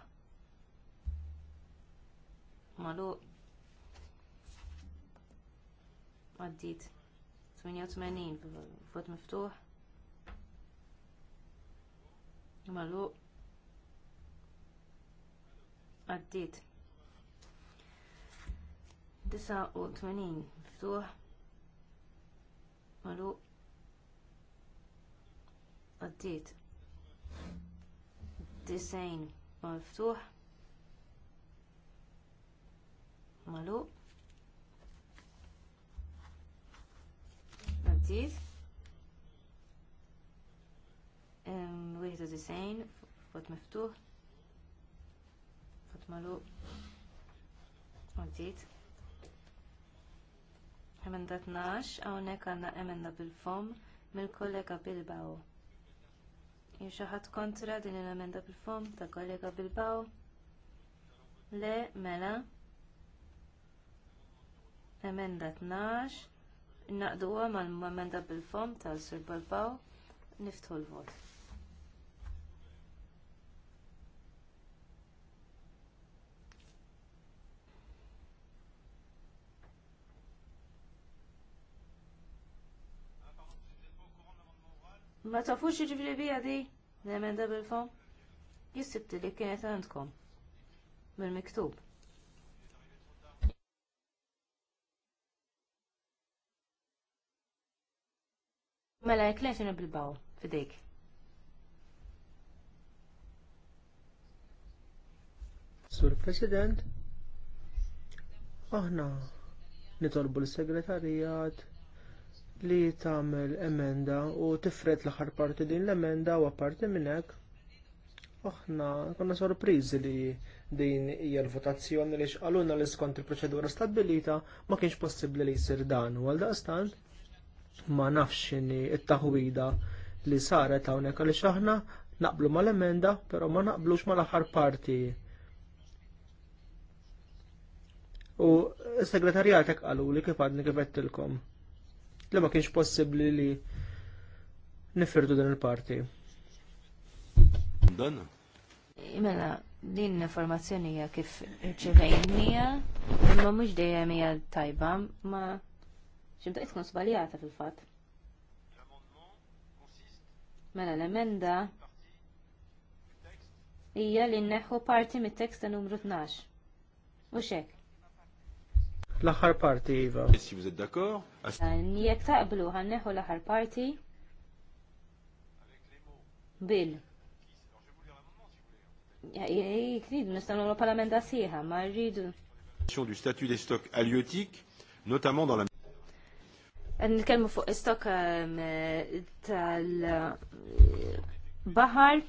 Malu. għaddit 88 vot miftuħ Malu. għaddit 89 miftuħ maluq għaddit. Disejn maftuħ Malu. Għaddit. Wieħed u disejn vot miftuħ. Vot malu. Għaddit. Emenda 12, hawnhekk għandna emenda bil-fom mill-kollega Bilbao. Jien xi ħadd kontra din l-emenda bil-fom ta' kollega Bilbao. Le, mela. Emenda 12. innaqduha mal-emenda bil-fom tal-Sur Bilbao. Niftħu l-vot. Ma tafux ġifri bija di, nemenda bil-fom, jissibti li kienet għandkom, bil-miktub. Mela jek lex bil-baw, fidejk. Sur President, aħna nitolbu l segretarijat li tagħmel emenda u tifred l-aħħar parti din l-emenda u apparti minn hekk aħna konna sorpriżi li din hija l-votazzjoni li xqaluna li skont il-proċedura stabbilita ma kienx possibbli li jsir dan u għaldaqstant ma nafx x'inhi t taħwida li saret hawnhekk għaliex aħna naqblu mal-emenda, però ma naqblux mal-aħħar parti. U s-segretarjat qalu li kif għadni kif għedtilkom li ma kienx possibbli li nifirdu dan il-parti. Donna. Mela, din informazzjoni hija kif irċevejnija, imma mhux dejjem hija tajba, ma ximta tkun sbaljata fil-fatt. Mela l-emenda hija li nneħħu parti mit-tekst ta' numru 12. Mhux hekk. L-aħħar parti, Iva. Si vous êtes Jek taqblu ħanneħu l-aħħar parti. Bil. Jek Jgħid nistgħu l parlamenta sieħa, ma rridu. Du statut des stocks halieutiques, notamment dans la Nitkellmu fuq istok um, tal-bahar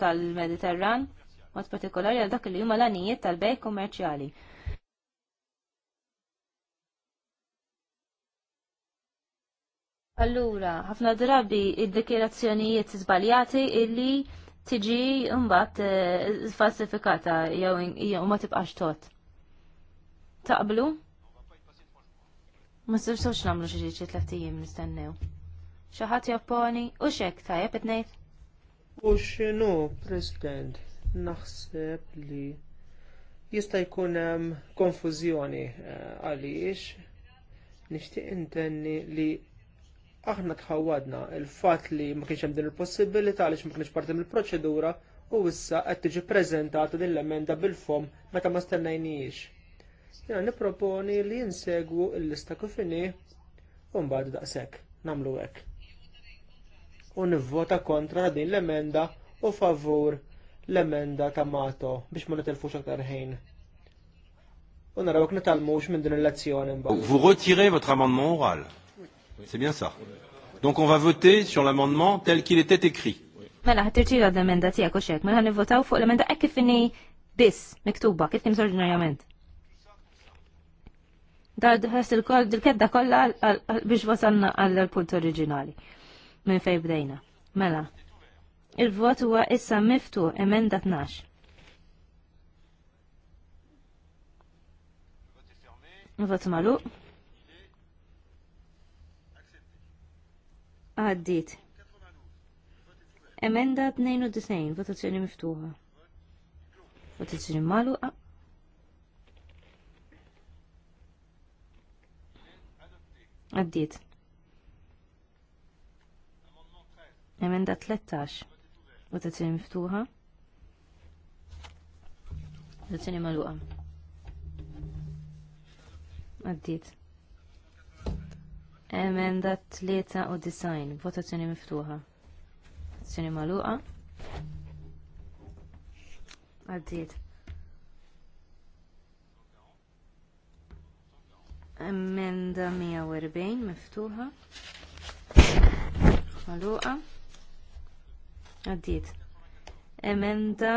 tal-Mediterran, mod partikolari għal dak li huma l-anijiet tal-bej kummerċjali. Allura, ħafna drabi id-dikjerazzjonijiet żbaljati illi tiġi mbagħad eh, falsifikata jew ma tibqax tot. Taqblu? Ma sibsux namlu xi ġiġi tleftijiem nistennew. Xi ħadd Japponi u xek tajjeb itnejt. U x'inhu, President, naħseb li jista' jkun hemm konfużjoni eh, għaliex nixtieq intenni li aħna tħawadna il-fatt li ma kienx hemm din il-possibilità għaliex ma kienx parti mill-proċedura u issa qed tiġi ppreżentata din l-emenda bil-fom meta ma stennajniex. Jiena nipproponi li jinsegwu l-lista kif inhi u mbagħad daqshekk nagħmlu hekk. U nivvota kontra din l-emenda u favur l-emenda ta' Mato biex ma nitilfux aktar ħin. U narawk nitalmux minn din il-lezzjoni mbagħad. Vous retirez votre amendement oral. C'est bien ça. Donc on va voter sur l'amendement tel qu'il était écrit. Mela, ħattirċila d-emenda tijak u xek, mela ħanivvotaw fuq l-emenda ek kifini bis, miktuba, kif kim sorġinarjament. Da ħas il-koll, dil-kedda kolla biex wasalna għall-punt oriġinali. Minn fej bdejna. Mela, il-vot huwa issa miftu emenda 12. Vot malu. Għaddit. Emenda 92, votazzjoni miftuħa. Votazzjoni malu. Għaddit. Emenda 13, votazzjoni miftuħa. Votazzjoni maluqa. Għaddit. Emenda 3 u design, votazzjoni miftuħa. Votazzjoni maluqa. Għaddiet. Emenda 140 miftuħa. Maluqa. Għaddiet. Emenda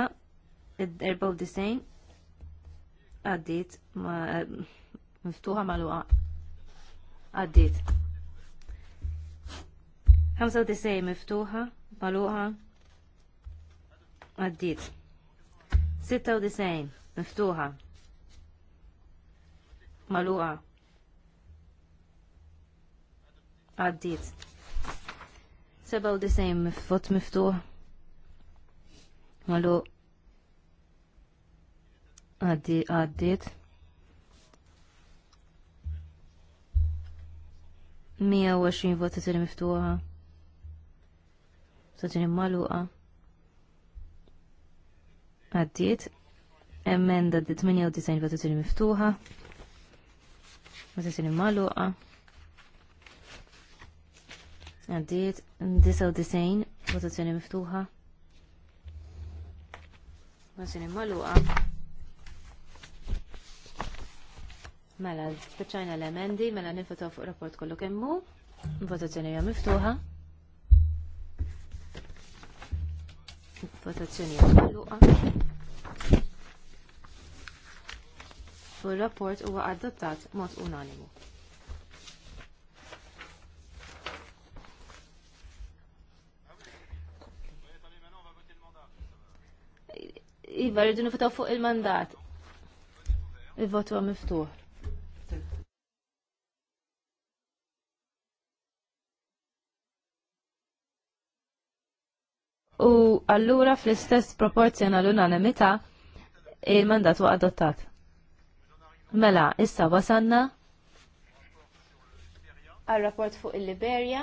94 għaddiet eh, miftuħa maluqa. Għaddiet. 95 miftuħa, maluqa, għaddit. 96 miftuħa, maluqa, għaddit. 97 miftuħa miftuħa maluq, għaddit. 120 vot t-tiri miftuħa stazzjoni maluqa. Għaddiet, emenda di 98 votazzjoni miftuħa, votazzjoni maluqa. Għaddiet, 99 votazzjoni miftuħa, votazzjoni maluqa. Mela, speċajna l-emendi, mela nifotaw fuq rapport kollu kemmu, votazzjoni hija miftuħa. votazzjoni għal-luqa. U r-rapport huwa adottat mod unanimu. Iva, rridu nifutaw fuq il-mandat. Il-votu miftuħ. allura fl-istess proporzjona l-unanimità il-mandat huwa adottat. Mela, issa wasanna għal-rapport fuq il-Liberja,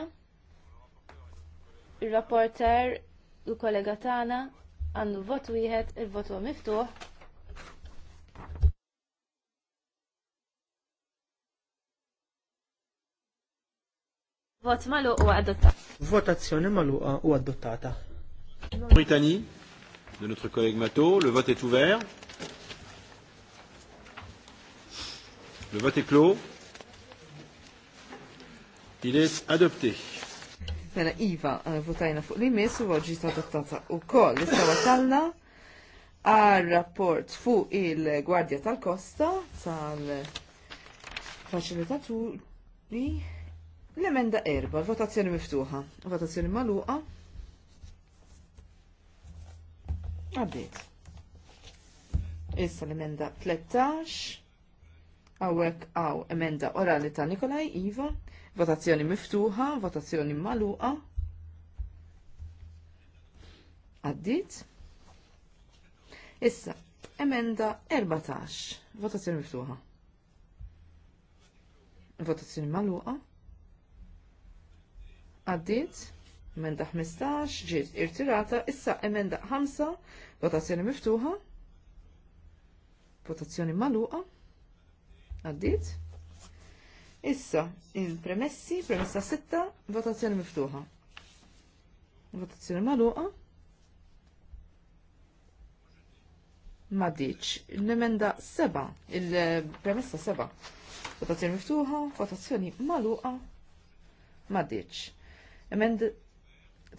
il-rapporter u kollega tagħna għandu vot wieħed, il-vot huwa miftuħ. Vot maluq u adottata. Votazzjoni maluqa u adottata. Britannie, de notre collègue Mato, le vote est ouvert. Le vote est clos. Il est adopté. Mela Iva, eh, votajna fuq li mis u għagġi ta' adottata u koll. Issa wasalna għal rapport fuq il-Gwardja tal-Kosta tal-Facilitaturi l-emenda erba, votazzjoni miftuħa, votazzjoni maluqa. Għaddit. Issa l-emenda 13. Għawek għaw emenda orali ta' Nikolaj Iva. Votazzjoni miftuħa, votazzjoni maluqa. Għaddit. Issa, emenda 14. Votazzjoni miftuħa. Votazzjoni maluqa. Għaddit. Emenda 15 ġiet irtirata, issa emenda 5, votazzjoni miftuħa, votazzjoni maluqa, għaddit. Issa, il-premessi, premessa 6, votazzjoni miftuħa. Votazzjoni maluqa. Madiċ, l-emenda 7, il-premessa 7, votazzjoni miftuħa, votazzjoni maluqa. Madiċ. Emenda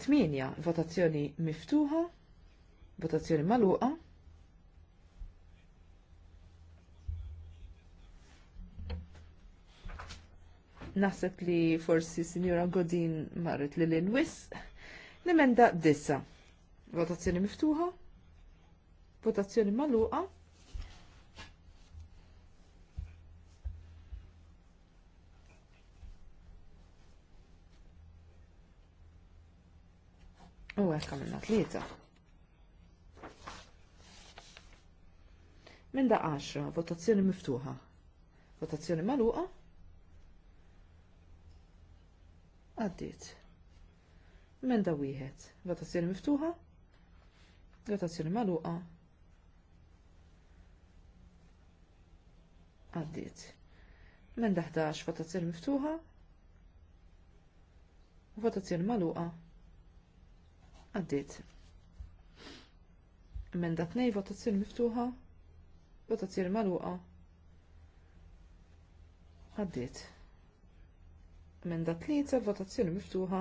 Tminja, votazzjoni miftuħa, votazzjoni maluqa. Naħseb li forsi Sinjora Godin marret li l-inwis. L-emenda dissa. Votazzjoni miftuħa, votazzjoni maluqa. U hekk għamilna tlieta. Min da 10, votazzjoni miftuħa. Votazzjoni magħluqa. Għaddit. Min da wieħed, votazzjoni miftuħa. Votazzjoni magħluqa. Għaddit. Min da 11, votazzjoni miftuħa. Votazzjoni magħluqa. Għaddit. Emenda 2 votazzjoni miftuħa. Votazzjoni magħluqa. Għaddit. Emenda 3 votazzjoni miftuħa.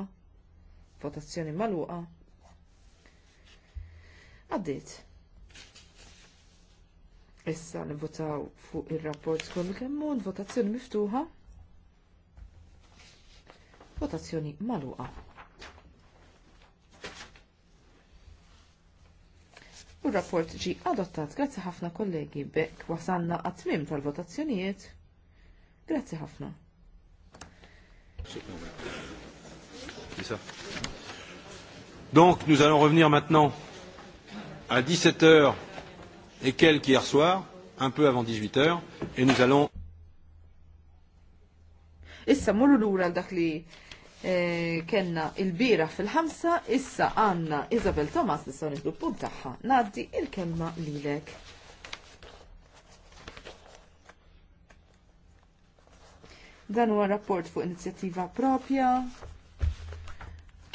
Votazzjoni magħluqa. Għaddit. Issa nivvotaw fuq ir-rapport kollu kemm votazzjoni miftuħa. Votazzjoni magħluqa. U rapport ġi adottat grazzi ħafna kollegi bekk wasanna għatmim tal-votazzjonijiet. Grazzi ħafna. Donc nous allons revenir maintenant à 17h et quelques hier soir, un peu avant 18h, et nous allons... Issa, mullu l-ura dak li E, kenna il-bira fil-ħamsa, issa għanna Isabel Thomas li sawni l-punt taħħa. Naddi il-kelma lilek. Dan huwa rapport fuq inizjattiva propja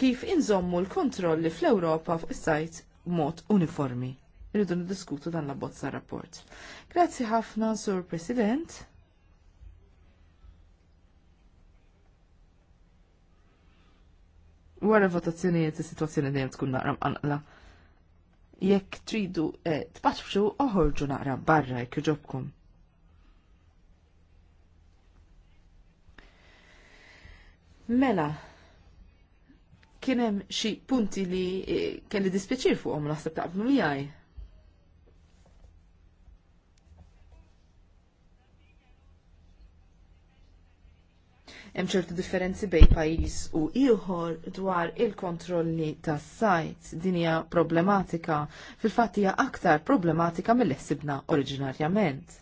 kif inżommu l-kontrolli fl-Ewropa fuq is-sajt mod uniformi. Irridu niddiskutu dan l bozza rapport. Grazzi ħafna, Sur President. wara votazzjonijiet is-sitwazzjoni dejjem tkun naqra mqanqla. Jekk tridu eh, tpaċċu oħorġu naqra barra jekk iġobkom. Mela, kienem xi punti li eh, kelli dispjaċir fuqhom naħseb taqblu miegħi hemm ċertu differenzi bejn pajjiż u ieħor dwar il-kontrolli tas sajd Din hija problematika, fil-fatt hija aktar problematika mill ħsibna oriġinarjament.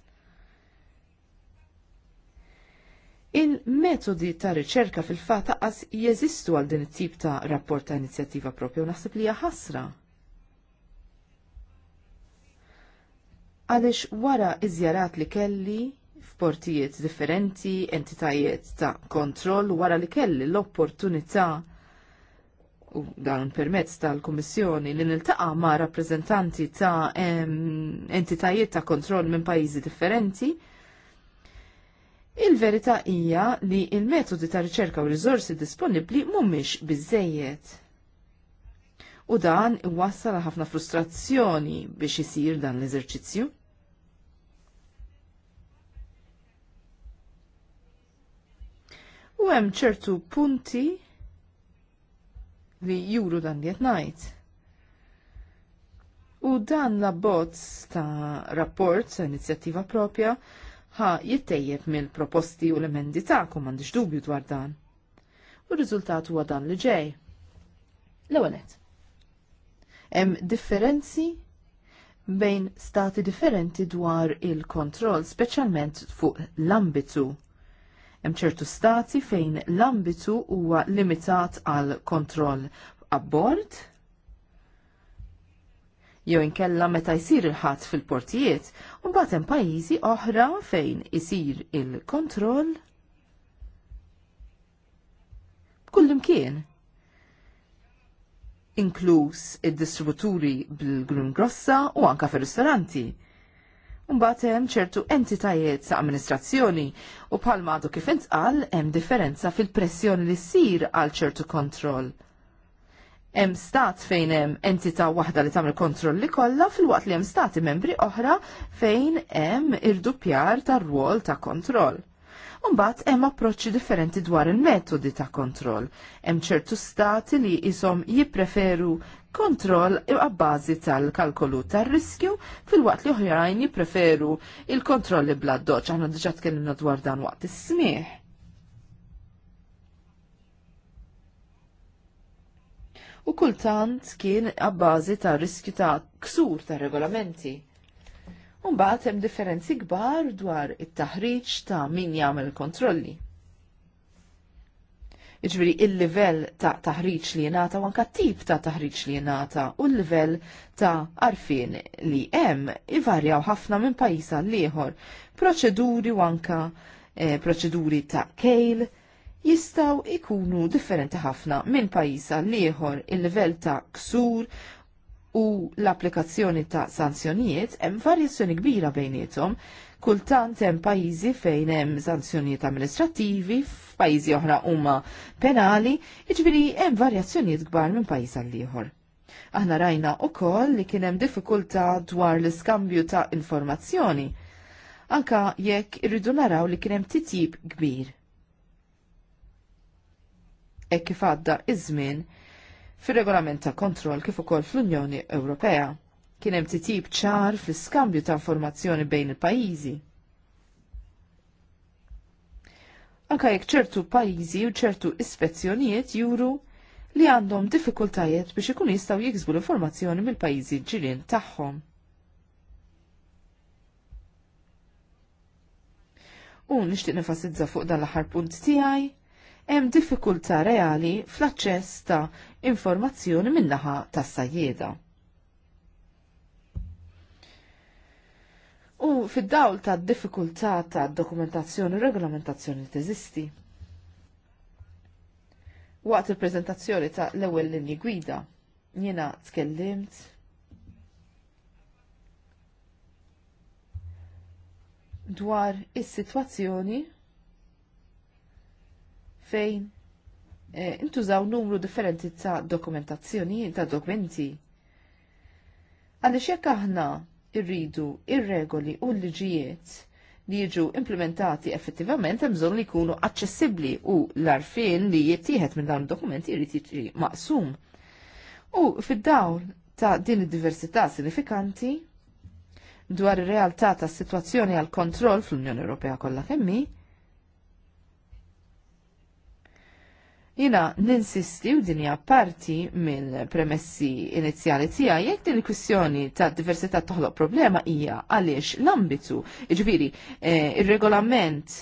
Il-metodi ta' riċerka fil-fatt taqqas jeżistu għal din it-tip ta' rapport ta' inizjattiva propju u naħseb li hija ħasra. Għaliex wara iżjarat li kelli f'portijiet differenti, entitajiet ta' kontroll wara li kelli l-opportunità u dan permezz tal-Kummissjoni li niltaqa' ma' rappreżentanti ta' entitajiet ta' kontroll minn pajjiżi differenti. Il-verità hija li il-metodi ta' riċerka u riżorsi disponibbli mhumiex biżejjed. U dan iwassal ħafna frustrazzjoni biex isir dan l-eżerċizzju. u hemm ċertu punti li juru dan li ngħid. U dan l-abbozz ta' rapport sa' inizjattiva propja ħa jittejjeb mill-proposti u l-emendi ta'kom m'għandix dubju dwar dan. U r-riżultat huwa dan li ġej. L-ewelet. Hemm differenzi bejn stati differenti dwar il-kontroll, speċjalment fuq l-ambitu Hemm ċertu stati fejn l-ambitu huwa limitat għal kontroll abbord jew inkella meta jsir il-ħadd fil-portijiet, u mbagħad hemm pajjiżi oħra fejn isir il-kontroll imkien. Inkluż id-distributuri bil-grun grossa u anka fir-ristoranti. Mbagħad hemm ċertu entitajiet sa' amministrazzjoni u bħal madu kif intqal hemm differenza fil-pressjoni li ssir għal ċertu kontroll. Hemm stat fejn hemm entità waħda li tagħmel kontrolli kollha fil-waqt li hemm stati membri oħra fejn hemm irdupjar tar-rwol ta' kontroll. Umbat hemm approċċi differenti dwar il-metodi ta' kontroll. Hemm ċertu stati li isom jippreferu kontroll għabbażi tal-kalkolu tar-riskju fil-waqt li oħrajn jipreferu il-kontrolli bla doċ. Aħna dġat tkellimna dwar dan waqt is-smieħ. u kultant kien għabbażi ta' riskju ta' ksur ta' regolamenti. Umbaħt hemm differenzi kbar dwar it-taħriġ ta' min jagħmel kontrolli. Iġviri il-livell ta' taħriġ li jenata u anka tip ta' taħriġ li jenata u l-livell ta' arfin li hemm ivarjaw ħafna minn pajisa għal ieħor. Proċeduri u anka eh, proċeduri ta' kejl jistaw ikunu differenti ħafna minn pajisa liħor il-livell ta' ksur u l-applikazzjoni ta' sanzjonijiet hemm varjazzjoni kbira bejnietom Kultant hemm pajjiżi fejn hemm sanzjonijiet amministrattivi, f'pajjiżi oħra huma penali, jiġifieri hemm varjazzjonijiet kbar minn pajjiż għal ieħor. Aħna rajna wkoll li kien hemm diffikultà dwar l-iskambju ta' informazzjoni anka jekk irridu naraw li kien hemm titjib kbir. Hekk kif għadda iż-żmien fir-regolament ta' kontroll kif ukoll fl-Unjoni Ewropea. Kien hemm titjib ċar fl-iskambju ta' informazzjoni bejn il-pajjiżi. Anka jekk ċertu pajjiżi u ċertu ispezzjonijiet juru li għandhom diffikultajiet biex ikun jistgħu jiksbu l-informazzjoni mill-pajjiżi ġirien tagħhom. u nixtieq nifasizza fuq dan l-aħħar punt tiegħi, hemm diffikultà reali fl-aċċess ta' informazzjoni min-naħa tas-sajjieda. fid-dawl ta' diffikultà ta' dokumentazzjoni u regolamentazzjoni li teżisti. Waqt il-prezentazzjoni ta' l-ewwel linji gwida, jiena tkellimt dwar is-sitwazzjoni fejn eh, intużaw numru differenti ta' dokumentazzjoni ta' dokumenti. Għaliex jekk aħna irridu ir-regoli u l-liġijiet li jiġu implementati effettivament hemm bżonn li jkunu aċċessibbli u l-arfin li jittieħed minn dawn id-dokumenti jrid jiġi maqsum. U fid-dawl ta' din id-diversità sinifikanti dwar ir-realtà tas-sitwazzjoni għal kontroll fl-Unjoni Ewropea kollha kemmi, Jina ninsisti u dinja parti mill-premessi inizjali tija jekk din il-kwissjoni ta' diversità toħloq problema hija għaliex l-ambitu, iġviri, eh, il-regolament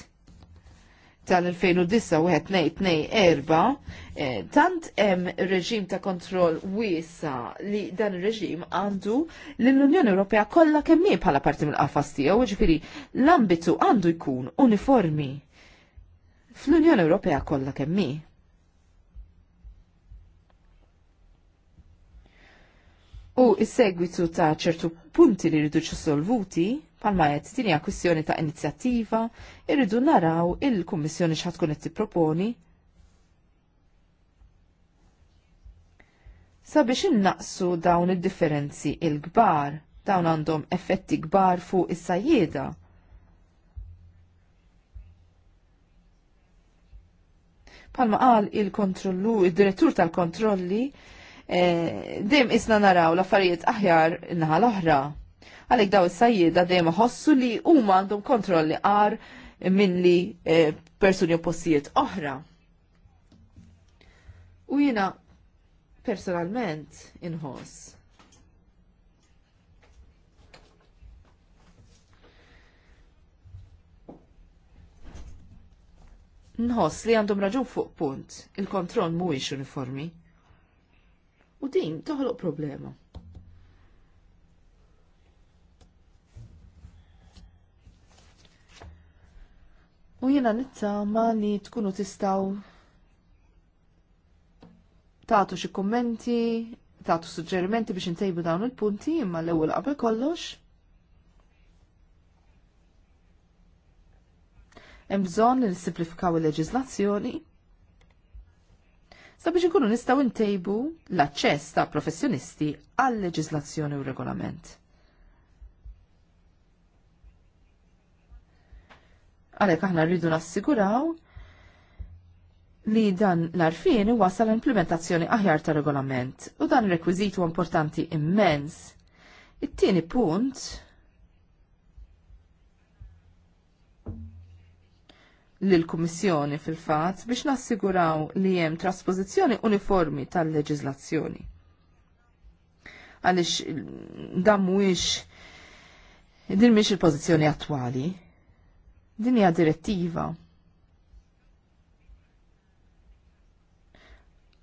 2009 2004 eh, tant hemm reġim ta' kontroll wiesa li dan ir-reġim għandu l-Unjoni Ewropea kollha kemm bħala parti mill-qafas tiegħu, jiġifieri, l-ambitu għandu jkun uniformi fl-Unjoni Ewropea kollha kemm u s-segwitu ta' ċertu punti li rridu ċissolvuti, palma jett dinja kwistjoni ta' inizjattiva, irridu naraw il-Kummissjoni xħatkun qed tipproponi sabiex innaqsu dawn id-differenzi il-kbar, dawn għandhom effetti kbar fuq is-sajjieda. Palma qal il-kontrollu, id-direttur tal-kontrolli, il kontrollu direttur tal kontrolli Eh, dim isna naraw l-affarijiet aħjar naħa l-oħra. Għalek daw is-sajjida dejjem ħossu li huma għandhom kontrolli għar minn li eh, persuni u possijiet oħra. U jina personalment inħoss Nħoss li għandhom raġun fuq punt, il-kontroll mhuwiex uniformi. U din toħloq problema. U jena nittama li tkunu tistaw tagħtu xi kummenti, tagħtu suġġerimenti biex ntejbu dawn il-punti imma l-ewwel qabel kollox. Hemm bżonn li nissimplifikaw il leġizlazzjoni sabiex ikunu nistaw intejbu l-aċċess ta' professjonisti għal leġislazzjoni u regolament. Għalek aħna rridu nassiguraw li dan l-arfin wasal implementazzjoni aħjar ta' regolament u dan huwa importanti immens. It-tieni punt lill-Kummissjoni fil-fatt biex nassiguraw li hemm traspożizzjoni uniformi tal-leġiżlazzjoni. Għaliex dan mhuwiex din mhix il-pożizzjoni attwali. Din hija direttiva.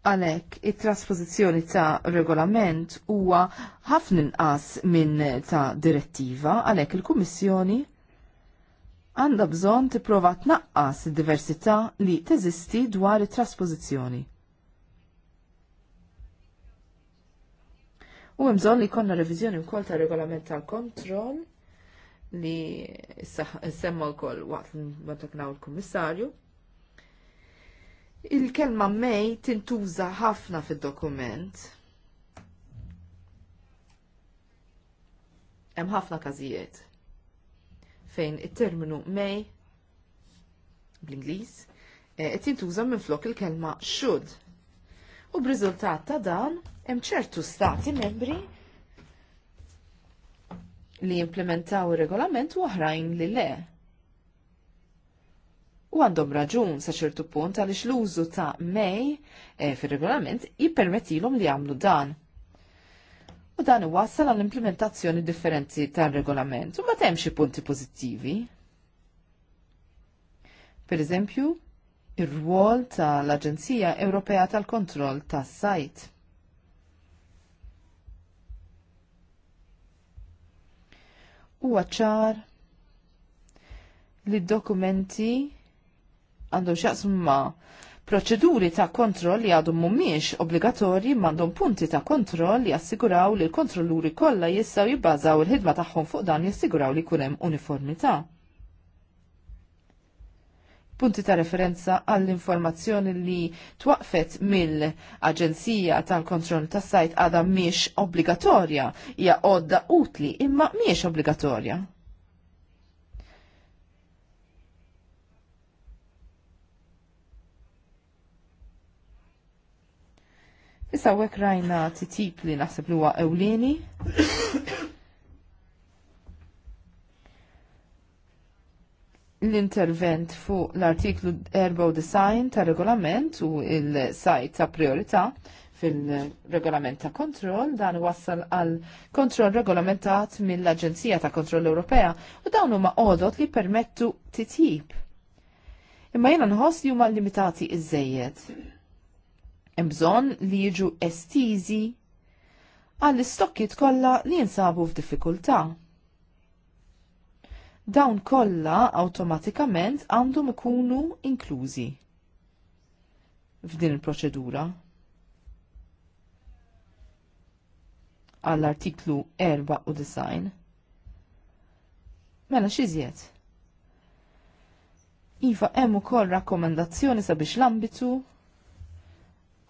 Għalhekk it-traspożizzjoni ta' regolament huwa ħafna inqas minn ta' direttiva għalhekk il-Kummissjoni għandha bżonn tipprova tnaqqas id-diversità li teżisti dwar it-traspożizzjoni. U hemm bżonn li jkollna reviżjoni wkoll tar regolament tal-kontroll li semma wkoll waqt ma taknaw il-Kummissarju. Il-kelma mej tintuża ħafna fid-dokument. Hemm ħafna każijiet fejn it-terminu may bl-Ingliż eh, qed jintuża minflok il-kelma should. U b'riżultat ta' dan hemm ċertu stati membri li jimplementaw ir-regolament u oħrajn li le. U għandhom raġun sa ċertu punt għaliex l-użu ta' may e, fir-regolament jippermettilhom li jagħmlu dan u dan iwassal għall implementazzjoni differenzi tal-regolament u ma temxi punti pozittivi. Per eżempju, ir-rwol tal-Aġenzija Ewropea tal-Kontroll tas-Sajt. Huwa ċar li d-dokumenti għandhom x'jaqsmu ma' Proċeduri ta' kontroll li għadhom mhumiex obbligatorji m'għandhom punti ta' kontroll li jassiguraw li l-kontrolluri kollha jistgħu jibbażaw il-ħidma tagħhom fuq dan jassiguraw li jkun hemm uniformità punti ta' referenza għall-informazzjoni li twaqfet mill-Aġenzija tal-Kontroll tas-Sajt għadha mhix obbligatorja, hija għodda utli imma mhijiex obbligatorja. Issa wek rajna titip li naħseb li huwa ewlieni. L-intervent fuq l-artiklu 94 ta' regolament u il-sajt ta' priorità fil-regolament ta' kontroll dan wassal għal kontroll regolamentat mill-Aġenzija ta' Kontroll Ewropea u dawn huma għodot li permettu titjib. Imma jena nħoss li huma limitati iż-żejjed hemm bżonn li jiġu estiżi għall-istokkiet kollha li jinsabu f'diffikultà. Dawn kollha awtomatikament għandhom ikunu inklużi f'din il-proċedura. għall-artiklu design. Mela xiżjed. Iva hemm ukoll rakkomendazzjoni sabiex l-ambitu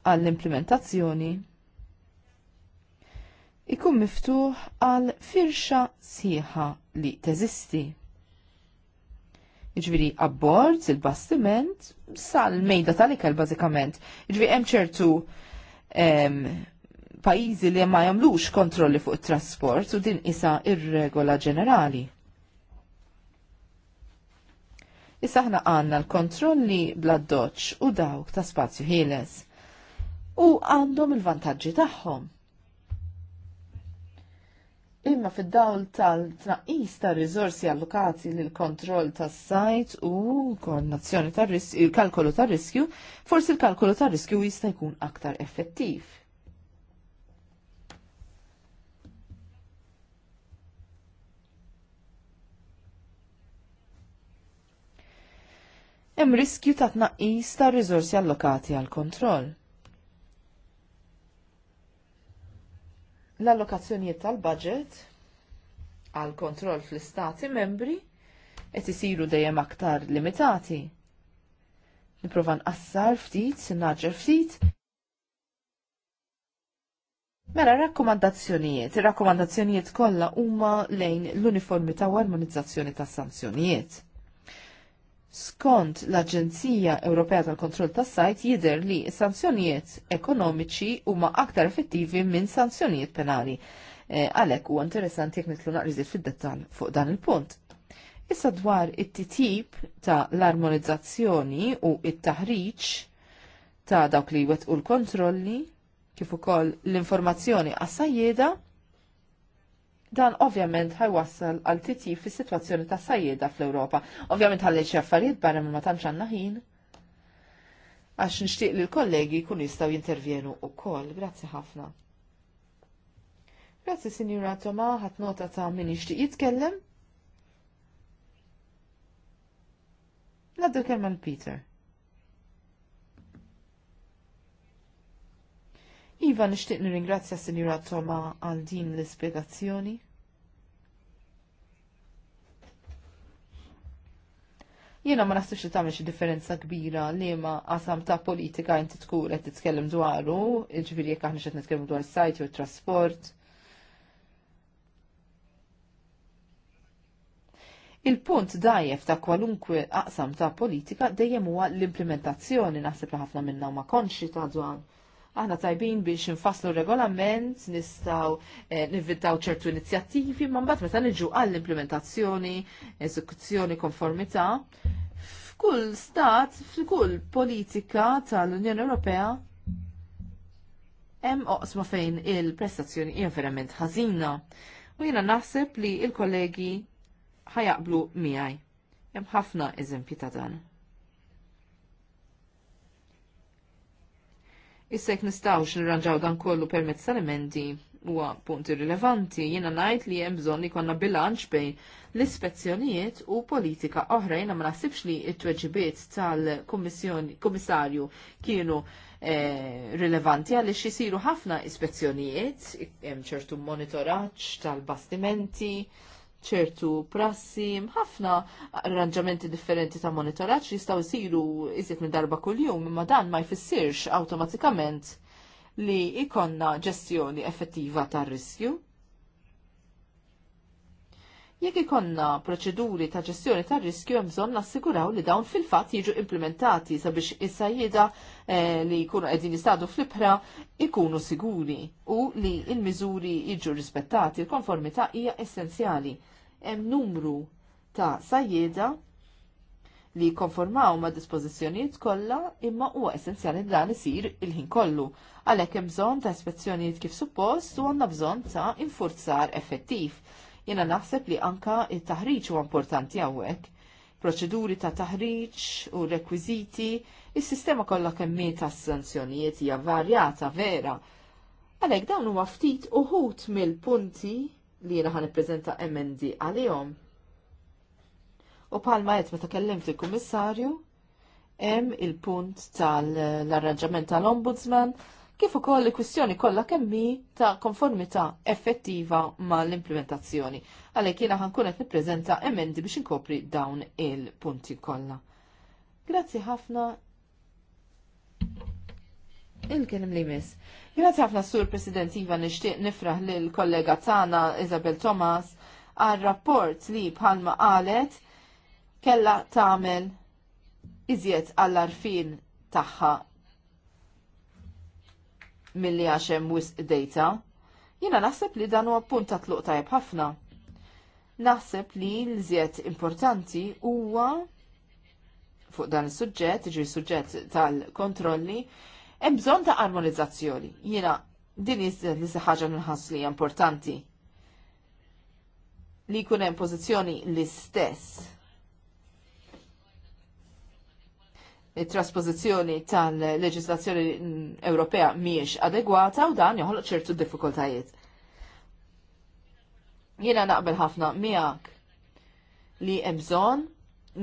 għall-implementazzjoni ikun miftuħ għal firxa sieħa li teżisti. Iġviri abbord, il-bastiment, sal-mejda tal-ikel bazikament. Iġviri hemm ċertu pajizi li ma jamlux kontrolli fuq trasport u din isa ir-regola ġenerali. Issa ħna għanna l-kontrolli bla doċ u dawk ta' spazju ħieles u għandhom il-vantaġġi tagħhom. Imma fid-dawl tal-tnaqqis ta' riżorsi allokati lil kontroll tas-sajt u koordinazzjoni tar-riskju, il-kalkolu tar-riskju, forsi il-kalkolu tar-riskju jista' jkun aktar effettiv. hemm riskju ta' tnaqqis ta' riżorsi allokati għal kontroll. L-allokazzjonijiet tal-budget għal kontroll fl-istati membri qed isiru dejjem aktar limitati. Niprofa nqassar ftit, naġġer ftit. Mela rakkomandazzjonijiet, ir rakkomandazzjonijiet kollha huma lejn l-uniformità u armonizzazzjoni tas-sanzjonijiet. Skont l-Aġenzija Ewropea tal-Kontroll tas-Sajt jidher li sanzjonijiet ekonomiċi huma aktar effettivi minn sanzjonijiet penali. Eh, għalhekk u huwa interessanti jekk nitlu naqrizi fid-dettall fuq dan il-punt. Issa dwar it-titib ta' l-armonizzazzjoni u it-taħriġ ta' dawk li wet u l-kontrolli, kif ukoll l-informazzjoni għas-sajjeda, Dan ovvjament ħajwassal għal titji fis situazzjoni ta' sajjeda fl-Ewropa. Ovvjament ħalli xaffariet affarijiet barra ma tantx għandna ħin. Għax nixtieq li l-kollegi kun jistgħu jintervjenu wkoll. Grazzi ħafna. Grazzi Sinjura Toma, ħat nota ta' min jixtieq jitkellem. Naddu kelma peter Iva nixtieq nirringrazzja Sinjura Toma għal din l-ispjegazzjoni. Jiena ma naħsibx li tagħmel xi differenza kbira li ma qasam ta' politika inti tkun qed titkellem dwaru, jek jiġifieri jekk aħna t-tkellem dwar sajt u it-trasport. Il-punt dajjef ta' kwalunkwe aqsam ta' politika dejjem huwa l-implementazzjoni naħseb li ħafna minna ma konxi ta' dwar aħna tajbin biex nfasslu regolament, nistaw eh, nivvitaw ċertu inizjattivi, ma mbagħad meta niġu għall-implementazzjoni, eżekuzzjoni, konformità, f'kull stat, f'kull politika tal-Unjoni Ewropea hemm oqsma fejn il-prestazzjoni hija verament ħażina. U jiena naħseb li l kollegi ħajaqblu miegħi. Hemm ħafna eżempji ta' dan. Issek nistawx nirranġaw dan kollu permezz tal-emendi huwa punt irrilevanti jiena ngħid li hemm bżonn li jkollna bilanċ bejn l-ispezzjonijiet u politika oħra jiena ma naħsibx li t-tweġibiet tal-kummissarju kienu eh, rilevanti għaliex jisiru ħafna ispezzjonijiet, hemm ċertu monitoraġġ tal-bastimenti, ċertu prassi, ħafna arranġamenti differenti ta' monitoraġġ jistgħu jsiru iżjed minn darba kuljum, imma dan ma jfissirx awtomatikament li ikonna ġestjoni effettiva tar-riskju. Jekk ikonna proċeduri ta' ġestjoni ta' riskju hemm bżonn nassiguraw li dawn fil-fatt jiġu implementati sabiex is-sajjieda eh, li jkunu qegħdin jistadu fl-ibħra ikunu siguri u li l-miżuri jiġu rispettati. l konformità hija essenzjali. Hemm numru ta' sajjieda li konformaw ma' dispożizzjonijiet kollha imma huwa essenzjali li dan isir il-ħin kollu. Għalhekk hemm bżonn ta' ispezzjonijiet kif suppost u għandna bżonn ta' infurzar effettiv Jena naħseb li anka il-taħriġ u importanti għawek. Proċeduri ta' taħriġ u rekwiziti, il-sistema kollha kemmi ta' sanzjonijiet hija varjata vera. Għalek dawn huwa ftit uħut mill-punti li jena ħan ippreżenta emendi għalihom. U palma qed meta kellimt il-Kummissarju, hemm il-punt tal-arranġament tal-Ombudsman kif ukoll il-kwistjoni kollha kemmi ta' konformità effettiva mal-implementazzjoni. Għalhekk jiena ħankun qed nippreżenta emendi biex inkopri dawn il-punti kollha. Grazzi ħafna il-kelim li mis. Grazzi ħafna sur President Iva nixtieq nifraħ lill kollega tagħna Isabel Thomas għal rapport li bħalma qalet kella tagħmel iżjed għall-arfin tagħha milli għax hemm wisq data, jiena naħseb li dan huwa punt ta' tluq tajb ħafna. Naħseb li l-żjed importanti huwa fuq dan is-suġġett, ġi suġġett tal-kontrolli, hemm bżonn ta' armonizzazzjoni. Jiena din li se ħaġa nħass li importanti li jkun hemm pożizzjoni l-istess it-traspożizzjoni tal-leġislazzjoni Ewropea mhijiex adegwata u dan joħloq ċertu diffikultajiet. Jiena naqbel ħafna miegħek li hemm bżonn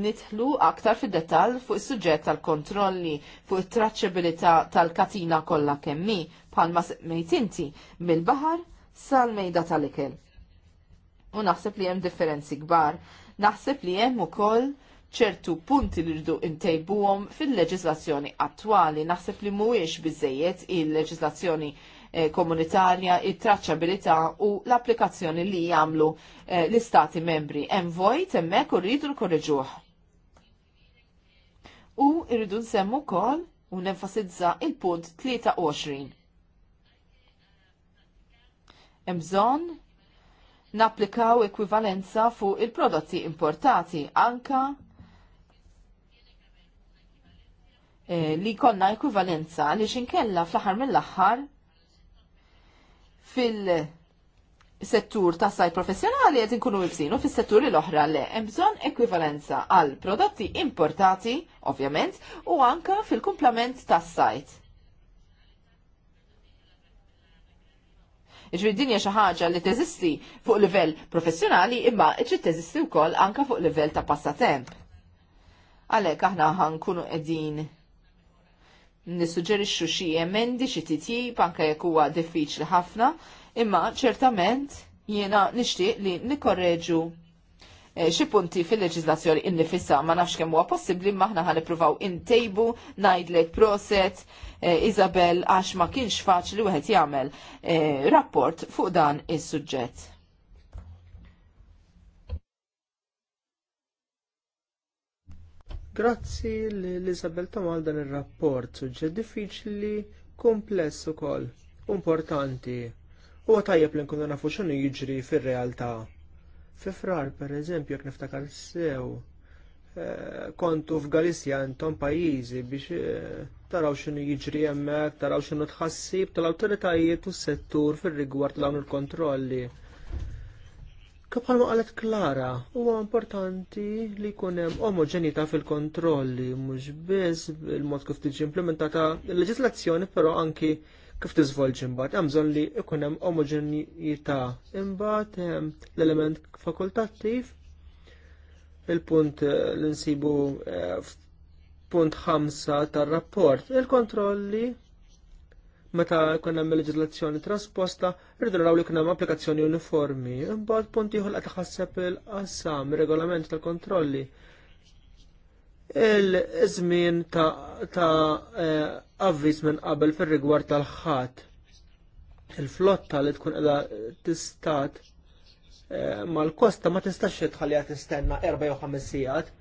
nitħlu aktar fid dettall fuq is-suġġett tal-kontrolli fuq it-traċċabilità tal-katina kollha kemmi bħalma semmejt inti mill-baħar sal-mejda tal-ikel. U naħseb li hemm differenzi kbar. Naħseb li hemm ukoll ċertu punti li rridu intejbuhom fil-leġislazzjoni attwali. Naħseb li mhuwiex biżejjed il-leġislazzjoni eh, komunitarja, it traċċabilità u l-applikazzjoni li jagħmlu eh, l-istati membri. Hemm vojt hemmhekk u rridu nkorreġuh. U rridu nsemmu wkoll u nenfasizza il-punt 23. Hemm bżonn napplikaw ekwivalenza fuq il-prodotti importati anka Eh, li konna ekwivalenza li xinkella fl-aħħar mill-aħħar fil-settur ta' saj professjonali qed inkunu ibsinu fis-setturi l-oħra le hemm bżonn ekwivalenza għal prodotti importati, ovvjament, u anka fil-kumplament tas-sajt. Iġri dinja xi ħaġa li teżisti fuq livell professjonali imma iġri teżisti wkoll anka fuq livell ta' passatemp. Għalhekk aħna ħankunu qegħdin nissuġġerixxu xi emendi xi titjib anke jekk huwa diffiċli ħafna, imma ċertament jiena nixtieq li nikkorreġu eh, xi punti fil-leġiżlazzjoni innifissa ma nafx kemm huwa possibbli imma aħna ħanippruvaw intejbu ngħidlek proset eh, Isabel għax ma kienx faċli wieħed jagħmel eh, rapport fuq dan is-suġġett. Grazzi l-Isabel Tamal dan il-rapport suġġed diffiċli, kompless ukoll, importanti. U tajjeb li nkunu nafu x'inhu jiġri fir-realtà. Fi frar, pereżempju, jekk niftakar sew, eh, kontu f'Galizja intom pajjiżi biex eh, taraw x'inhu jiġri hemmhekk, taraw x'inhu tħassib tal-awtoritajiet u s-settur fir-rigward dawn il-kontrolli Kapħal maqalet qalet Klara, huwa importanti li jkun hemm fil-kontrolli mhux biss il-mod kif tiġi implementata l-leġislazzjoni, però anki kif tiżvolġi imbat. hemm bżonn li jkun hemm imbat Imbagħad l-element fakultattiv il-punt eh, l-insibu eh, punt ħamsa tar-rapport. Il-kontrolli Meta konna hemm il-leġislazzjoni trasposta, rridu naraw li konna hemm applikazzjoni uniformi. Imbagħad punt ieħor qed ħasseb il-qassam, regolament tal-kontrolli. Il-żmien ta', ta eh, avviż minn qabel fir-rigward tal-ħadd. Il-flotta li tkun qiegħda tistat eh, mal-kosta ma tistax tħallija tistenna 4 jew 5 sijat.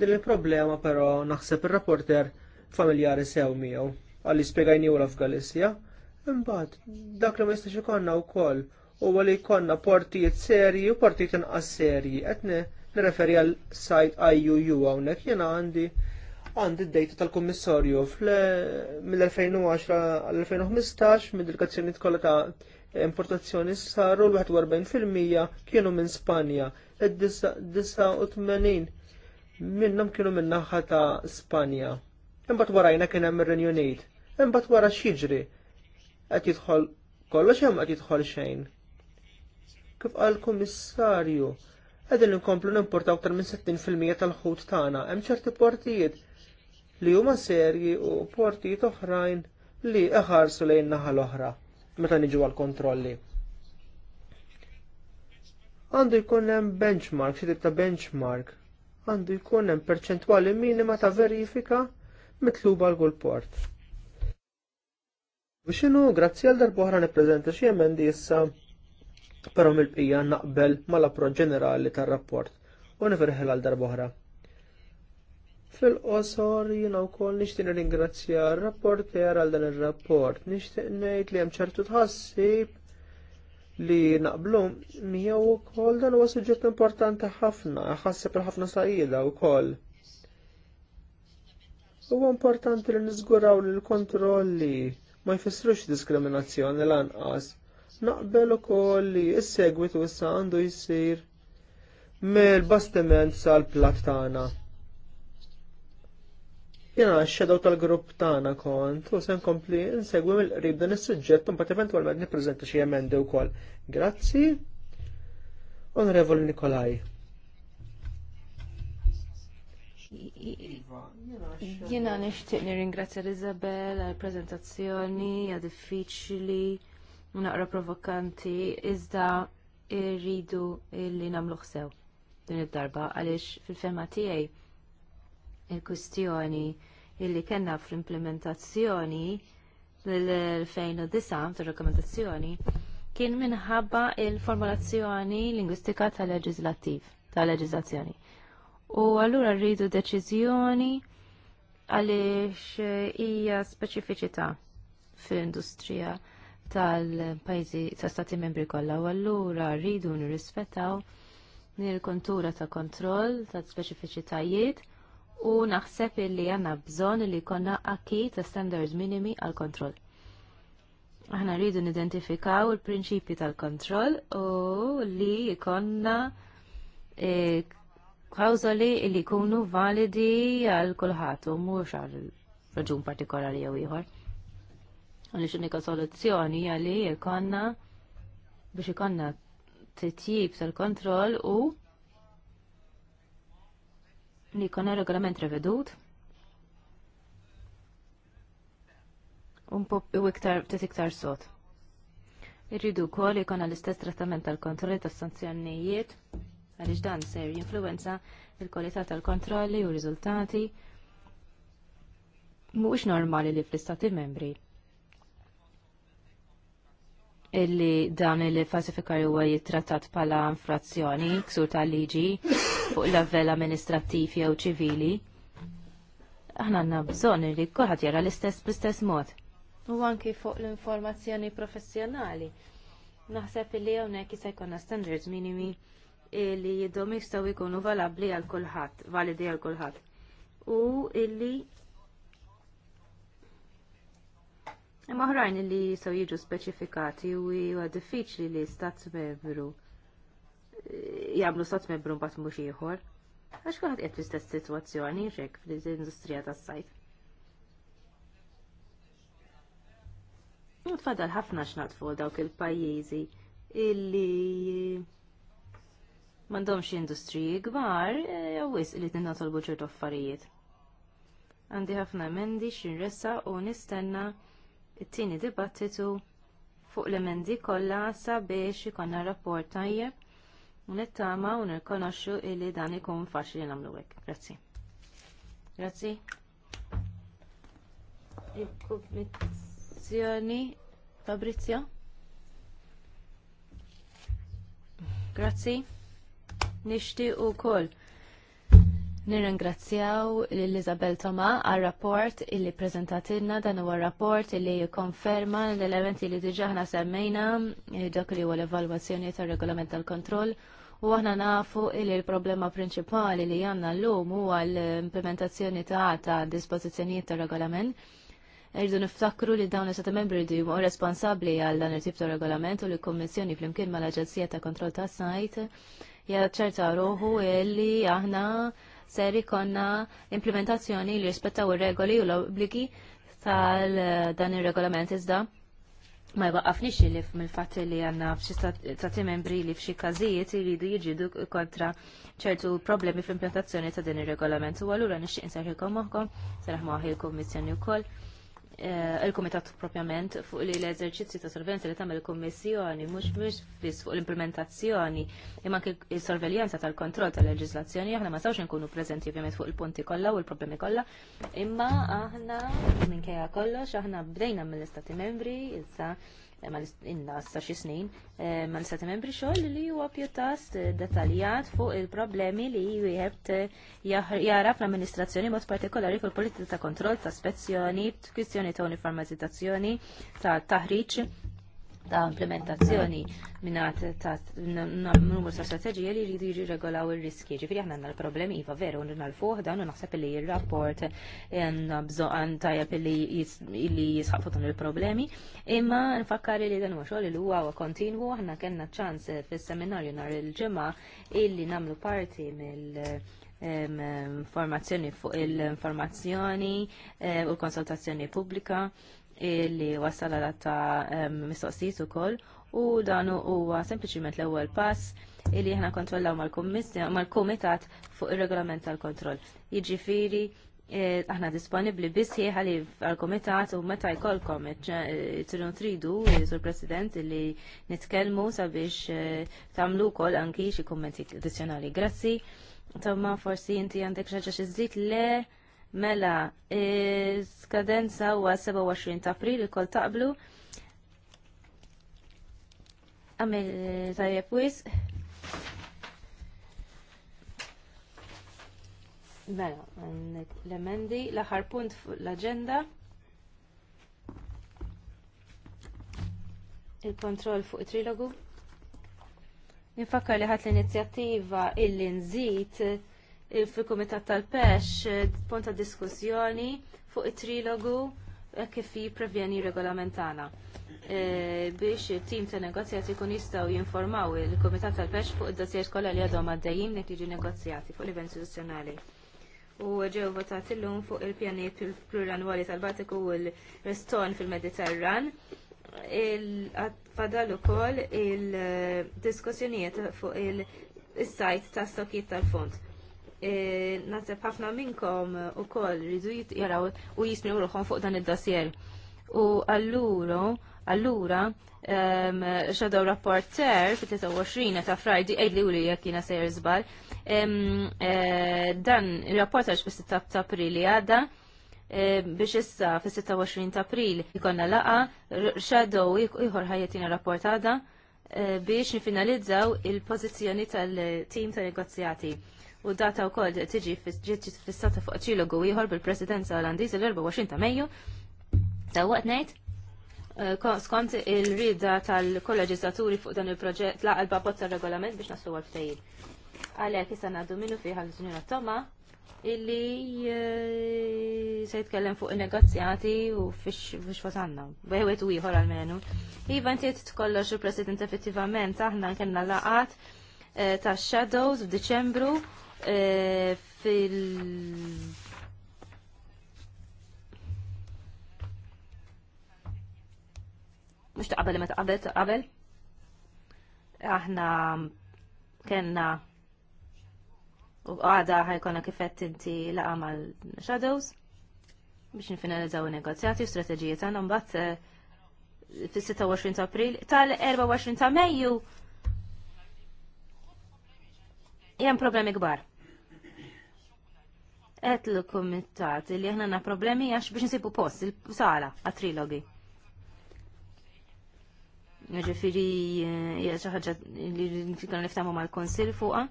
Din il-problema però naħseb ir-rapporter familjari sew miegħu għalli spiegajni u l-Afganisja. Imbagħad dak li ma jistax ikonna wkoll u għalli jkollna partijiet serji u partijiet inqas serji. Qed nirreferi għal sajt IUU hawnhekk jiena għandi għandi d-dejta tal-Kommissorju mill-2010 għal-2015 mid delegazzjoni kollha ta' importazzjoni saru l-41% kienu minn Spanja, l 89 minnhom kienu minn naħa ta' Spanja. Imbagħad warajna kien hemm ir-Renju imbagħad wara xieġri, qed jidħol kollox hemm qed jidħol xejn. Kif qal kummissarju, qegħdin inkomplu importa aktar minn 60% tal-ħut tagħna hemm ċerti portijiet li huma serji u portijiet oħrajn li eħarsu lejn naħa l-oħra meta niġu għall kontrolli Għandu jkun hemm benchmark, xi ta' benchmark, għandu jkun hemm perċentwali minima ta' verifika mitluba l-kull port. U grazzi għal ħra neprezenta xie emendi issa, pero mil-bqija naqbel mal-approċ ġenerali tal-rapport, u nifirħel għal ħra. Fil-qosor jina u koll nishtin ringrazzja rapporter għal dan il-rapport, nishtin nejt li ċertu tħassib li naqblu u wkoll dan huwa suġġett importanti ħafna, ħasseb il-ħafna sajida wkoll. Huwa importanti li niżguraw l-kontrolli ma jfissrux diskriminazzjoni lanqas. Naqbel ukoll li s-segwitu issa għandu jsir mill-bastiment sal-plat tagħna. Jena xedaw tal-grupp tagħna kont u se nkompli nsegwi mill-qrib dan is-suġġett mbagħad eventwalment nippreżenta xi emendi wkoll. Grazzi. Onorevoli Nikolaj. Jena nishtiq nirringrazzja l-Izabel għal-prezentazzjoni, għad diffiċli, naqra provokanti, iżda irridu li namluħ sew din id-darba għaliex fil-fema tiegħi il-kustjoni illi kellna fl-implementazzjoni l-2009 tal-rekomendazzjoni kien minħabba il-formulazzjoni lingwistika tal-leġislattiv tal-leġislazzjoni u allura rridu deċiżjoni għaliex hija speċifiċità fil-industrija tal-pajzi ta' stati membri kollha u allura rridu nirrispettaw il-kontura ta' kontroll ta' speċifiċitajiet u naħseb illi għanna bżonn li konna akki ta' standards minimi għal kontroll. Aħna rridu nidentifikaw il-prinċipji tal-kontroll u li jkollna eh, klawżoli li jkunu validi għal kulħadd u mhux għal raġun partikolari jew ieħor. Għaliex x'unika soluzzjoni għalli jkollna biex ikonna titjib tal-kontroll u li jkollna regolament revedut. u iktar iktar sot. Irridu kol jkollna l-istess trattament tal-kontrolli tas-sanzjonijiet għaliex dan ser jinfluwenza il-kwalità tal-kontrolli u riżultati mhuwiex normali li fl-istati membri illi dan il falsifikar huwa jittrattat bħala infrazzjoni ksur tal-liġi fuq l-avvel amministrattiv jew ċivili. Aħna għandna bżonn li kulħadd jara l-istess bl-istess mod. U anki fuq l-informazzjoni professjonali. Naħseb illi hawnhekk jista' jkollna standards minimi li jidhom jistgħu jkunu valabbli għal kulħadd, validi għal kulħadd. U illi Imma oħrajn illi jistgħu jiġu speċifikati u huwa diffiċli li stat membru eh, jagħmlu stat membru mbagħad mhux ieħor. Għax kulħadd qed fl-istess sitwazzjoni xek fl-industrija tas-sajt. Tfadal ħafna x'naqtfu dawk il-pajjiżi illi mandomx industriji kbar, e, jawis li t-natolbu ċertu affarijiet. Għandi ħafna emendi xinressa u nistenna it-tini dibattitu fuq l-emendi kollha sabiex ikonna rapport tajjeb u nittama u nirkonoxxu li dan ikun faċli nagħmlu hekk. Grazzi. Grazzi. Il-Kummissjoni Fabrizio. Grazzi u kol. nirringrazzjaw l elizabel Toma għal rapport illi prezentatilna dan huwa rapport illi konferma l-elementi li diġaħna semmejna eh, dak li huwa l-evalwazzjoni tar-regolament tal-kontroll u aħna nafu illi l-problema prinċipali li għanna l-lum huwa l-implementazzjoni ta' ta' dispożizzjonijiet tar-regolament Irdu niftakru li dawn l-istati membri di u responsabli għal dan il-tip ta' regolament u li kommissjoni fl-imkien ma l-Aġenzija ta' Kontroll ta' Sajt jaċċerta ruħu li aħna seri konna implementazzjoni li rispettaw ir-regoli u l-obbligi tal eh, dan ir-regolament iżda ma jwaqqafnix li mill fat li għanna f'xi stati membri li f'xi każijiet iridu jġidu kontra ċertu problemi fl-implementazzjoni ta' din ir-regolament. U allura nixtieq inserħilkom moħħkom, serraħ moħħi l-Kummissjoni wkoll Eh, il-komitat propjament fuq li l-eżerċizzju ta' sorveljanza li tagħmel il-Kummissjoni mhux mhux biss fuq l-implementazzjoni imma anke s-sorveljanza tal-kontroll tal-leġiżlazzjoni aħna ma sawx nkunu preżenti ovvjament fuq il-punti kollha u l-problemi kollha. Imma aħna minkejja kollox aħna bdejna mill-Istati Membri issa Eh, l sa xi snin eh, ma l-istati membri xogħol li huwa pjuttost eh, dettaljat fuq il-problemi li wieħed jara fl-amministrazzjoni mod partikolari fuq il-politika ta' kontroll ta' spezzjoni, kwistjoni ta' uniformizzazzjoni, ta' taħriġ ta' implementazzjoni minnat ta' numru ta' strategija li jridu jirregolaw il-riski. Ġifiri aħna għandna l-problemi, jiva veru, għandna l-fuħ dan, naħseb li il-rapport għandna bżon tajab li jisħafu dan il-problemi. Imma nfakkar li dan huwa xogħol li huwa kontinwu, aħna kellna ċans fis-seminarju nhar il-ġimgħa illi namlu parti mill fuq il-informazzjoni u l-konsultazzjoni pubblika li wasala għal ta' mistoqsijiet ukoll u dan huwa sempliċiment l-ewwel pass illi aħna kontrollaw mal-kumitat fuq ir-regolament tal-kontroll. Jiġifieri eh, aħna disponibli bisħi li għal-komitat u meta jkollkom tirun eh, tridu, eh, sur president li nitkelmu sabiex tamlu kol anki xi kummenti addizzjonali. Grazzi, tamma forsi inti għandek xaġa xizzit le Mela, skadenza huwa 27 ta' april il-kol taqblu. Għamil tajjeb wis. Mela, l-emendi, l aħħar punt fuq l-agenda. Il-kontroll fuq trilogu. Nifakkar li ħadd l-inizjattiva illi nżid fil-Kumitat tal pesh eh, ponta diskussjoni fuq it-trilogu eh, kif jipprevjeni regolamentana e, eh, biex il-tim ta' negozjati kun jistaw jinformaw il-Komitat tal pes fuq id-dossier kollha li għadhom għaddejjin li tiġi negozjati fuq livell istituzzjonali. U ġew votat illum fuq il-pjaniet pluranwali tal-Baltiku u l-Reston fil-Mediterran. Fadal ukoll il-diskussjonijiet fuq il-sajt ta' stokkiet tal-fond. Eh, nasib ħafna minnkom u koll ridu jitqiraw u jismiru ruħom fuq dan id-dossier. U allura, allura, xadaw rapporter fi 23 ta' frajdi għed li u li jekina sejr zbal, eh, dan il-rapporter fis-6 ta' aprili għada, biex issa fis-26 ta' april ikonna laqa xadaw ieħor ħajjetina rapport għada eh, biex nifinalizzaw il-pożizzjoni tal-tim tal negozjati u data wkoll tiġi fissata fuq ċilogu ieħor bil-Presidenza Olandiża l-24 ta' Mejju. Ta' waqt ngħid eh, skont il-rida tal-kolleġislaturi fuq dan il-proġett laqal babot tal-regolament biex nasu għal-ftejil. Għalhekk issa ngħaddu minnu fiħ l-Sinjura Toma illi eh, se jitkellem fuq il-negozjati u fiex fosanna. Bejwet u ieħor menu. Iva inti tkollox il-President effettivament aħna kellna laqat eh, ta' Shadows f'Diċembru E, fil- mux ta' qabel meta qabel qabel aħna kena u għada ħajkonna kifett inti laqa mal shadows biex nfinalizzaw negozjati u strategijiet għanna mbatt eh, fis-26 april tal-24 ta' Mejju Jem problemi kbar. Et l-komitat li jħna na problemi għax biex nsibu post, il-sala, għat-trilogi. Ġifiri, xaħġa li nfikon niftamu mal-konsil fuqa.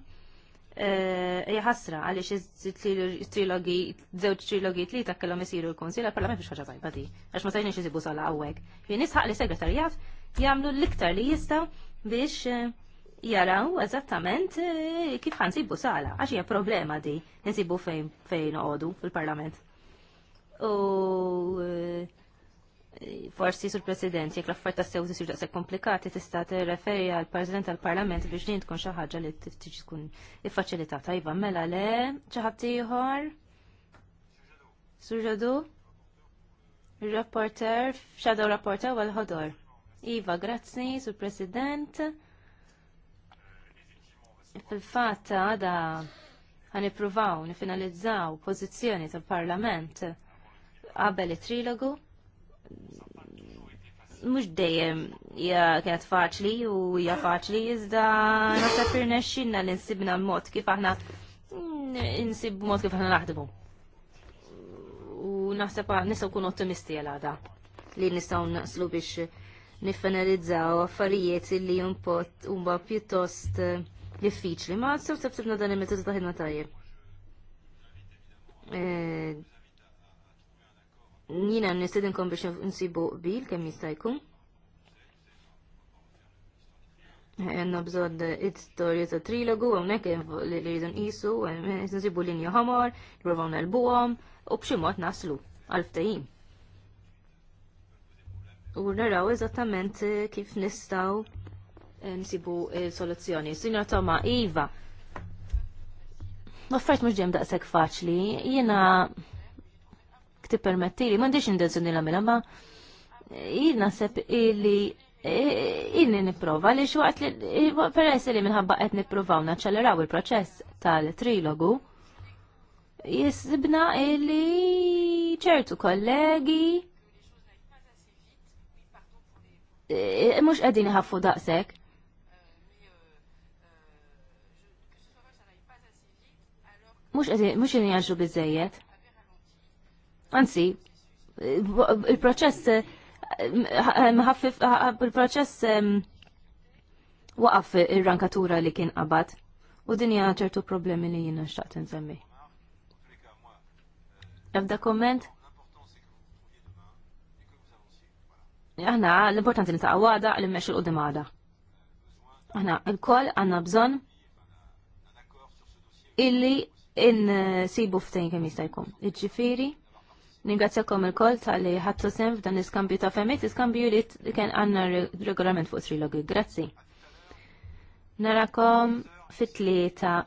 Eh, ħasra għalix il-trilogi, zewċ trilogi li ta' kellom jisiru l-konsil, għal-parlament biex ħagġa tajba di. Għax ma tajniex jisibu sala għawek. Fi nisħaq li segretarjat jgħamlu l-iktar li jista biex eh, jaraw eżattament eh, kif ħansibu sala, għax hija problema di, nsibu fejn fejn għodu fil-parlament. U eh, forsi sur president jekk l-affar ta' sew tisir daqshekk komplikati tista' tirreferi għal president tal-Parlament biex din tkun xi ħaġa li tiġi tkun iffaċilità tajba iva, mela le xi ħadd ieħor. Surġadu? Rapporter, shadow rapporter għal ħodor. Iva, grazzi, sur president. Fil-fatt għada għanipruvaw nifinalizzaw pozizjoni tal-Parlament qabel it-trilogu mux dejjem hija kienet faċli u hija faċli iżda naħseb irnexxinna li nsibna l-mod kif aħna insib mm, mod kif aħna naħdibu U naħseb nistgħu kun ottimisti għal għada li nistgħu naqslu biex niffinalizzaw affarijiet li jumpot huma pjuttost uh, diffiċli, ma sew sew sibna dan il-metodu ta' ħidma tajjeb. Eh, jina nistedinkom biex nsibu bil kemm jista' jkun. Eh, għanna bżod it-storja ta' trilogu, għonek eh, li rridu nqisu, nsibu linja ħamar, jprovaw nalbuhom, u b'ximot naslu għal-ftajim. U naraw eżattament kif nistaw nsibu eh, soluzzjoni. Signor Toma, Iva, Offert mux ġem daqseg faċli, jena kti permetti li, mandiċ intenzjoni la mela, ma jina sepp illi inni niprofa li xwaqt li, peress li minħabba qed niprofaw naċċeleraw il-proċess tal-trilogu, jisibna illi ċertu kollegi eh, mux qegħdin iħaffu daqsek mux għedin jaġru bizzejiet. Anzi, il-proċess mħaffif, eh, il-proċess ehm, waqaf il-rankatura li kien qabad u dinja ċertu problemi li jina xtaqt nżemmi. Ebda komment? Aħna, l-importanti li taqqa għada li meċi l qoddim għada. Aħna, il-koll għanna bżon illi in sibu ftejn kemm jista' jkun. Iġġifieri, ningrazzjakom il kol tal-li ħadtu sem f'dan iskambju ta' femmit, iskambju li kien għandna regolament fuq trilogi. Grazzi. Narakom fit-tlieta